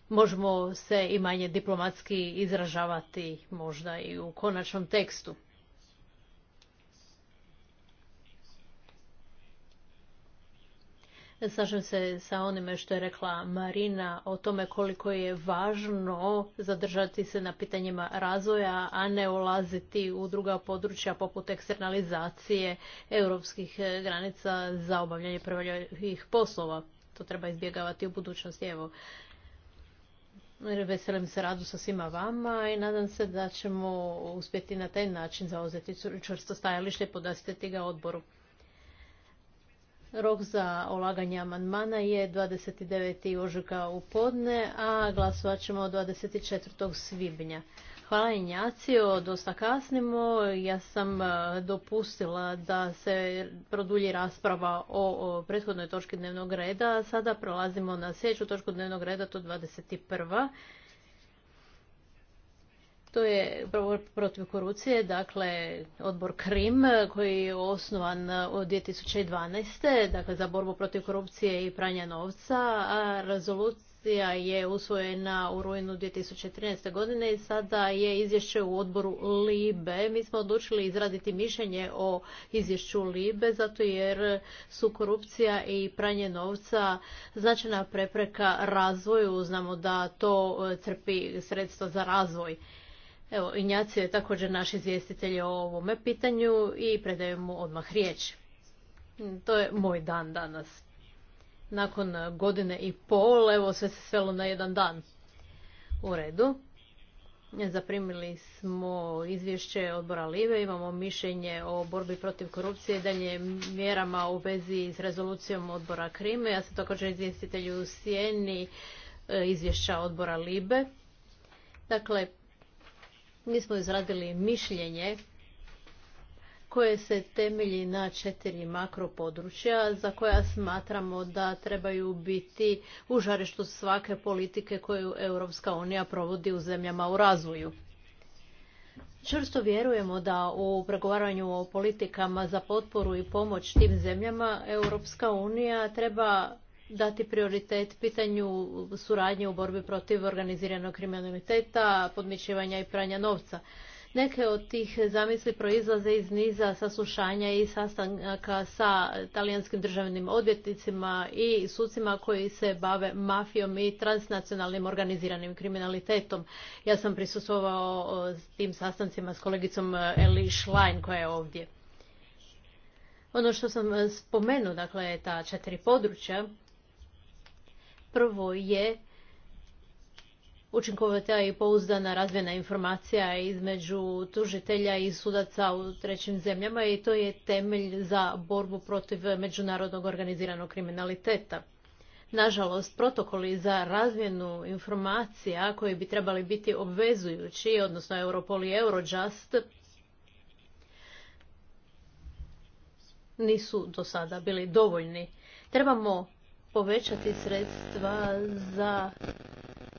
možemo se i manje diplomatski izražavati možda i u konačnom tekstu. Slažem se sa onime što je rekla Marina o tome koliko je važno zadržati se na pitanjima razvoja, a ne ulaziti u druga područja poput eksternalizacije europskih eh, granica za obavljanje prevaljivih poslova. To treba izbjegavati u budućnosti. Evo, Veselim se radu sa svima vama i nadam se da ćemo uspjeti na taj način zauzeti čvrsto stajalište i podastiti ga odboru. Rok za olaganje amandmana je 29. ožujka u podne, a glasovat ćemo 24. svibnja. Hvala Injacio, dosta kasnimo. Ja sam e, dopustila da se produlji rasprava o prethodnoj točki dnevnog reda. Sada prelazimo na sljedeću točku dnevnog reda, to 21. To je protiv korupcije, dakle odbor Krim koji je osnovan od 2012. dakle za borbu protiv korupcije i pranja novca, rezolucija je usvojena u rujnu 2013. godine i sada je izvješće u odboru LIBE. Mi smo odlučili izraditi mišljenje o izvješću LIBE zato jer su korupcija i pranje novca značajna prepreka razvoju. Znamo da to crpi e, sredstva za razvoj. Evo, Injacio je također naš izvjestitelj o ovome pitanju i predajem mu odmah riječ. Mm, to je moj dan danas. Nakon godine i pol, evo, sve se svelo na jedan dan. U redu. Zaprimili smo izvješće odbora Live, imamo mišljenje o borbi protiv korupcije i dalje mjerama u vezi s rezolucijom odbora Krime. Ja sam također izvjestitelj u Sijeni e, izvješća odbora Libe. Dakle, mi smo izradili mišljenje koje se temelji na četiri makropodručja za koja smatramo da trebaju biti u žarištu svake politike koju Europska unija provodi u zemljama u razvoju. Čvrsto vjerujemo da u pregovaranju o politikama za potporu i pomoć tim zemljama Europska unija treba dati prioritet pitanju suradnje u borbi protiv organiziranog kriminaliteta, podmićivanja i pranja novca. Neke od tih zamisli proizlaze iz niza saslušanja i sastanaka sa talijanskim državnim odvjetnicima i sucima koji se bave mafijom i transnacionalnim organiziranim kriminalitetom. Ja sam prisustvovao s tim sastancima s kolegicom Eli Schlein koja je ovdje. Ono što sam spomenuo, dakle, ta četiri područja, Prvo je učinkovita i pouzdana razmjena informacija između tužitelja i sudaca u trećim zemljama i to je temelj za borbu protiv međunarodnog organiziranog kriminaliteta. Nažalost, protokoli za razmjenu informacija koji bi trebali biti obvezujući, odnosno Europol i Eurojust, nisu do sada bili dovoljni. Trebamo povećati sredstva za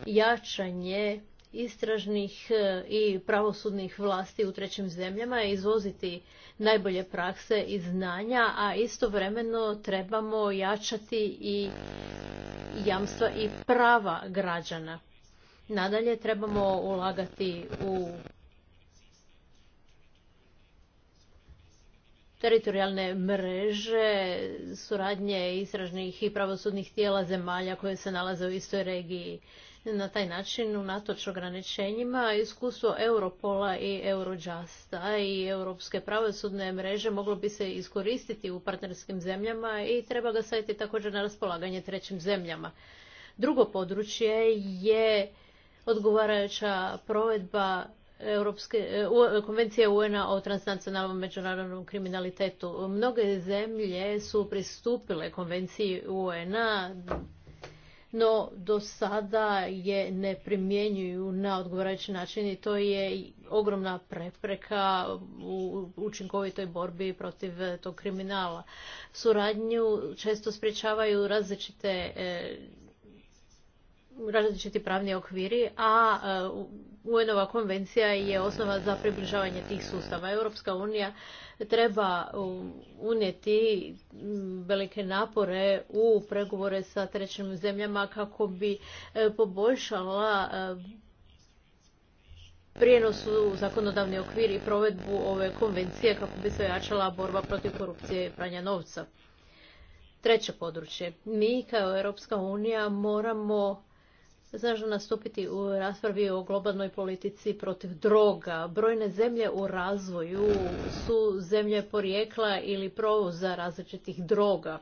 jačanje istražnih e, i pravosudnih vlasti u trećim zemljama, izvoziti najbolje prakse i znanja, a istovremeno trebamo jačati i jamstva i prava građana. Nadalje trebamo ulagati u teritorijalne mreže, suradnje istražnih i pravosudnih tijela zemalja koje se nalaze u istoj regiji. Na taj način, unatoč ograničenjima, iskustvo Europola i Eurojusta i Europske pravosudne mreže moglo bi se iskoristiti u partnerskim zemljama i treba ga staviti također na raspolaganje trećim zemljama. Drugo područje je odgovarajuća provedba Europske, e, konvencije UN-a o transnacionalnom međunarodnom kriminalitetu. Mnoge zemlje su pristupile konvenciji UN-a, no do sada je ne primjenjuju na odgovarajući način i to je ogromna prepreka u učinkovitoj borbi protiv tog kriminala. Suradnju često sprječavaju različite e, različiti pravni okviri, a e, UN-ova konvencija je osnova za približavanje tih sustava. Europska unija treba unijeti velike napore u pregovore sa trećim zemljama kako bi e, poboljšala e, prijenos u zakonodavni okvir i provedbu ove konvencije kako bi se jačala borba protiv korupcije i pranja novca. Treće područje. Mi kao Europska unija moramo snažno nastupiti u raspravi o globalnoj politici protiv droga. Brojne zemlje u razvoju su zemlje porijekla ili provoza različitih droga.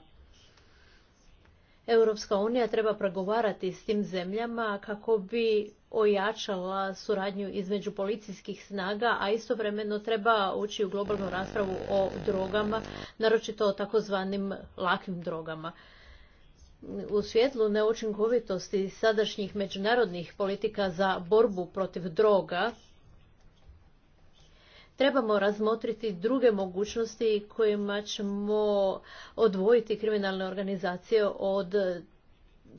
Europska unija treba pregovarati s tim zemljama kako bi ojačala suradnju između policijskih snaga, a istovremeno treba ući u globalnu raspravu o drogama, naročito o takozvanim lakim drogama u svjetlu neučinkovitosti sadašnjih međunarodnih politika za borbu protiv droga, trebamo razmotriti druge mogućnosti kojima ćemo odvojiti kriminalne organizacije od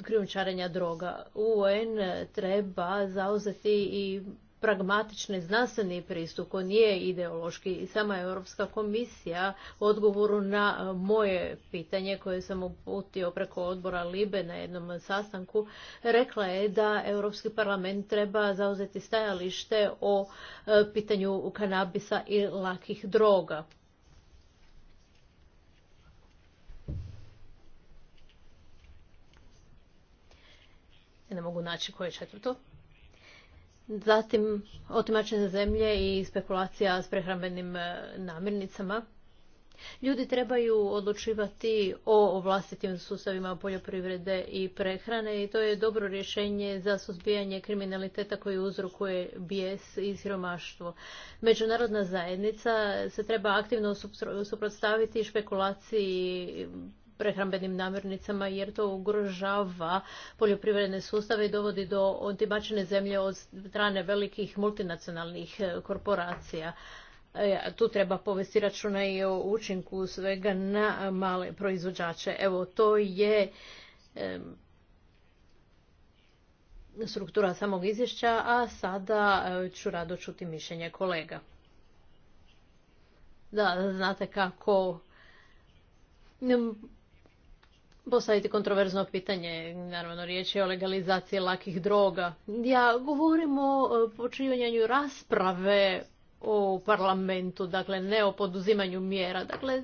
krijumčarenja droga. UN treba zauzeti i pragmatični znanstveni pristup, on nije ideološki i sama Europska komisija u odgovoru na e, moje pitanje koje sam uputio preko odbora Libe na jednom sastanku rekla je da Europski parlament treba zauzeti stajalište o e, pitanju kanabisa i lakih droga. Ne mogu naći koje četvrto zatim otimačene zemlje i spekulacija s prehrambenim e, namirnicama. Ljudi trebaju odlučivati o vlastitim sustavima poljoprivrede i prehrane i to je dobro rješenje za suzbijanje kriminaliteta koji uzrokuje bijes i siromaštvo. Međunarodna zajednica se treba aktivno suprotstaviti špekulaciji prehrambenim namirnicama jer to ugrožava poljoprivredne sustave i dovodi do otimačene zemlje od strane velikih multinacionalnih e, korporacija. E, tu treba povesti računa i o učinku svega na male proizvođače. Evo, to je struktura samog izvješća, a sada e, ću rado čuti mišljenje kolega. Da, znate kako postaviti kontroverzno pitanje. Naravno, riječ je o legalizaciji lakih droga. Ja govorim o počinjanju rasprave u parlamentu, dakle ne o poduzimanju mjera. Dakle,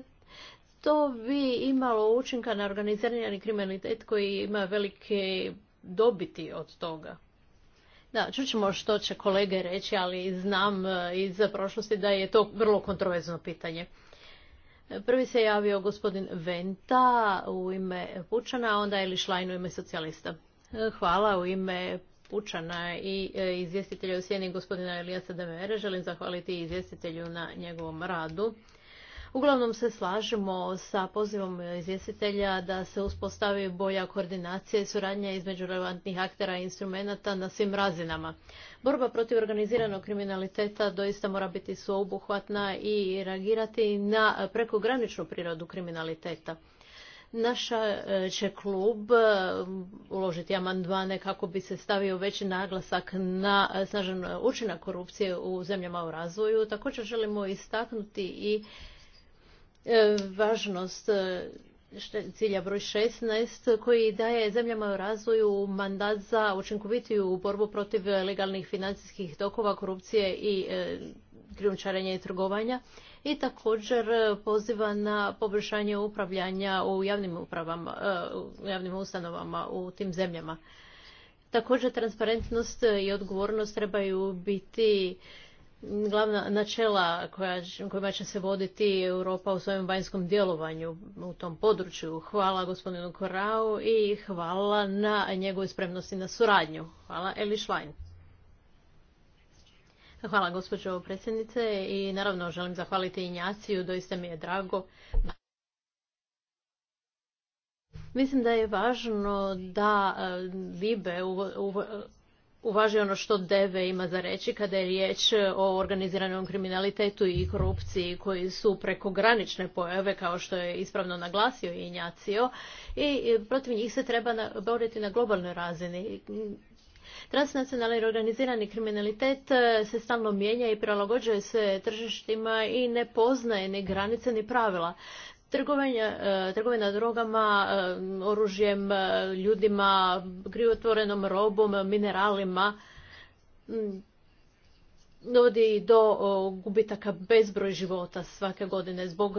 to bi imalo učinka na organizirani kriminalitet koji ima velike dobiti od toga. Da, čućemo što će kolege reći, ali znam iz prošlosti da je to vrlo kontroverzno pitanje. Prvi se javio gospodin Venta u ime Pučana, a onda Eli Šlajn u ime socijalista. E, hvala u ime Pučana i e, izvjestitelja u sjeni gospodina Elijasa Demere. Želim zahvaliti izvjestitelju na njegovom radu. Uglavnom se slažemo sa pozivom izvjestitelja da se uspostavi boja koordinacije i suradnja između relevantnih aktera i instrumenata na svim razinama. Borba protiv organiziranog kriminaliteta doista mora biti sveobuhvatna i reagirati na prekograničnu prirodu kriminaliteta. Naš e, će klub e, uložiti amandmane kako bi se stavio veći naglasak na e, snažan učinak korupcije u zemljama u razvoju. Također želimo istaknuti i E, važnost e, cilja broj 16 koji daje zemljama u razvoju mandat za učinkovitiju borbu protiv legalnih financijskih tokova, korupcije i e, krijumčarenja i trgovanja i također poziva na poboljšanje upravljanja u javnim, upravama, u javnim ustanovama u tim zemljama. Također transparentnost i odgovornost trebaju biti glavna načela koja, kojima će se voditi Europa u svojem vanjskom djelovanju u tom području. Hvala gospodinu Korau i hvala na njegovoj spremnosti na suradnju. Hvala Eli Schlein. Hvala gospođo predsjednice i naravno želim zahvaliti Injaciju, doista mi je drago. Mislim da je važno da Libe e, uvaži ono što Deve ima za reći kada je riječ o organiziranom kriminalitetu i korupciji koji su prekogranične pojave kao što je ispravno naglasio i Injacio i protiv njih se treba boriti na globalnoj razini. Transnacionalni organizirani kriminalitet e, se stalno mijenja i prilagođuje se tržištima i ne poznaje ni granice ni pravila. E, trgovina drogama, e, oružjem, e, ljudima, krivotvorenom robom, mineralima dovodi do gubitaka bezbroj života svake godine zbog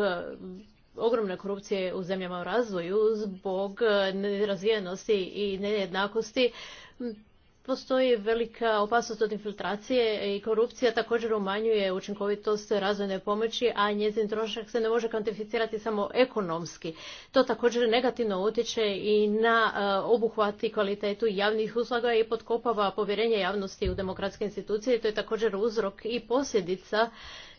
ogromne korupcije u zemljama u razvoju, zbog nerazvijenosti i nejednakosti postoji velika opasnost od infiltracije i korupcija također umanjuje učinkovitost razvojne pomoći, a njezin trošak se ne može kvantificirati samo ekonomski. To također negativno utječe i na e, obuhvat i kvalitetu javnih usluga i potkopava povjerenje javnosti u demokratske institucije. To je također uzrok i posljedica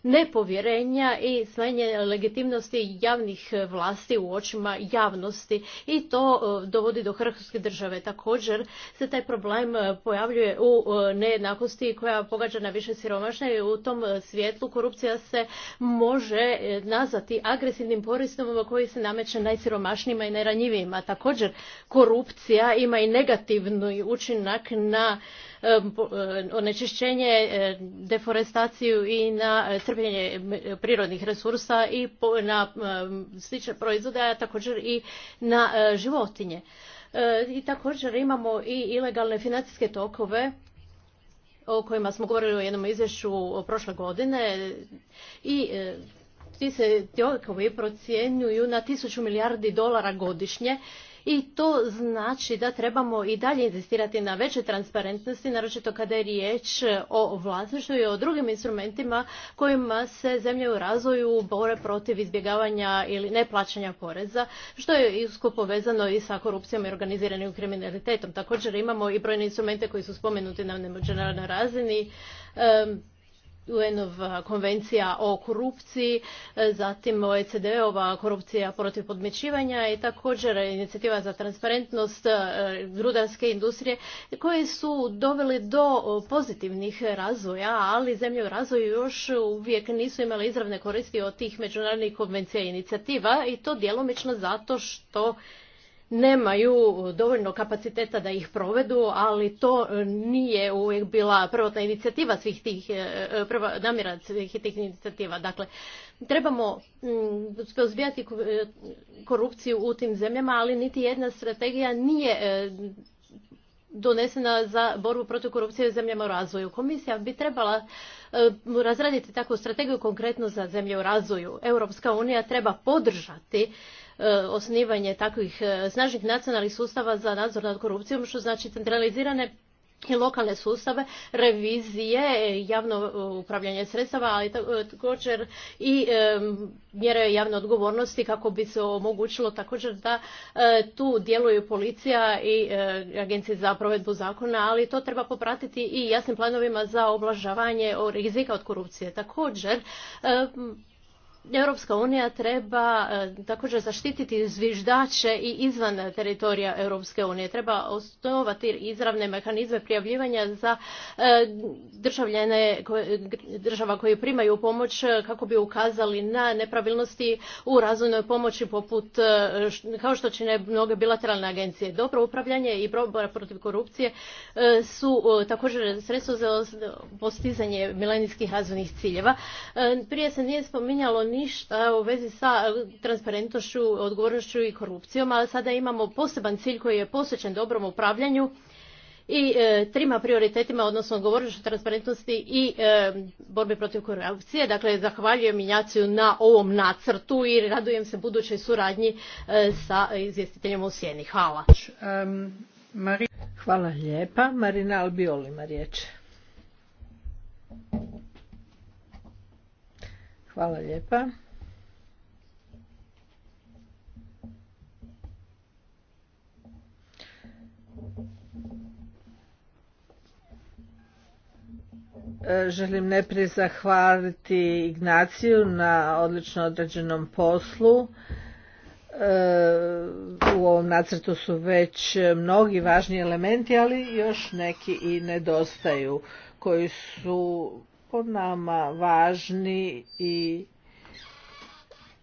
nepovjerenja i smanjenje legitimnosti javnih vlasti u očima javnosti i to e, dovodi do hrvatske države. Također se taj problem e, pojavljuje u e, nejednakosti koja pogađa na više siromašne i u tom svijetlu korupcija se može nazvati agresivnim poristom koji se nameće najsiromašnijima i najranjivijima. Također korupcija ima i negativni učinak na Um, um, onečišćenje, um, deforestaciju i na uh, crpljenje prirodnih resursa i na slične proizvode, a također i na uh, životinje. Uh, I također imamo i ilegalne financijske tokove o kojima smo govorili u jednom izvješću prošle godine i ti se tokovi procjenjuju na tisuću milijardi dolara godišnje i to znači da trebamo i dalje inzistirati na većoj transparentnosti, naročito kada je riječ o vlasništvu i o drugim instrumentima kojima se zemlje u razvoju bore protiv izbjegavanja ili neplaćanja poreza, što je usko povezano i sa korupcijom i organiziranim kriminalitetom. Također imamo i brojne instrumente koji su spomenuti na međunarodnoj razini, un konvencija o korupciji, e, zatim OECD-ova korupcija protiv podmećivanja i također inicijativa za transparentnost e, rudarske industrije koje su doveli do pozitivnih razvoja, ali zemlje u razvoju još uvijek nisu imale izravne koristi od tih međunarodnih konvencija i inicijativa i to djelomično zato što nemaju dovoljno kapaciteta da ih provedu, ali to e, nije uvijek bila prvotna inicijativa svih tih, e, e, prva namjera svih tih inicijativa. Dakle, trebamo mm, suzbijati korupciju u tim zemljama, ali niti jedna strategija nije donesena za borbu protiv korupcije u zemljama u razvoju. Komisija bi trebala razraditi takvu strategiju konkretno za zemlje u razvoju. Europska unija treba podržati E, osnivanje takvih e, snažnih nacionalnih sustava za nadzor nad korupcijom, što znači centralizirane i lokalne sustave, revizije, javno e, upravljanje sredstava, ali također i mjere javne odgovornosti kako bi se omogućilo također da tu djeluju policija i agencije za provedbu zakona, ali to treba popratiti i jasnim planovima za oblažavanje rizika od korupcije. Također, Europska unija treba e, također zaštititi zviždače i izvan teritorija Europske unije. Treba osnovati izravne mehanizme prijavljivanja za e, državljane država koje primaju pomoć e, kako bi ukazali na nepravilnosti u razvojnoj pomoći poput kao što čine mnoge bilateralne agencije. Dobro upravljanje i probora protiv korupcije su također sredstvo za postizanje milenijskih razvojnih ciljeva. Prije se nije spominjalo ništa u vezi sa transparentnošću, odgovornošću i korupcijom, ali sada imamo poseban cilj koji je posvećen dobrom upravljanju i e, trima prioritetima, odnosno odgovornošću transparentnosti i e, borbi protiv korupcije. Dakle, zahvaljujem minjaciju na ovom nacrtu i radujem se budućoj suradnji e, sa izvjestiteljem u Sjeni. Hvala. Um, Hvala lijepa. Marina riječ. Hvala lijepa. E, želim najprije zahvaliti Ignaciju na odlično određenom poslu. E, u ovom nacrtu su već mnogi važni elementi, ali još neki i nedostaju koji su po nama važni i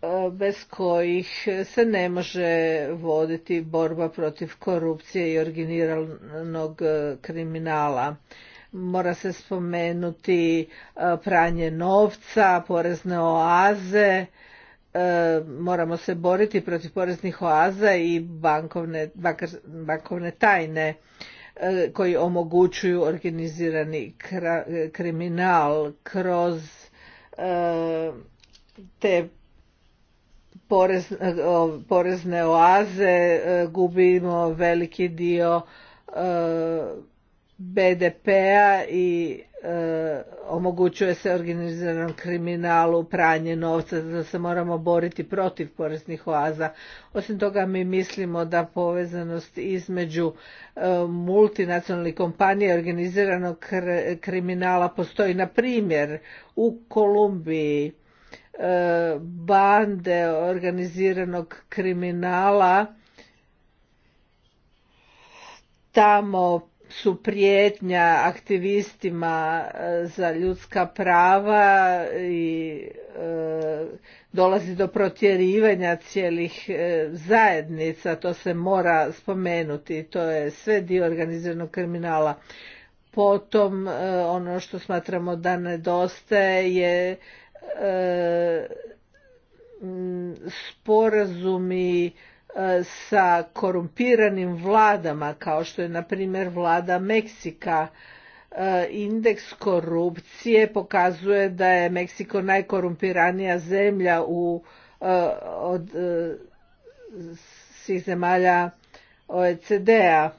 e, bez kojih se ne može voditi borba protiv korupcije i originiranog e, kriminala. Mora se spomenuti e, pranje novca, porezne oaze, moramo se boriti protiv poreznih oaza i bankovne tajne. E, koji omogućuju organizirani kriminal kroz e, te e, porezne oaze gubimo veliki dio BDP-a i E, omogućuje se organiziranom kriminalu, pranje novca, da se moramo boriti protiv poreznih oaza. Osim toga mi mislimo da povezanost između e, multinacionalnih kompanija i organiziranog kriminala postoji na primjer u Kolumbiji e, bande organiziranog kriminala tamo su prijetnja aktivistima e, za ljudska prava i e, dolazi do protjerivanja cijelih e, zajednica, to se mora spomenuti, to je sve dio organiziranog kriminala. Potom ono što smatramo da nedostaje je sporazumi E, sa korumpiranim vladama kao što je na primjer vlada Meksika e, indeks korupcije pokazuje da je Meksiko najkorumpiranija zemlja u e, od svih zemalja OECD-a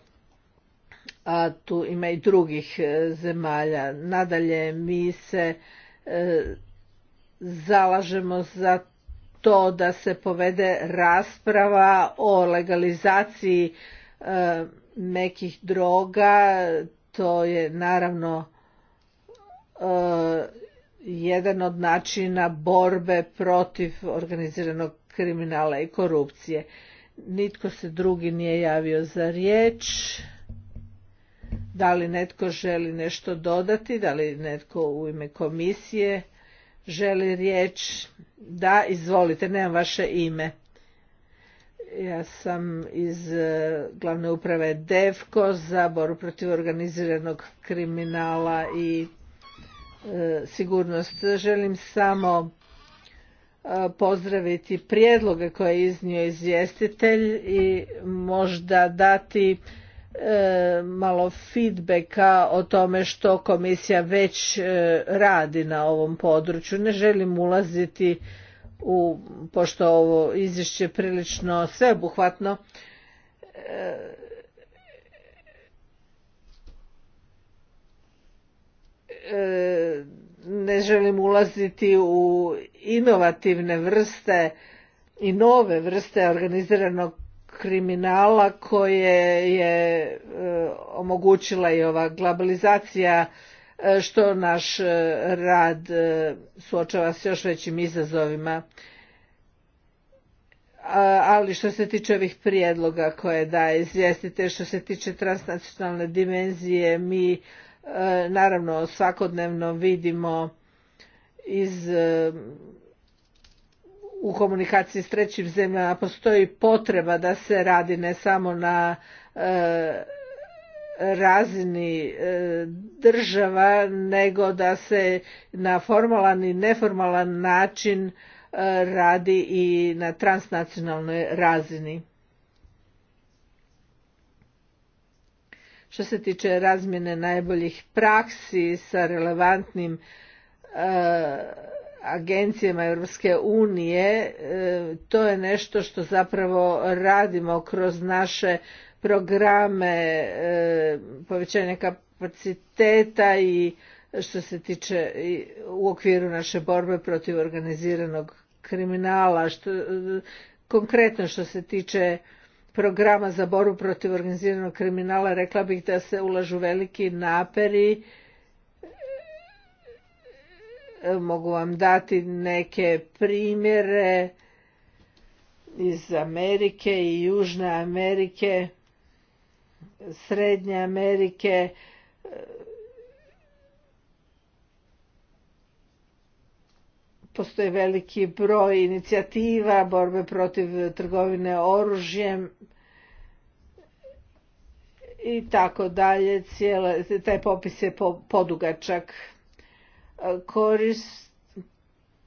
a tu ima i drugih zemalja nadalje mi se zalažemo za to da se povede rasprava o legalizaciji nekih e, droga to je naravno e, jedan od načina borbe protiv organiziranog kriminala i korupcije. Nitko se drugi nije javio za riječ. Da li netko želi nešto dodati? Da li netko u ime komisije? želi riječ? Da, izvolite, nemam vaše ime. Ja sam iz e, glavne uprave DEVKO za protiv organiziranog kriminala i e, sigurnost. Želim samo e, pozdraviti prijedloge koje je iznio izvjestitelj i možda dati E, malo feedbacka o tome što komisija već e, radi na ovom području. Ne želim ulaziti u, pošto ovo izvješće je prilično sveobuhvatno, e, ne želim ulaziti u inovativne vrste i nove vrste organiziranog kriminala koje je e, omogućila i ova globalizacija e, što naš e, rad suočava s još većim izazovima. Ali što se tiče ovih prijedloga koje daje izvjestite, što se tiče transnacionalne dimenzije, mi naravno svakodnevno vidimo iz u komunikaciji s trećim zemljama postoji potreba da se radi ne samo na e, razini e, država nego da se na formalan i neformalan način e, radi i na transnacionalnoj razini. Što se tiče razmjene najboljih praksi sa relevantnim agencijama Europske unije, e, to je nešto što zapravo radimo kroz naše programe e, povećanja kapaciteta i što se tiče u okviru naše borbe protiv organiziranog kriminala, e, konkretno što se tiče programa za borbu protiv organiziranog kriminala rekla bih da se ulažu veliki naperi mogu vam dati neke primjere iz Amerike i Južne Amerike, Srednje Amerike, postoji veliki broj inicijativa borbe protiv trgovine oružjem i tako dalje. Cijela, taj popis je podugačak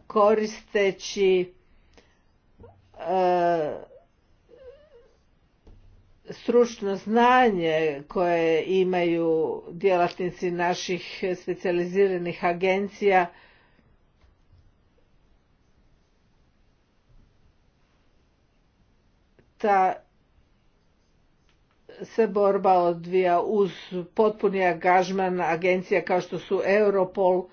koristeći e, stručno znanje koje imaju djelatnici naših specijaliziranih agencija ta se borba odvija uz potpuni angažman agencija kao što su Europol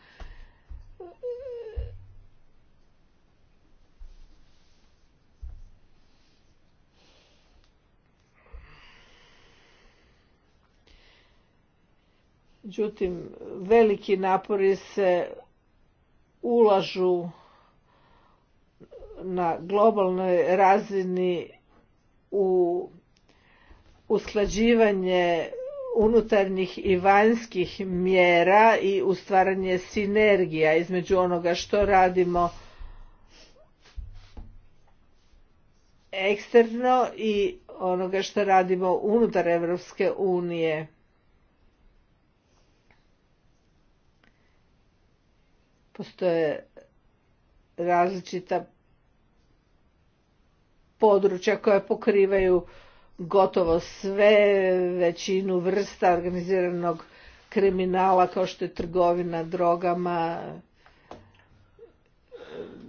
Međutim, veliki napori se ulažu na globalnoj razini u usklađivanje unutarnjih i vanjskih mjera i u stvaranje sinergija između onoga što radimo eksterno i onoga što radimo unutar Europske unije. Postoje različita područja koja pokrivaju gotovo sve većinu vrsta organiziranog kriminala kao što je trgovina drogama,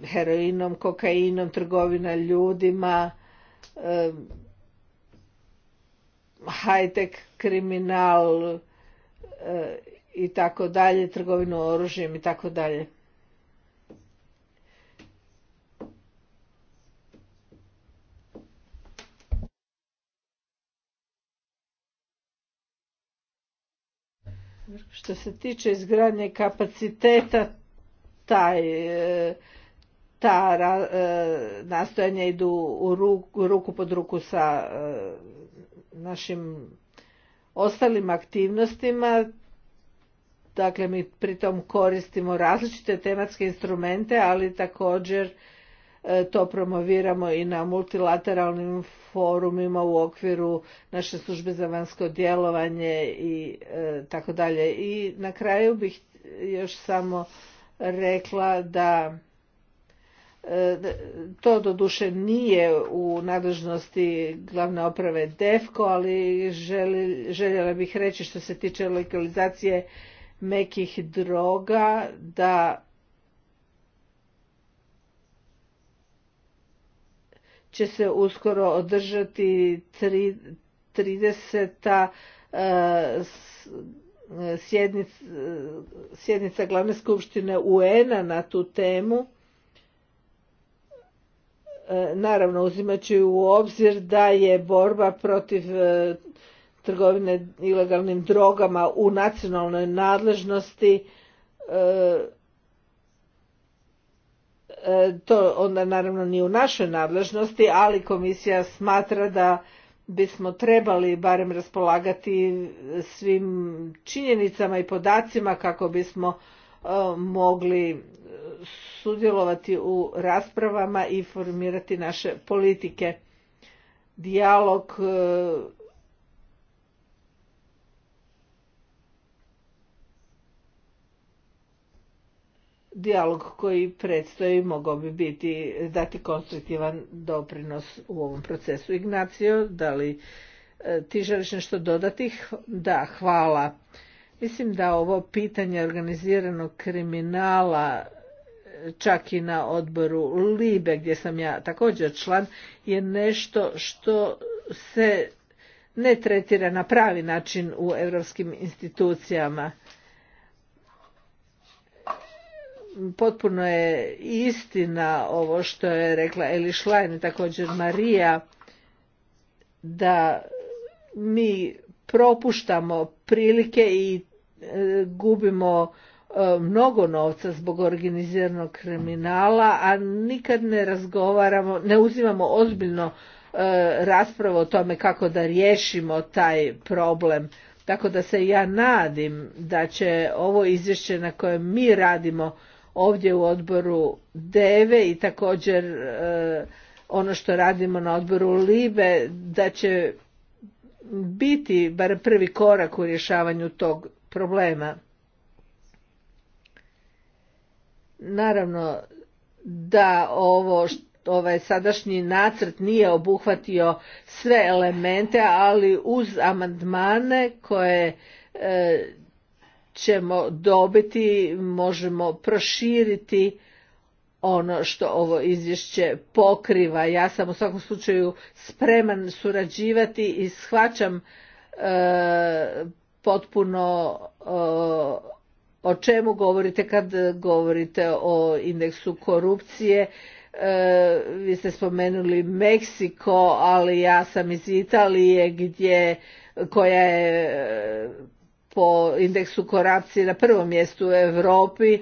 heroinom, kokainom, trgovina ljudima, high-tech kriminal e, i tako dalje, trgovinu oružjem i tako dalje. Što se tiče izgradnje kapaciteta, taj, e, ta e, nastojanja idu u ruku, ruku pod ruku sa e, našim ostalim aktivnostima. Dakle, mi pritom koristimo različite tematske instrumente, ali također E, to promoviramo i na multilateralnim forumima u okviru naše službe za vanjsko djelovanje i e, tako dalje. I na kraju bih još samo rekla da e, to doduše nije u nadležnosti glavne oprave DEFKO, ali željela bih reći što se tiče lokalizacije mekih droga, da će se uskoro održati 30. E, e, e, sjednica, glavne skupštine UN-a na tu temu. Naravno, uzimajući u obzir da je borba protiv trgovine ilegalnim drogama u nacionalnoj nadležnosti E, to onda naravno nije u našoj nadležnosti, ali komisija smatra da bismo trebali barem raspolagati svim činjenicama i podacima kako bismo e, mogli sudjelovati u raspravama i formirati naše politike. Dijalog e, dijalog koji predstoji mogao bi biti dati konstruktivan doprinos u ovom procesu. Ignacio, da li e, ti želiš nešto dodati? Da, hvala. Mislim da ovo pitanje organiziranog kriminala e, čak i na odboru Libe gdje sam ja također član je nešto što se ne tretira na pravi način u europskim institucijama potpuno je istina ovo što je rekla Eli Schlein i također Marija da mi propuštamo prilike i e, gubimo e, mnogo novca zbog organiziranog kriminala, a nikad ne razgovaramo, ne uzimamo ozbiljno e, raspravu o tome kako da riješimo taj problem. Tako da se ja nadim da će ovo izvješće na kojem mi radimo ovdje u odboru DEVE i također e, ono što radimo na odboru LIBE da će biti bar prvi korak u rješavanju tog problema. Naravno da ovo ovaj sadašnji nacrt nije obuhvatio sve elemente, ali uz amandmane koje e, ćemo dobiti, možemo proširiti ono što ovo izvješće pokriva. Ja sam u svakom slučaju spreman surađivati i shvaćam e, potpuno e, o čemu govorite kad govorite o indeksu korupcije. E, vi ste spomenuli Meksiko, ali ja sam iz Italije gdje koja je po indeksu korupcije na prvom mjestu u Europi. E,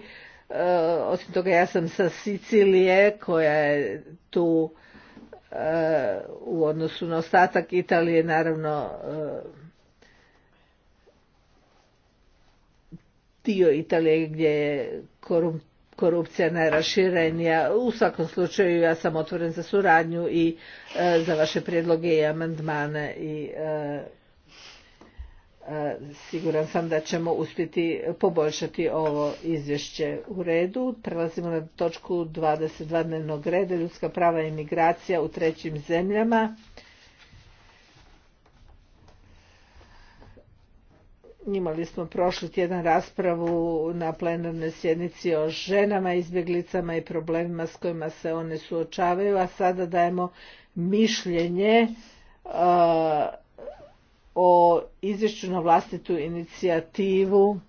osim toga ja sam sa Sicilije koja je tu e, u odnosu na ostatak Italije naravno e, dio Italije gdje je korupcija najraširenija. U svakom slučaju ja sam otvoren za suradnju i za vaše prijedloge i amandmane i siguran sam da ćemo uspjeti poboljšati ovo izvješće u redu. Prelazimo na točku 22 dnevnog reda, ljudska prava i migracija u trećim zemljama. Imali smo prošli tjedan raspravu na plenarnoj sjednici o ženama, izbjeglicama i problemima s kojima se one suočavaju, a sada dajemo mišljenje o izvješću na vlastitu inicijativu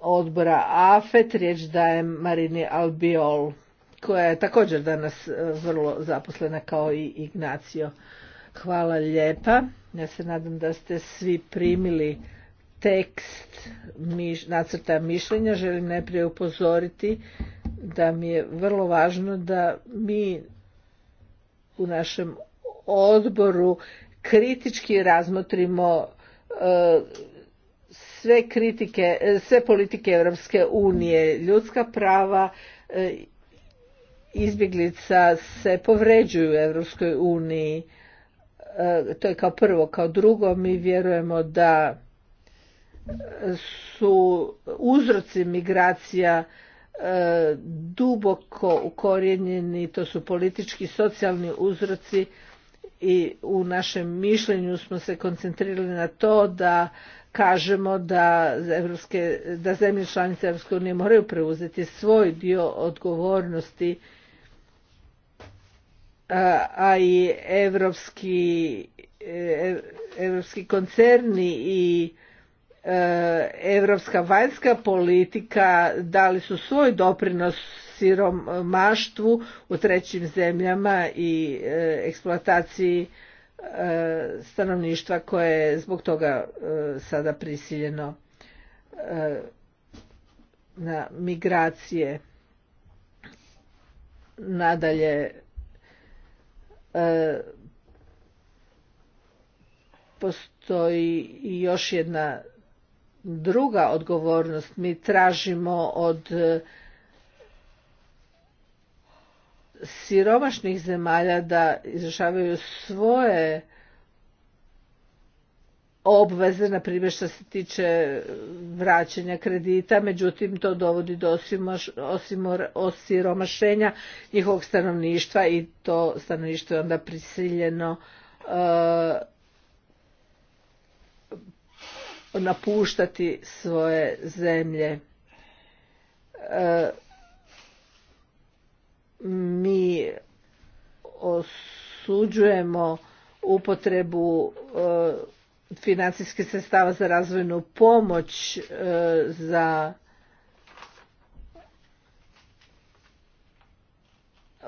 odbora AFET, riječ daje Marini Albiol, koja je također danas e, vrlo zaposlena kao i Ignacio. Hvala lijepa. Ja se nadam da ste svi primili tekst nacrta mišljenja. Želim najprije upozoriti da mi je vrlo važno da mi u našem odboru kritički razmotrimo e, sve kritike, e, sve politike Europske unije, ljudska prava e, izbjeglica se povređuju u Europskoj uniji. To je kao prvo, kao drugo mi vjerujemo da su uzroci migracija E, duboko ukorijenjeni, to su politički, socijalni uzroci i u našem mišljenju smo se koncentrirali na to da kažemo da, Evropske, da zemlje članice EU unije moraju preuzeti svoj dio odgovornosti a i evropski, e, evropski koncerni i europska vanjska politika dali su svoj doprinos siromaštvu u trećim zemljama i e, eksploataciji e, stanovništva koje je zbog toga e, sada prisiljeno na migracije. Nadalje postoji još jedna druga odgovornost. Mi tražimo od e, siromašnih zemalja da izrašavaju svoje obveze, na primjer što se tiče vraćanja kredita, međutim to dovodi do osiromašenja njihovog stanovništva i to stanovništvo je onda prisiljeno e, napuštati svoje zemlje. E, mi osuđujemo upotrebu e, financijskih sredstava za razvojnu pomoć e, za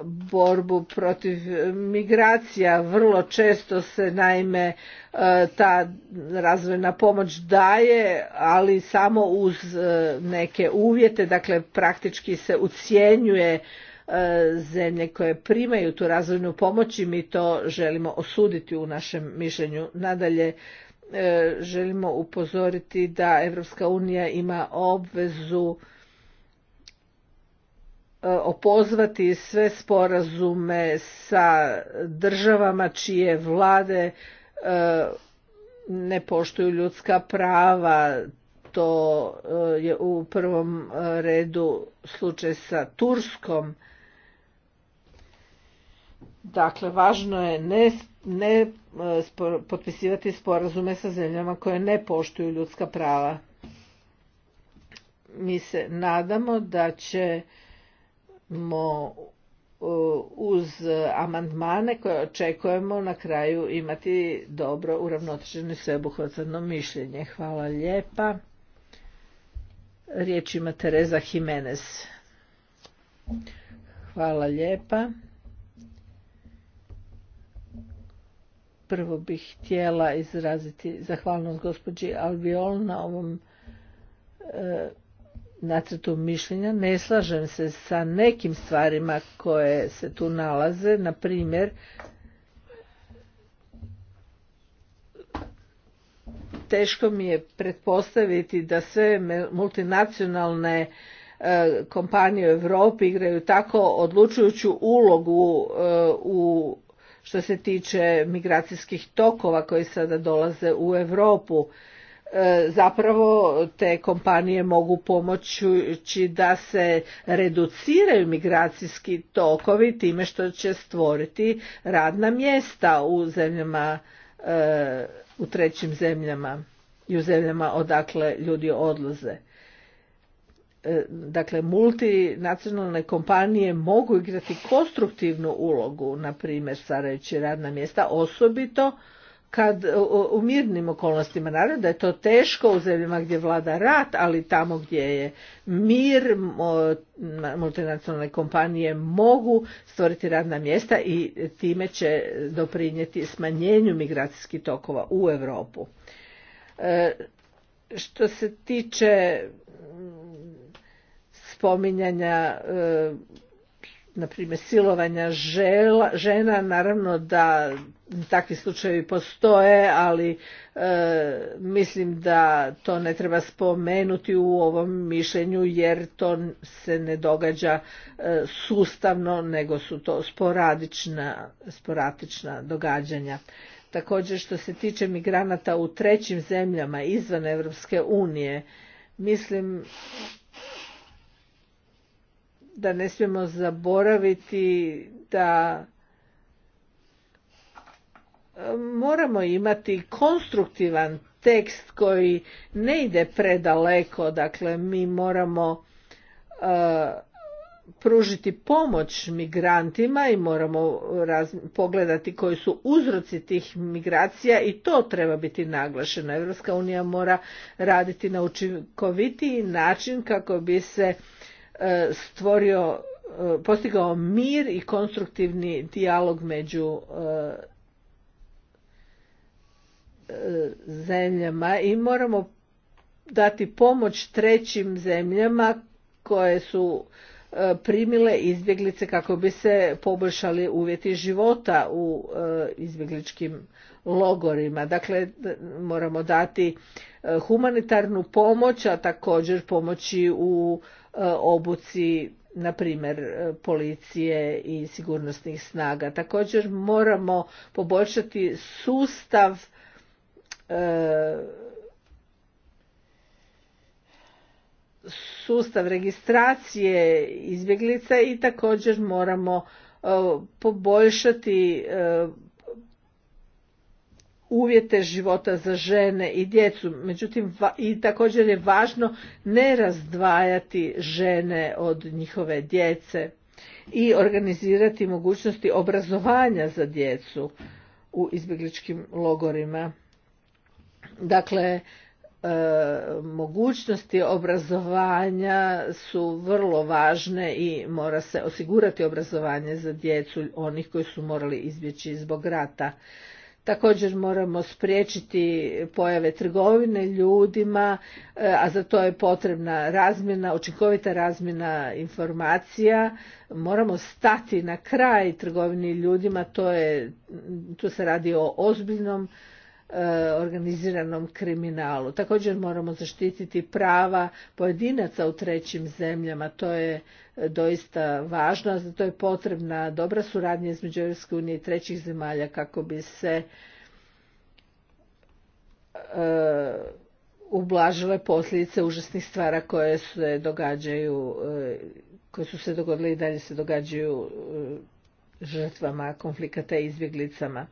borbu protiv migracija. Vrlo često se naime e, ta razvojna pomoć daje, ali samo uz e, neke uvjete, dakle praktički se ucijenjuje e, zemlje koje primaju tu razvojnu pomoć i mi to želimo osuditi u našem mišljenju. Nadalje želimo upozoriti da Europska unija ima obvezu E, opozvati sve sporazume sa državama čije vlade e, ne poštuju ljudska prava. To e, je u prvom redu slučaj sa Turskom. Dakle, važno je ne, ne potpisivati sporazume sa zemljama koje ne poštuju ljudska prava. Mi se nadamo da će ćemo e, uz amandmane koje očekujemo na kraju imati dobro uravnoteženo i sveobuhvatno mišljenje. Hvala lijepa. Riječ ima Tereza Jimenez. Hvala lijepa. Prvo bih htjela izraziti zahvalnost gospođi Albiol na ovom e, nacrtu mišljenja ne slažem se sa nekim stvarima koje se tu nalaze, na primjer teško mi je pretpostaviti da sve multinacionalne e, kompanije u Europi igraju tako odlučujuću ulogu e, u što se tiče migracijskih tokova koji sada dolaze u Europu. E, zapravo te kompanije mogu pomoći da se reduciraju migracijski tokovi time što će stvoriti radna mjesta u zemljama e, u trećim zemljama i u zemljama odakle ljudi odlaze. E, dakle, multinacionalne kompanije mogu igrati konstruktivnu ulogu, na primjer, stvarajući radna mjesta, osobito kad u mirnim okolnostima naroda je to teško u zemljama gdje vlada rat, ali tamo gdje je mir, multinacionalne kompanije mogu stvoriti radna mjesta i time će doprinijeti smanjenju migracijskih tokova u Europu. E, što se tiče mm, spominjanja e, na primjer silovanja žela, žena naravno da takvi slučajevi postoje ali e, mislim da to ne treba spomenuti u ovom mišljenju jer to se ne događa e, sustavno nego su to sporadična, sporadična događanja također što se tiče migranata u trećim zemljama izvan europske unije mislim da ne smijemo zaboraviti da e, moramo imati konstruktivan tekst koji ne ide predaleko dakle mi moramo e, pružiti pomoć migrantima i moramo pogledati koji su uzroci tih migracija i to treba biti naglašeno Europska unija mora raditi na učinkovitiji način kako bi se E, stvorio e, postigao mir i konstruktivni dijalog među e, zemljama i moramo dati pomoć trećim zemljama koje su primile izbjeglice kako bi se poboljšali uvjeti života u izbjegličkim logorima. Dakle, moramo dati humanitarnu pomoć, a također pomoći u E, obuci na primjer e, policije i sigurnosnih snaga. Također moramo poboljšati sustav e, sustav registracije izbjeglica i također moramo poboljšati uvjete života za žene i djecu. Međutim, i također je važno ne razdvajati žene od njihove djece i organizirati mogućnosti obrazovanja za djecu u izbjegličkim logorima. Dakle, e, mogućnosti obrazovanja su vrlo važne i mora se osigurati obrazovanje za djecu onih koji su morali izbjeći zbog rata. Također moramo spriječiti pojave trgovine ljudima, e, a za to je potrebna razmjena, učinkovita razmjena informacija. Moramo stati na kraj trgovini ljudima, to tu se radi o ozbiljnom E, organiziranom kriminalu. Također moramo zaštititi prava pojedinaca u trećim zemljama. To je e, doista važno, a za to je potrebna dobra suradnja između Europske unije i trećih zemalja kako bi se e, ublažile posljedice užasnih stvara koje se događaju koje su se dogodile i dalje se događaju žrtvama konflikata i izbjeglicama.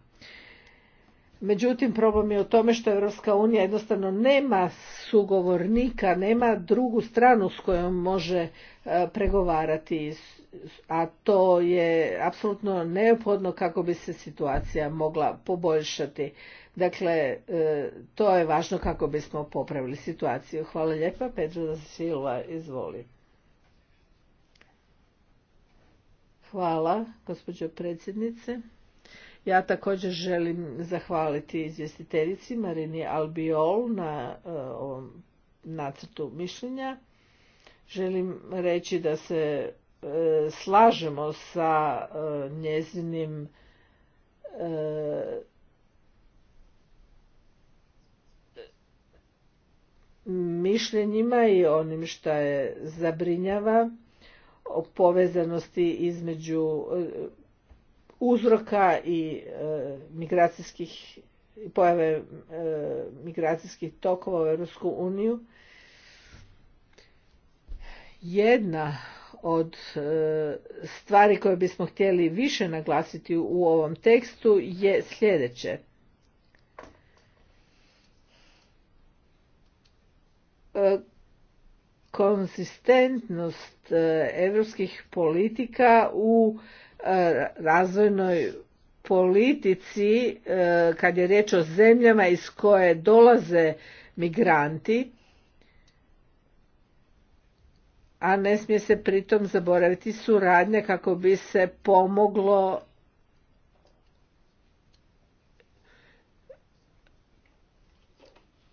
Međutim, problem je u tome što Europska unija jednostavno nema sugovornika, nema drugu stranu s kojom može e, pregovarati, a to je apsolutno neophodno kako bi se situacija mogla poboljšati. Dakle, e, to je važno kako bismo popravili situaciju. Hvala lijepa, Pedro Silva, izvoli. Hvala, gospođo predsjednice. Ja također želim zahvaliti izvjestiteljici Marini Albiol na e, ovom nacrtu mišljenja. Želim reći da se e, slažemo sa e, njezinim mišljenjima i onim što je zabrinjava o povezanosti između uzroka i e, migracijskih pojave e, migracijskih tokova u Europsku uniju. Jedna od e, stvari koje bismo htjeli više naglasiti u ovom tekstu je sljedeće. Konzistentnost europskih politika u E, razvojnoj politici e, kad je riječ o zemljama iz koje dolaze migranti a ne smije se pritom zaboraviti suradnje kako bi se pomoglo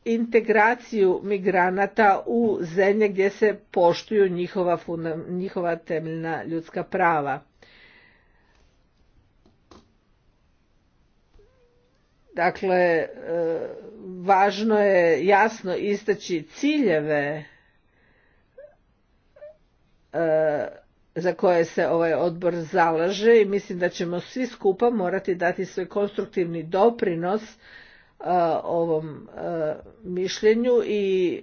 integraciju migranata u zemlje gdje se poštuju njihova, njihova temeljna ljudska prava Dakle, e, važno je jasno istaći ciljeve e, za koje se ovaj odbor zalaže i mislim da ćemo svi skupa morati dati svoj konstruktivni doprinos e, ovom mišljenju i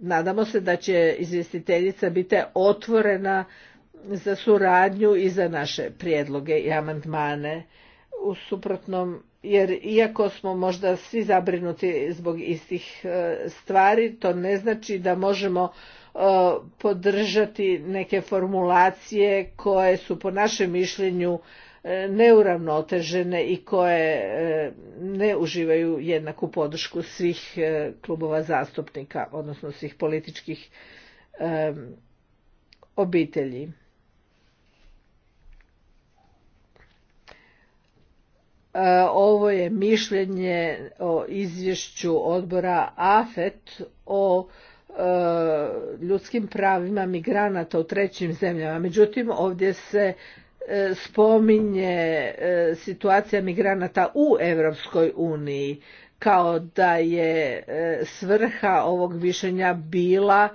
nadamo se da će izvjestiteljica biti otvorena za suradnju i za naše prijedloge i amandmane. U suprotnom jer iako smo možda svi zabrinuti zbog istih e, stvari, to ne znači da možemo e, podržati neke formulacije koje su po našem mišljenju e, neuravnotežene i koje ne uživaju jednaku podršku svih klubova zastupnika, odnosno svih političkih obitelji. E, ovo je mišljenje o izvješću odbora AFET o e, ljudskim pravima migranata u trećim zemljama. Međutim, ovdje se e, spominje situacija migranata u Europskoj uniji kao da je svrha ovog mišljenja bila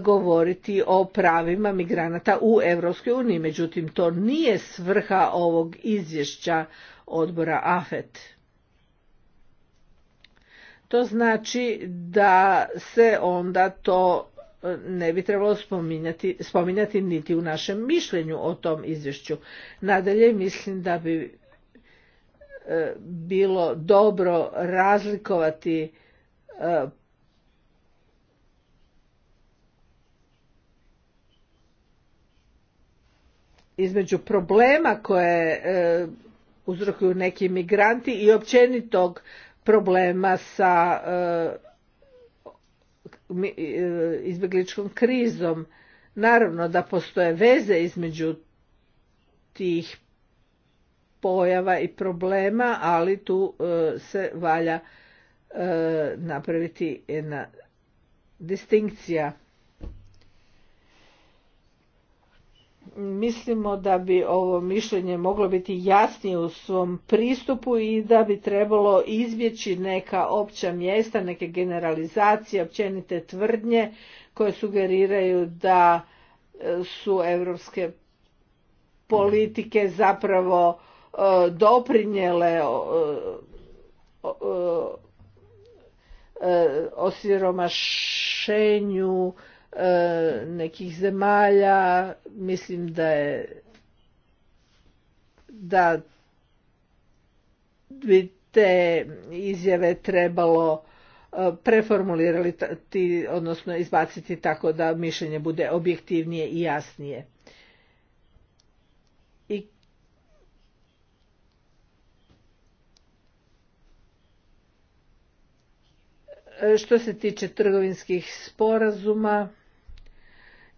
govoriti o pravima migranata u Europskoj uniji. Međutim, to nije svrha ovog izvješća odbora AFET. To znači da se onda to e, ne bi trebalo spominjati, spominjati niti u našem mišljenju o tom izvješću. Nadalje mislim da bi e, bilo dobro razlikovati e, između problema koje uzrokuju neki migranti i općenitog problema sa e, e, izbjegličkom krizom. Naravno da postoje veze između tih pojava i problema, ali tu e, se valja napraviti jedna distinkcija. mislimo da bi ovo mišljenje moglo biti jasnije u svom pristupu i da bi trebalo izbjeći neka opća mjesta, neke generalizacije, općenite tvrdnje koje sugeriraju da e, su europske politike zapravo e, doprinjele e, osiromašenju E, nekih zemalja mislim da je da bi te izjave trebalo e, preformulirati odnosno izbaciti tako da mišljenje bude objektivnije i jasnije i što se tiče trgovinskih sporazuma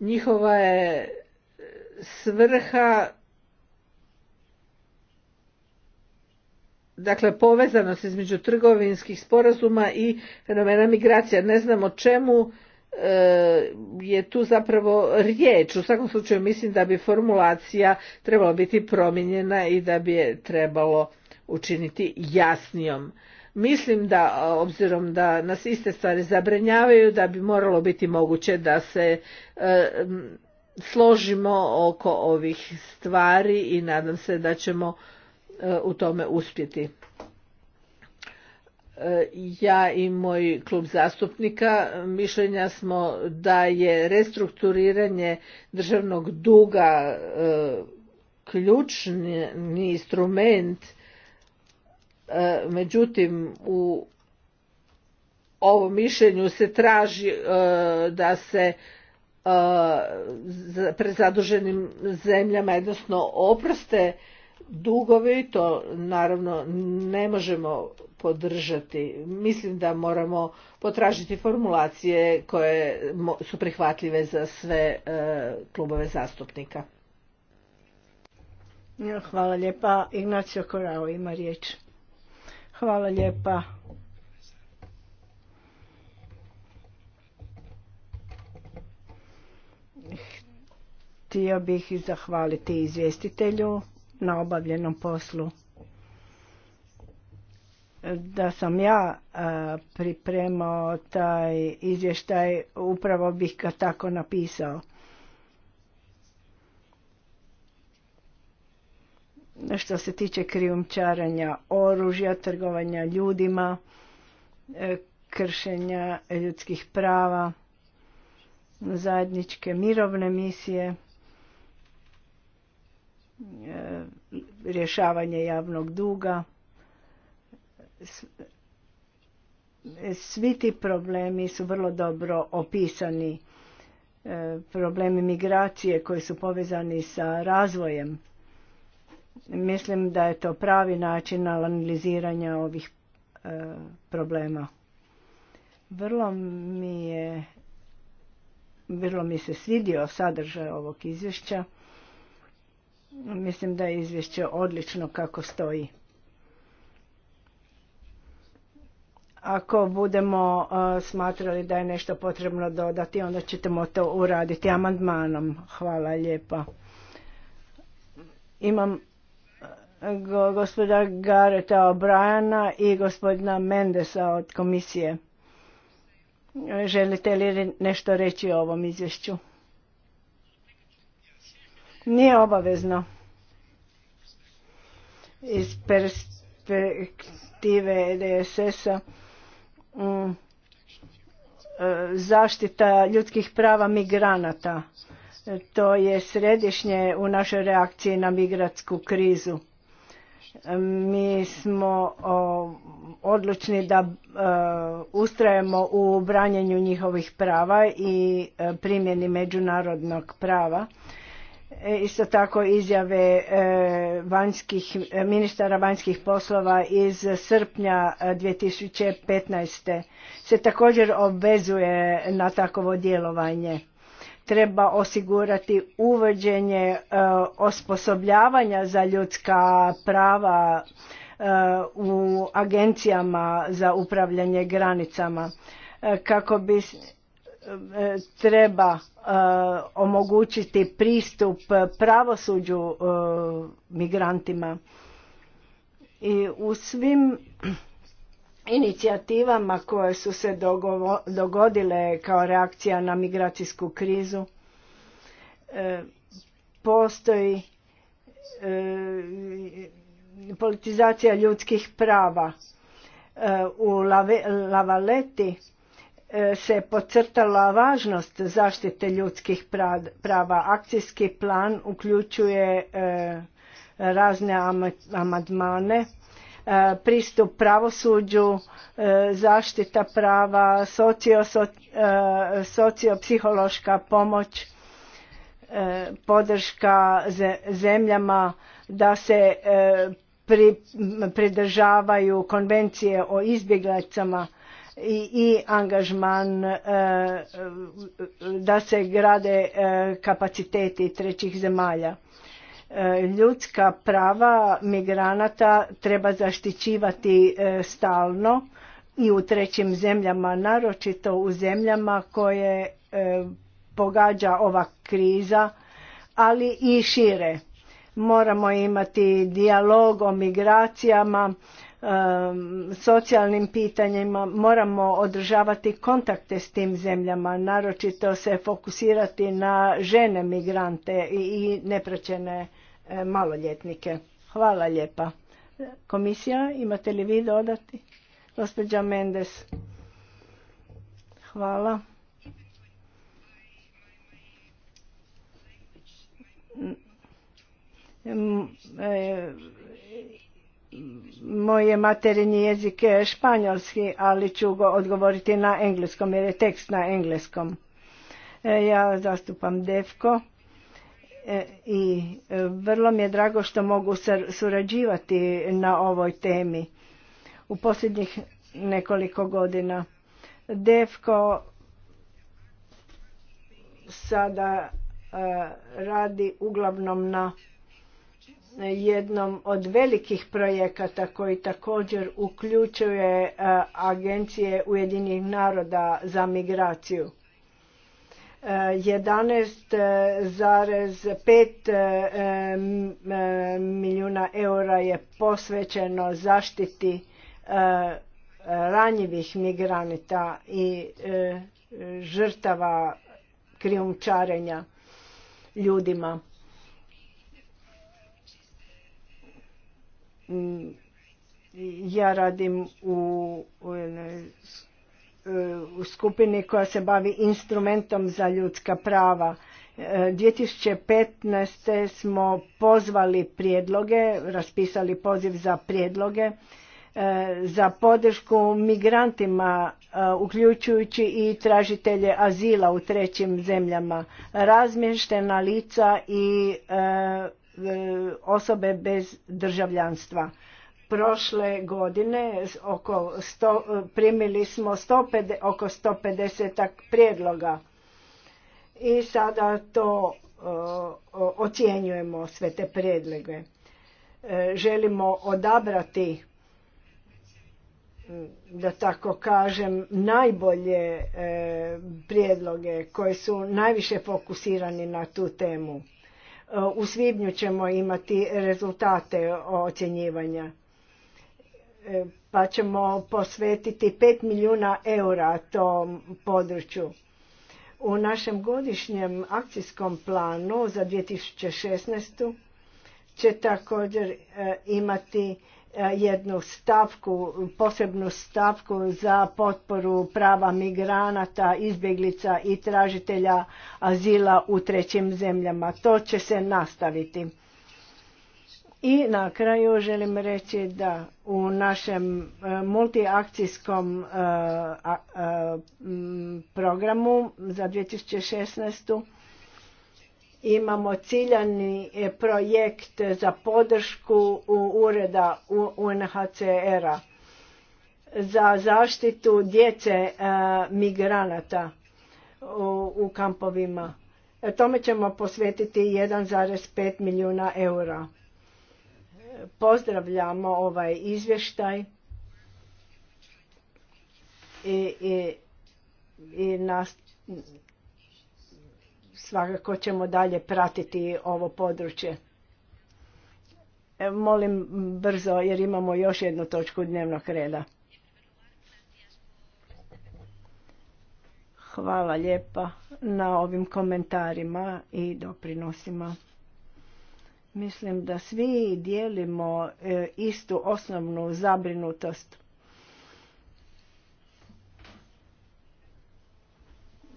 njihova je e, svrha dakle povezanost između trgovinskih sporazuma i fenomena migracija. Ne znamo čemu e, je tu zapravo riječ. U svakom slučaju mislim da bi formulacija trebala biti promijenjena i da bi je trebalo učiniti jasnijom. Mislim da, obzirom da nas iste stvari zabrinjavaju, da bi moralo biti moguće da se e, složimo oko ovih stvari i nadam se da ćemo e, u tome uspjeti. E, ja i moj klub zastupnika mišljenja smo da je restrukturiranje državnog duga ključni instrument E, međutim u ovom mišljenju se traži e, da se e, prezaduženim zemljama jednostavno oproste dugovi, to naravno ne možemo podržati. Mislim da moramo potražiti formulacije koje su prihvatljive za sve klubove zastupnika. Hvala lijepa. Ignacio Korao ima riječ. Hvala lijepa. Htio bih i zahvaliti izvjestitelju na obavljenom poslu. Da sam ja pripremao taj izvještaj, upravo bih ga tako napisao. što se tiče krijumčaranja oružja, trgovanja ljudima, e, kršenja ljudskih prava, zajedničke mirovne misije, e, rješavanje javnog duga. E, svi ti problemi su vrlo dobro opisani. Problemi migracije koji su povezani sa razvojem Mislim da je to pravi način analiziranja ovih e, problema. Vrlo mi je vrlo mi se svidio sadržaj ovog izvješća. Mislim da je izvješće odlično kako stoji. Ako budemo e, smatrali da je nešto potrebno dodati, onda ćemo to uraditi amandmanom. Hvala lijepa. Imam gospoda Gareta O'Briana i gospodina Mendesa od komisije. Želite li nešto reći o ovom izvješću? Nije obavezno. Iz perspektive e DSS-a mm, e, zaštita ljudskih prava migranata. To je središnje u našoj reakciji na migratsku krizu mi smo odlučni da e, ustrajemo u branjenju njihovih prava i e, primjeni međunarodnog prava e, isto tako izjave vanjskih, ministara vanjskih poslova iz srpnja 2015. se također obvezuje na takovo djelovanje treba osigurati uvođenje e, osposobljavanja za ljudska prava e, u agencijama za upravljanje granicama e, kako bi treba omogućiti pristup pravosuđu migrantima i u svim inicijativama koje su se dogodile kao reakcija na migracijsku krizu. E, postoji e, politizacija ljudskih prava. E, u Lavaleti se podcrtala važnost zaštite ljudskih prava. Akcijski plan uključuje razne amadmane. E, pristup pravosuđu, e, zaštita prava, e, sociopsihološka pomoć, podrška zemljama da se pridržavaju konvencije o izbjeglicama i, angažman da se grade kapaciteti trećih zemalja E, ljudska prava migranata treba zaštićivati e, stalno i u trećim zemljama, naročito u zemljama koje e, pogađa ova kriza, ali i šire. Moramo imati dijalog o migracijama, socijalnim pitanjima, moramo održavati kontakte s tim zemljama, naročito se fokusirati na žene migrante i nepraćene E, maloljetnike. Hvala lijepa. Komisija, imate li vi dodati? Gospođa Mendes. Hvala. E, moj je materinji jezik je španjolski, ali ću odgovoriti na engleskom jer je tekst na engleskom. E, ja zastupam DEFKO E, i e, vrlo mi je drago što mogu surađivati na ovoj temi u posljednjih nekoliko godina. Defko sada e, radi uglavnom na jednom od velikih projekata koji također uključuje agencije Ujedinjenih naroda za migraciju 11,5 eh, milijuna eura je posvećeno zaštiti eh, ranjivih migranita i eh, žrtava krijumčarenja ljudima. Mm, ja radim u Eh, u skupini koja se bavi instrumentom za ljudska prava. 2015. Eh, smo pozvali prijedloge, raspisali poziv za prijedloge eh, za podršku migrantima, uključujući i tražitelje azila u trećim zemljama, razmještena lica i osobe bez državljanstva. Prošle godine oko primili smo 150, oko 150 prijedloga i sada to e, ocjenjujemo sve te prijedloge. E, želimo odabrati da tako kažem, najbolje e, prijedloge koji su najviše fokusirani na tu temu. u svibnju ćemo imati rezultate ocjenjivanja. E, pa ćemo posvetiti 5 milijuna eura tom području. U našem godišnjem akcijskom planu za 2016. će također e, imati e, jednu stavku, posebnu stavku za potporu prava migranata, izbjeglica i tražitelja azila u trećim zemljama. To će se nastaviti i na kraju želim reći da u našem e, multiakcijskom e, e, programu za 2016. imamo ciljani projekt za podršku u ureda UNHCR-a za zaštitu djece migranata u kampovima. Tome ćemo posvetiti 1,5 milijuna eura Pozdravljamo ovaj izvještaj i, i, i nas, svakako ćemo dalje pratiti ovo područje. E, molim brzo jer imamo još jednu točku dnevnog reda. Hvala lijepa na ovim komentarima i doprinosima. Mislim da svi dijelimo e, istu osnovnu zabrinutost.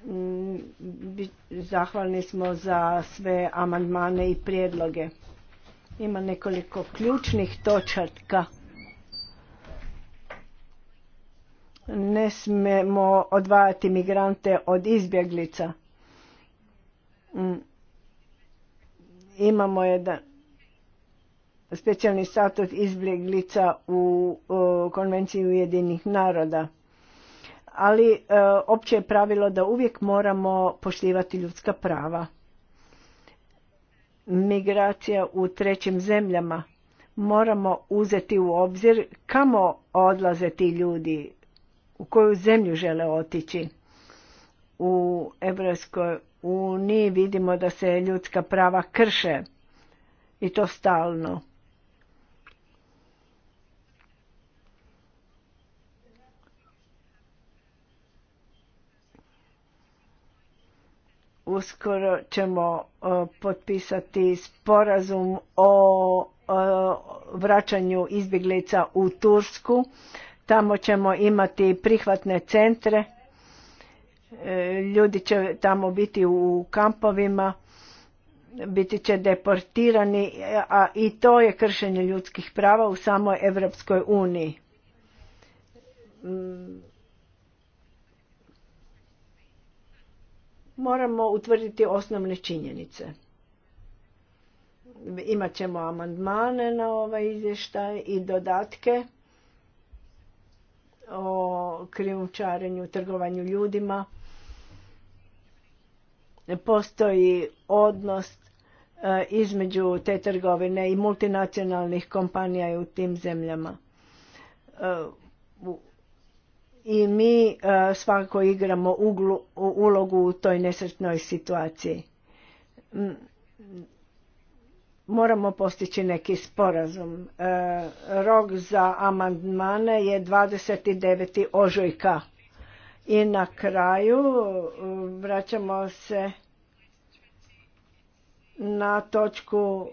Mm, zahvalni smo za sve amandmane i prijedloge. Ima nekoliko ključnih točaka. Ne smemo odvajati migrante od izbjeglica mm. Imamo jedan specijalni statut izbjeglica u Konvenciji Ujedinih naroda. Ali e, opće je pravilo da uvijek moramo poštivati ljudska prava. Migracija u trećim zemljama moramo uzeti u obzir kamo odlaze ti ljudi, u koju zemlju žele otići. U Evropskoj uniji vidimo da se ljudska prava krše i to stalno. uskoro ćemo potpisati sporazum o vraćanju izbjeglica u Tursku. Tamo ćemo imati prihvatne centre Ljudi će tamo biti u kampovima, biti će deportirani, a i to je kršenje ljudskih prava u samoj Evropskoj uniji. Moramo utvrditi osnovne činjenice. Imat ćemo amandmane na ovaj izvještaj i dodatke o krijumčarenju, trgovanju ljudima postoji odnos e, između te trgovine i multinacionalnih kompanija u tim zemljama. E, I mi e, svakako igramo ulogu u toj nesretnoj situaciji. Moramo postići neki sporazum. Rok za amandmane je 29. ožujka i na kraju vraćamo se na točku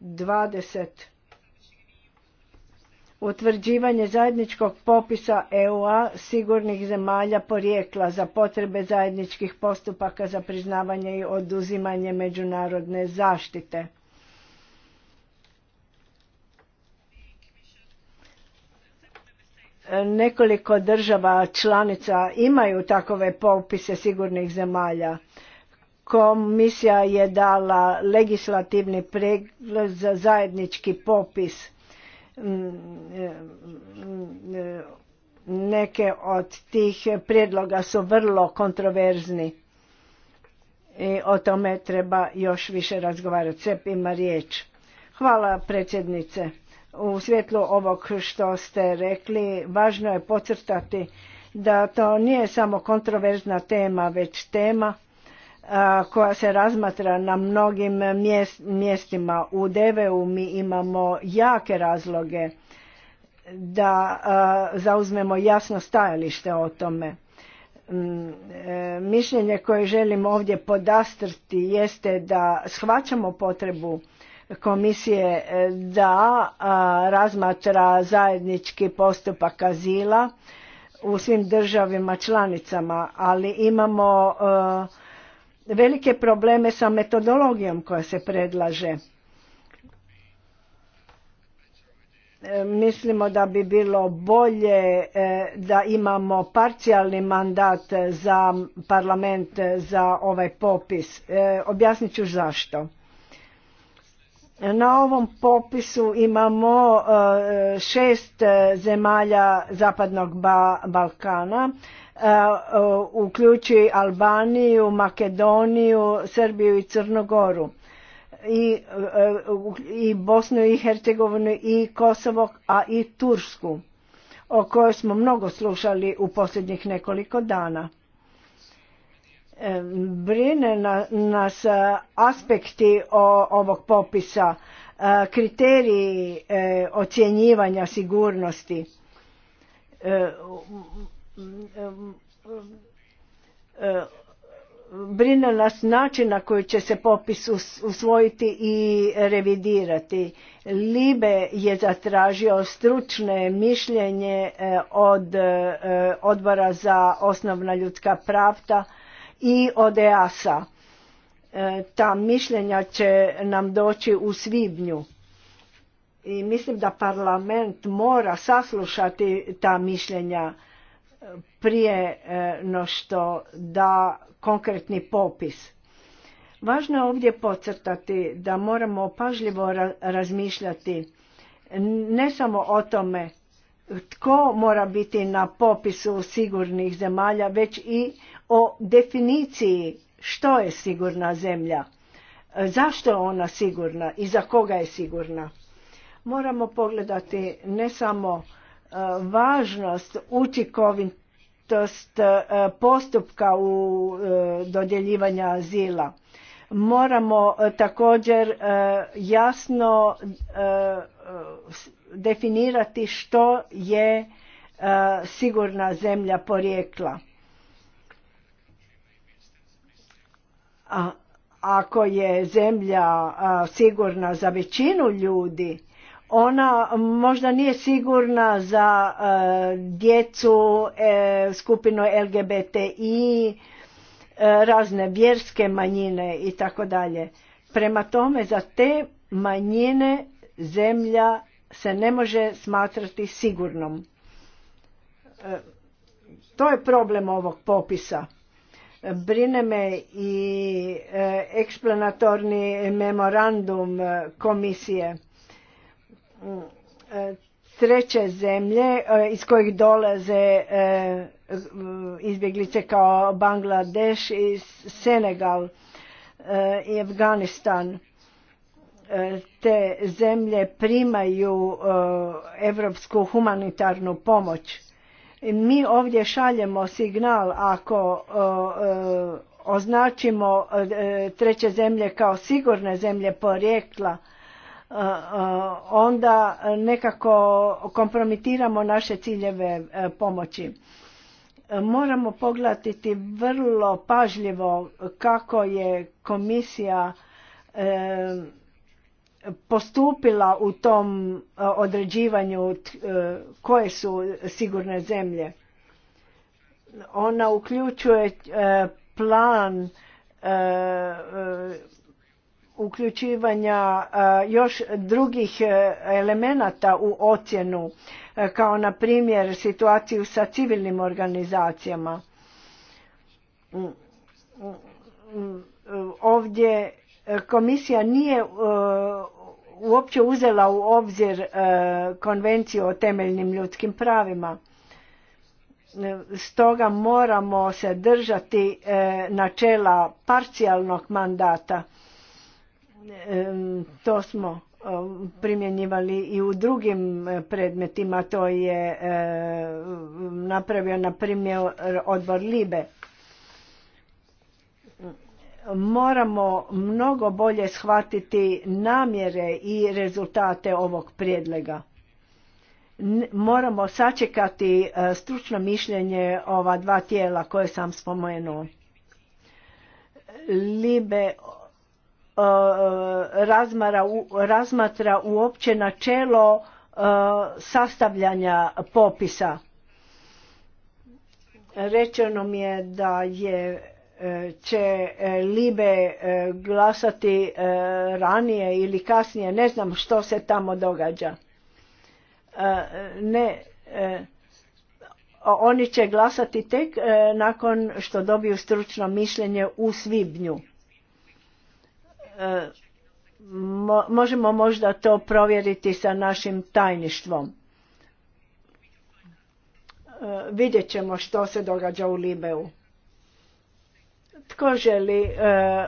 20. Utvrđivanje zajedničkog popisa EU-a sigurnih zemalja porijekla za potrebe zajedničkih postupaka za priznavanje i oduzimanje međunarodne zaštite. Nekoliko država članica imaju takove popise sigurnih zemalja. Komisija je dala legislativni pregled za zajednički popis mm, mm, mm, neke od tih prijedloga su vrlo kontroverzni i o tome treba još više razgovarati. Cep ima riječ. Hvala predsjednice u svjetlu ovog što ste rekli, važno je pocrtati da to nije samo kontroverzna tema, već tema koja se razmatra na mnogim mjestima. U DVU mi imamo jake razloge da zauzmemo jasno stajalište o tome. Mm, e, mišljenje koje želim ovdje podastrti jeste da shvaćamo potrebu komisije e, da razmatra zajednički postupak azila u svim državima članicama, ali imamo e, velike probleme sa metodologijom koja se predlaže. E, mislimo da bi bilo bolje da imamo parcijalni mandat za parlament za ovaj popis. Objasnit ću zašto. Na ovom popisu imamo e, šest e, zemalja Zapadnog Balkana, e, uključuje Albaniju, Makedoniju, Srbiju i Crnogoru i, i Bosnu i Hercegovinu i Kosovo, a i Tursku o kojoj smo mnogo slušali u posljednjih nekoliko dana brine nas e, aspekti ovog popisa, e, kriteriji e, ocjenjivanja sigurnosti. Brine nas način na koji će se popis usvojiti i revidirati. Libe je zatražio stručne mišljenje od odbora za osnovna ljudska pravda i od EASA. E, ta mišljenja će nam doći u svibnju i mislim da parlament mora saslušati ta mišljenja e, prije e, no što da konkretni popis. Važno je ovdje pocrtati da moramo pažljivo razmišljati ne samo o tome tko mora biti na popisu sigurnih zemalja, već i o definiciji što je sigurna zemlja, e, zašto je ona sigurna i za koga je sigurna. Moramo pogledati ne samo e, važnost učinkovitost e, postupka u dodjeljivanja azila. Moramo također jasno definirati što je sigurna zemlja porijekla A ako je zemlja sigurna za većinu ljudi, ona možda nije sigurna za djecu, e, skupinu LGBTI, e, razne vjerske manjine i tako dalje. Prema tome za te manjine zemlja se ne može smatrati sigurnom. E, to je problem ovog popisa. Brine me i e, eksplanatorni memorandum e, komisije. Mm, e, treće zemlje iz kojih dolaze izbjeglice kao Bangladeš i Senegal i Afganistan. Te zemlje primaju europsku humanitarnu pomoć mi ovdje šaljemo signal ako e, označimo e, treće zemlje kao sigurne zemlje porijekla, e, onda nekako kompromitiramo naše ciljeve pomoći. Moramo pogledati vrlo pažljivo kako je komisija postupila u tom e, određivanju e, koje su sigurne zemlje. Ona uključuje e, plan uključivanja još drugih elemenata u ocjenu kao na primjer situaciju sa civilnim organizacijama mm, mm, mm, ovdje Komisija nije e, uopće uzela u obzir e, konvenciju o temeljnim ljudskim pravima. E, stoga moramo se držati načela parcijalnog mandata. To smo primjenjivali i u drugim predmetima, to je napravio na primjer odbor Libe moramo mnogo bolje shvatiti namjere i rezultate ovog prijedloga. Moramo sačekati e, stručno mišljenje ova dva tijela koje sam spomenuo. Libe razmatra uopće načelo e, sastavljanja popisa. Rečeno mi je da je će e, Libe e, glasati e, ranije ili kasnije, ne znam što se tamo događa. Ne, oni će glasati tek nakon što dobiju stručno mišljenje u svibnju. Možemo možda to provjeriti sa našim tajništvom. Vidjet ćemo što se događa u Libeu tko želi uh,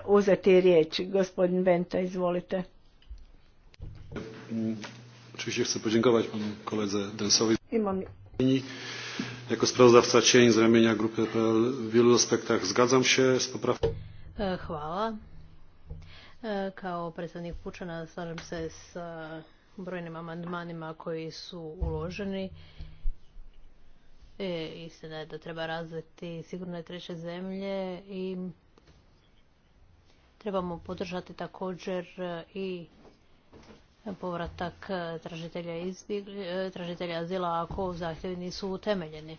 uzeti riječ? Gospodin Benta, izvolite. Mm, oczywiście chcę podziękować panu koledze Densowi. Imam. Jako sprawozdawca cień z ramienia grupy PL w wielu aspektach zgadzam się z poprawką. E, chwała. E, kao predstavnik Pučana slažem se s brojnim amandmanima koji su uloženi E, istina je da treba razviti sigurne treće zemlje i trebamo podržati također e, i povratak e, tražitelja, e, tražitelja azila ako zahtjevi nisu utemeljeni.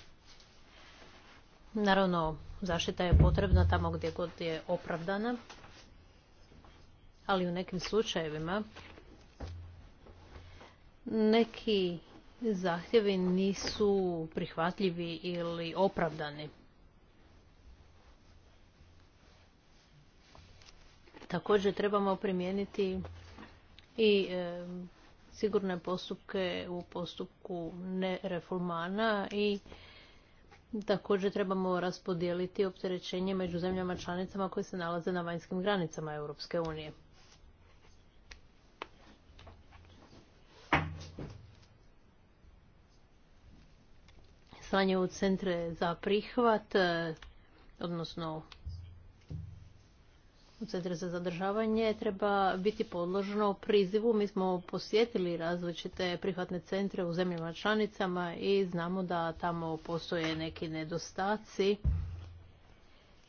Naravno, zaštita je potrebna tamo gdje god je opravdana, ali u nekim slučajevima neki zahtjevi nisu prihvatljivi ili opravdani. Također trebamo primijeniti i e, sigurne postupke u postupku nereformana i također trebamo raspodijeliti opterećenje među zemljama članicama koje se nalaze na vanjskim granicama Europske unije. slanje u centre za prihvat, e, odnosno u centre za zadržavanje, treba biti podložno prizivu. Mi smo posjetili različite prihvatne centre u zemljama članicama i znamo da tamo postoje neki nedostaci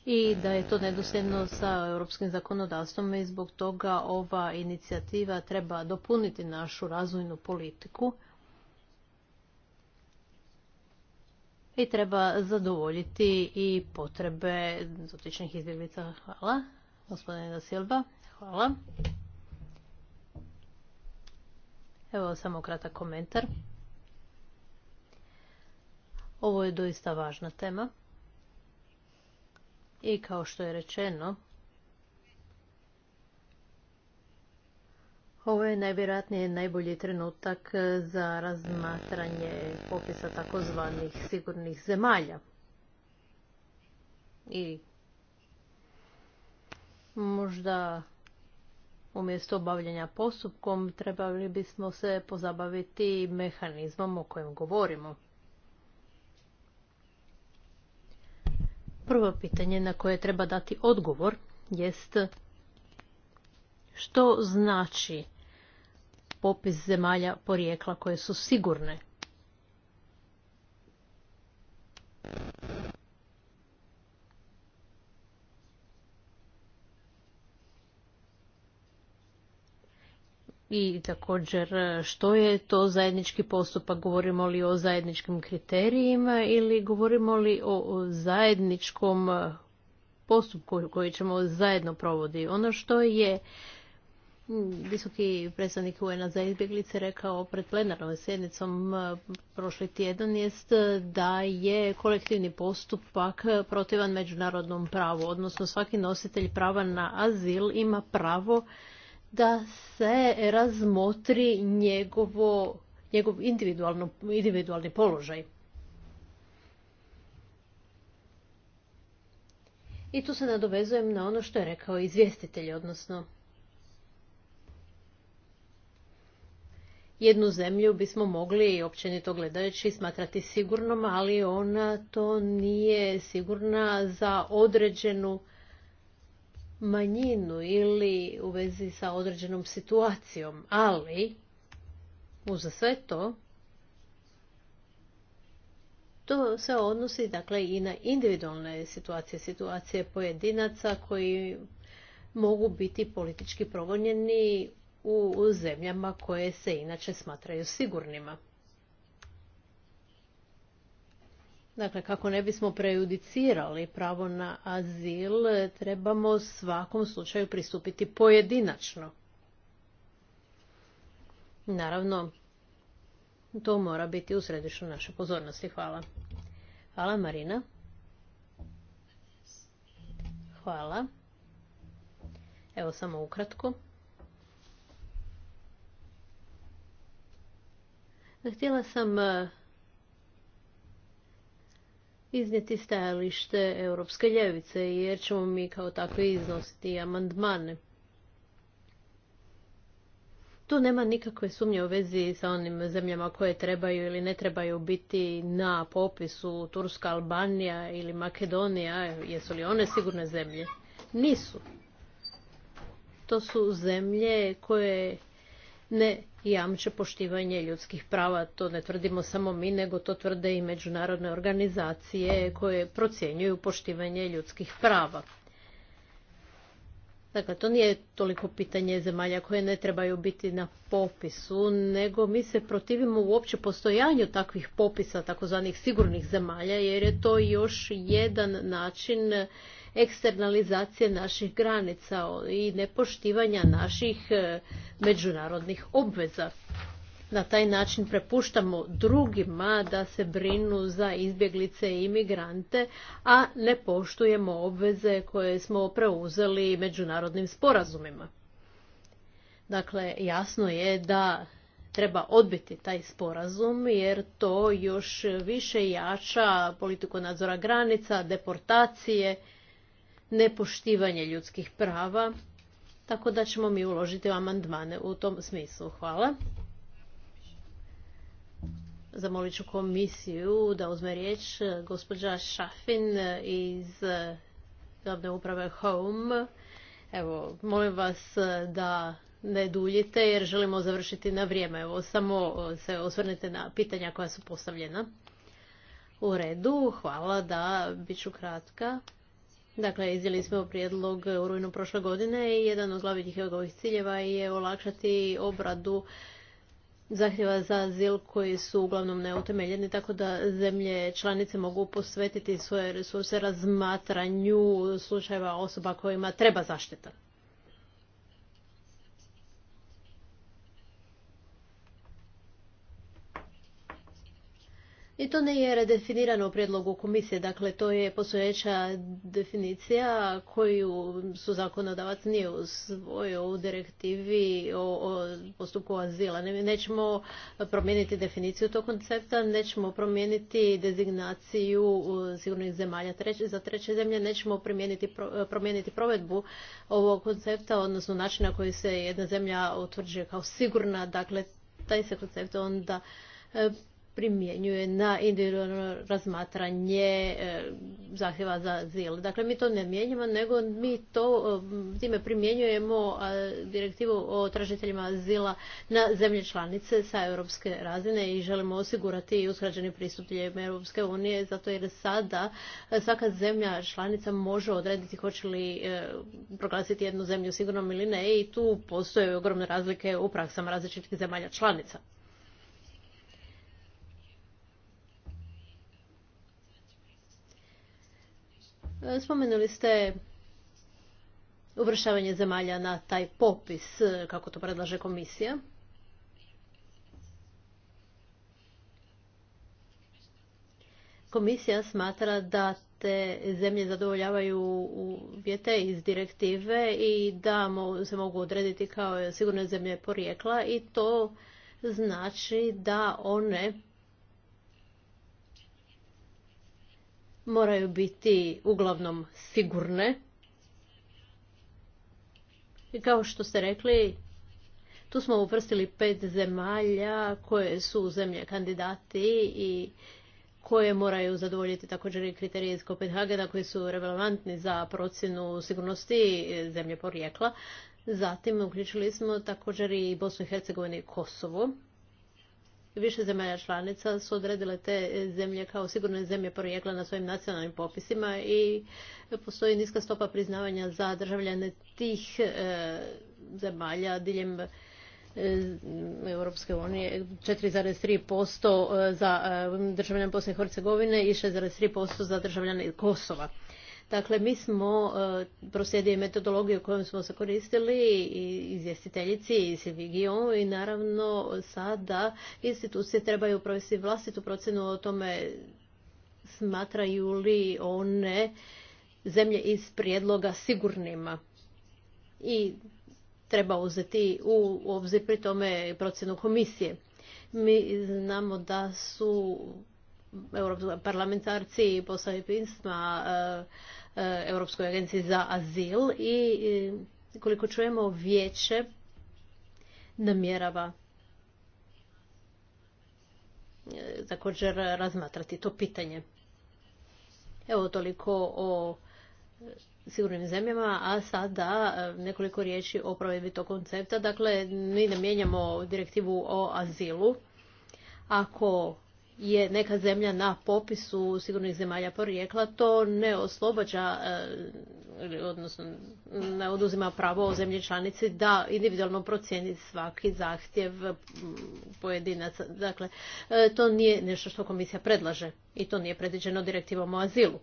i da je to nedosljedno sa europskim zakonodavstvom i zbog toga ova inicijativa treba dopuniti našu razvojnu politiku i treba zadovoljiti i potrebe dotičnih izbjeglica. Hvala. Gospodine da hvala. Evo samo kratak komentar. Ovo je doista važna tema. I kao što je rečeno, Ovo je najvjerojatnije najbolji trenutak e, za razmatranje popisa takozvanih sigurnih zemalja. I možda umjesto obavljanja postupkom trebali bismo se pozabaviti mehanizmom o kojem govorimo. Prvo pitanje na koje treba dati odgovor jest što znači popis zemalja porijekla koje su sigurne. I također što je to zajednički postupak, govorimo li o zajedničkim kriterijima ili govorimo li o zajedničkom postupku koji ćemo zajedno provoditi? Ono što je visoki predstavnik un za izbjeglice rekao pred plenarnom sjednicom e, prošli tjedan jest da je kolektivni postupak protivan međunarodnom pravu, odnosno svaki nositelj prava na azil ima pravo da se razmotri njegovo, njegov individualni položaj. I tu se nadovezujem na ono što je rekao izvjestitelj, odnosno jednu zemlju bismo mogli općenito gledajući smatrati sigurnom, ali ona to nije sigurna za određenu manjinu ili u vezi sa određenom situacijom, ali uz sve to to se odnosi dakle i na individualne situacije, situacije pojedinaca koji mogu biti politički progonjeni u zemljama koje se inače smatraju sigurnima. Dakle, kako ne bismo prejudicirali pravo na azil, trebamo svakom slučaju pristupiti pojedinačno. Naravno, to mora biti u središtu naše pozornosti. Hvala. Hvala Marina. Hvala. Evo samo ukratko. Htjela sam e, iznijeti stajalište Europske ljevice, jer ćemo mi kao takvi iznositi amandmane. Tu nema nikakve sumnje u vezi sa onim zemljama koje trebaju ili ne trebaju biti na popisu Turska, Albanija ili Makedonija. Jesu li one sigurne zemlje? Nisu. To su zemlje koje ne jamče poštivanje ljudskih prava. To ne tvrdimo samo mi, nego to tvrde i međunarodne organizacije koje procjenjuju poštivanje ljudskih prava. Dakle, to nije toliko pitanje zemalja koje ne trebaju biti na popisu, nego mi se protivimo uopće postojanju takvih popisa takozvanih sigurnih zemalja, jer je to još jedan način eksternalizacije naših granica i nepoštivanja naših e, međunarodnih obveza. Na taj način prepuštamo drugima da se brinu za izbjeglice i imigrante, a ne poštujemo obveze koje smo preuzeli međunarodnim sporazumima. Dakle, jasno je da treba odbiti taj sporazum jer to još više jača politiku nadzora granica, deportacije nepoštivanje ljudskih prava, tako da ćemo mi uložiti amandmane u tom smislu. Hvala. Zamolit ću komisiju da uzme riječ gospođa Šafin iz glavne uprave Home. Evo, molim vas da ne duljite jer želimo završiti na vrijeme. Evo, samo se osvrnite na pitanja koja su postavljena. U redu, hvala da bit ću kratka. Dakle, izdjeli smo prijedlog u rujnu prošle godine i jedan od glavnih ovih ciljeva je olakšati obradu zahtjeva za azil koji su uglavnom neutemeljeni, tako da zemlje članice mogu posvetiti svoje resurse razmatranju slučajeva osoba kojima treba zaštita. I to nije je redefinirano u prijedlogu komisije, dakle to je postojeća definicija koju su zakonodavac nije usvojio u direktivi o, postupku azila. nećemo promijeniti definiciju tog koncepta, nećemo promijeniti dezignaciju sigurnih zemalja za treće zemlje, nećemo promijeniti provedbu ovog koncepta, odnosno načina koji se jedna zemlja utvrđuje kao sigurna, dakle taj se koncept onda e, primjenjuje na individualno razmatranje e, zahtjeva za azil. Dakle, mi to ne mijenjamo, nego mi to e, time primjenjujemo e, direktivu o tražiteljima azila na zemlje članice sa europske razine i želimo osigurati uskrađeni pristup Europske unije, zato jer sada svaka zemlja članica može odrediti hoće li proglasiti jednu zemlju sigurnom ili ne i tu postoje ogromne razlike u praksama različitih zemalja članica. E, spomenuli ste uvršavanje zemalja na taj popis, e, kako to predlaže komisija. Komisija smatra da te zemlje zadovoljavaju uvjete iz direktive i da se mogu odrediti kao sigurne zemlje porijekla i to znači da one moraju biti uglavnom sigurne. I kao što ste rekli, tu smo uvrstili pet zemalja koje su zemlje kandidati i koje moraju zadovoljiti također i kriterije iz Kopenhagena koji su relevantni za procjenu sigurnosti zemlje porijekla. Zatim uključili smo također i Bosnu i Hercegovinu i Kosovo Više zemalja članica su odredile te zemlje kao sigurne zemlje porijekla na svojim nacionalnim popisima i postoji niska stopa priznavanja za državljane tih e, zemalja diljem e, Europske unije 4,3% e, za državljane Bosne i Hercegovine i 6,3% za državljane Kosova. Dakle, mi smo e, proslijedili metodologiju kojom smo se koristili i izvjestiteljici i Silvigion i naravno sada institucije trebaju provesti vlastitu procjenu o tome smatraju li one zemlje iz prijedloga sigurnima. I treba uzeti u obzir pri tome procjenu komisije. Mi znamo da su parlamentarci i i pisma e, E, Europskoj agenciji za azil i koliko čujemo vijeće namjerava e, također razmatrati to pitanje. Evo toliko o sigurnim zemljama, a sada e, nekoliko riječi o provedbi tog koncepta. Dakle, mi namjenjamo direktivu o azilu. Ako je neka zemlja na popisu sigurnih zemalja porijekla, to ne oslobađa, eh, odnosno ne oduzima pravo o zemlji članici da individualno procijeni svaki zahtjev mm, pojedinaca. Dakle, eh, to nije nešto što komisija predlaže i to nije predviđeno direktivom o azilu.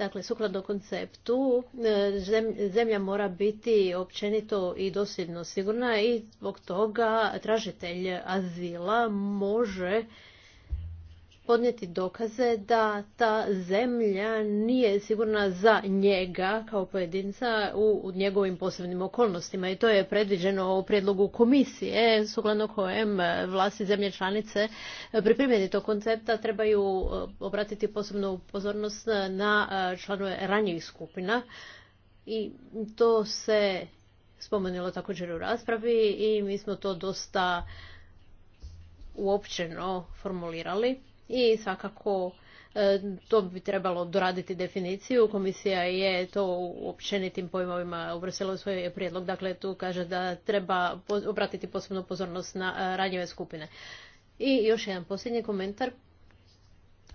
Dakle, sukladno konceptu, e, zemlja mora biti općenito i dosljedno sigurna i zbog toga tražitelj azila može podnijeti dokaze da ta zemlja nije sigurna za njega kao pojedinca u njegovim posebnim okolnostima i to je predviđeno u prijedlogu komisije sukladno kojem vlasti zemlje članice pri primjeni tog koncepta trebaju e, obratiti posebnu pozornost na e, članove ranjih skupina i to se spomenulo također u raspravi i mi smo to dosta uopćeno formulirali i svakako e, to bi trebalo doraditi definiciju. Komisija je to u općenitim pojmovima uvrstila u svoj prijedlog. Dakle, tu kaže da treba obratiti posebnu pozornost na e, ranjive skupine. I još jedan posljednji komentar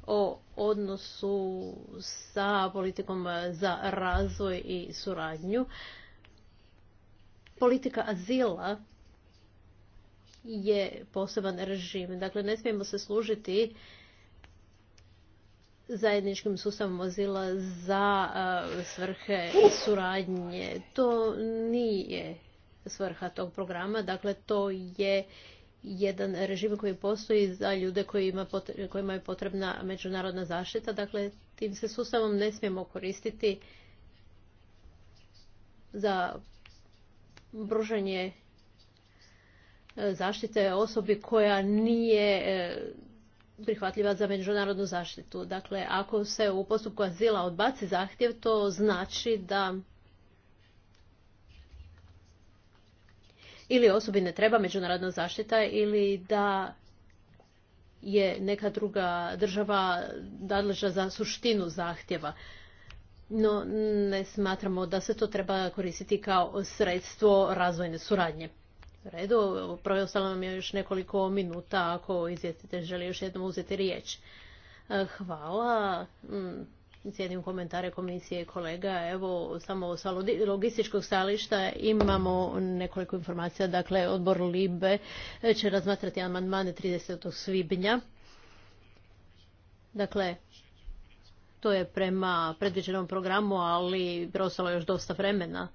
o odnosu sa politikom e, za razvoj i suradnju. Politika azila je poseban režim. Dakle, ne smijemo se služiti zajedničkim sustavom vozila za svrhe suradnje. To nije svrha tog programa, dakle to je jedan režim koji postoji za ljude kojima je potrebna međunarodna zaštita. Dakle, tim se sustavom ne smijemo koristiti za pružanje e, zaštite osobi koja nije e, prihvatljiva za međunarodnu zaštitu. Dakle, ako se u postupku azila odbaci zahtjev, to znači da ili osobi ne treba međunarodna zaštita ili da je neka druga država nadležna za suštinu zahtjeva. No, ne smatramo da se to treba koristiti kao sredstvo razvojne suradnje redu, preostalo nam je još nekoliko minuta ako izvjestitelj želi još jednom uzeti riječ. E, hvala. Mm, cijenim komentare komisije i kolega. Evo, samo sa logističkog stajališta imamo nekoliko informacija. Dakle, odbor LIBE će razmatrati amandmane 30. svibnja. Dakle, to je prema predviđenom programu, ali preostalo je još dosta vremena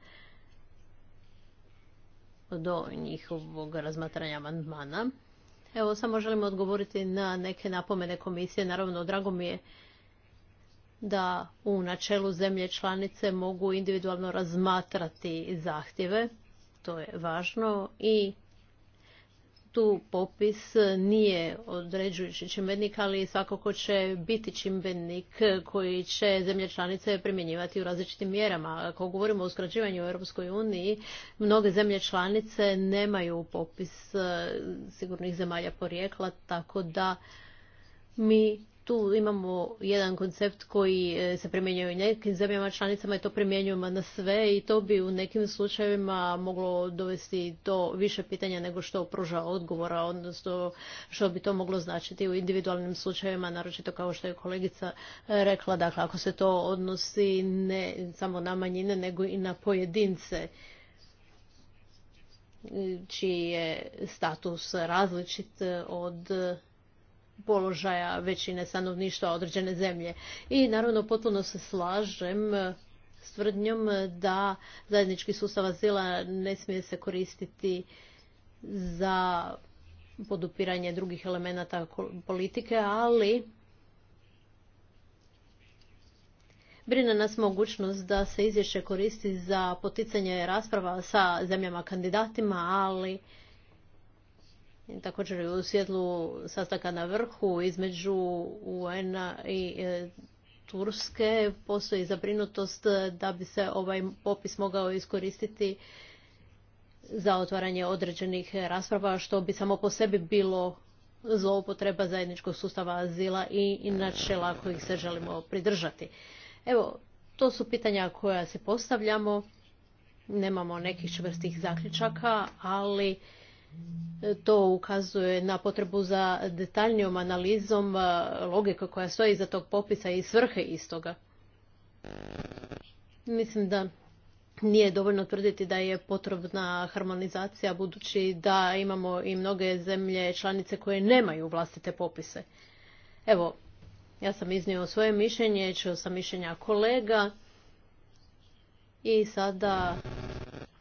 do njihovog razmatranja amandmana. Evo, samo želim odgovoriti na neke napomene komisije. Naravno, drago mi je da u načelu zemlje članice mogu individualno razmatrati zahtjeve. To je važno i tu popis nije određujući čimbenik, ali svakako će biti čimbenik koji će zemlje članice primjenjivati u različitim mjerama. Ako govorimo o uskraćivanju u Europskoj uniji, mnoge zemlje članice nemaju popis eh, sigurnih zemalja porijekla, tako da mi tu imamo jedan koncept koji e, se primjenjuje u nekim zemljama članicama i to primjenjujemo na sve i to bi u nekim slučajevima moglo dovesti do više pitanja nego što pruža odgovora, odnosno što bi to moglo značiti u individualnim slučajevima, naročito kao što je kolegica e, rekla, dakle ako se to odnosi ne samo na manjine nego i na pojedince e, čiji je status različit od položaja većine stanovništva određene zemlje. I naravno potpuno se slažem e, s tvrdnjom da zajednički sustav azila ne smije se koristiti za podupiranje drugih elemenata politike, ali brine nas mogućnost da se izvješće koristi za poticanje rasprava sa zemljama kandidatima, ali Također u svjetlu sastaka na vrhu između UN-a i e, Turske postoji zabrinutost da bi se ovaj popis mogao iskoristiti za otvaranje određenih rasprava što bi samo po sebi bilo zloupotreba zajedničkog sustava azila i inače lako ih se želimo pridržati. Evo, to su pitanja koja se postavljamo. Nemamo nekih čvrstih zaključaka, ali to ukazuje na potrebu za detaljnijom analizom e, logika koja stoji iza tog popisa i svrhe istoga. Mislim da nije dovoljno tvrditi da je potrebna harmonizacija budući da imamo i mnoge zemlje članice koje nemaju vlastite popise. Evo, ja sam iznio svoje mišljenje, čuo sam mišljenja kolega i sada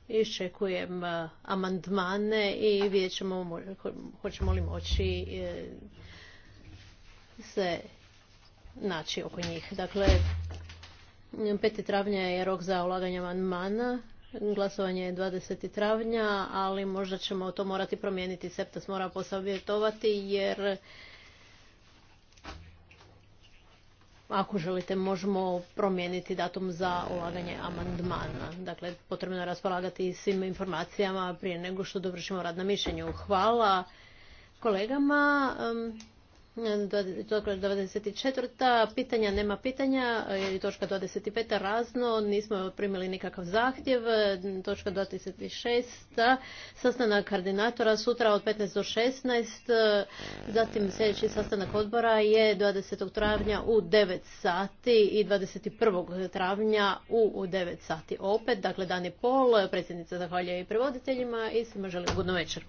iščekujem e, amandmane i vidjet ćemo hoćemo li moći e, se naći oko njih. Dakle, 5. travnja je rok za ulaganje amandmana, glasovanje je 20. travnja, ali možda ćemo to morati promijeniti. Septas mora posavjetovati jer Ako želite, možemo promijeniti datum za ulaganje amandmana. Dakle, potrebno je raspolagati svim informacijama prije nego što dovršimo rad na mišljenju. Hvala kolegama. 24. pitanja nema pitanja e, točka 25. razno nismo primili nikakav zahtjev točka 26. sastanak koordinatora sutra od 15 do 16 e, zatim sljedeći sastanak odbora je 20. travnja u 9 sati i 21. travnja u 9 sati opet dakle dan je pol predsjednica zahvaljuje i prevoditeljima i svima želim godno večer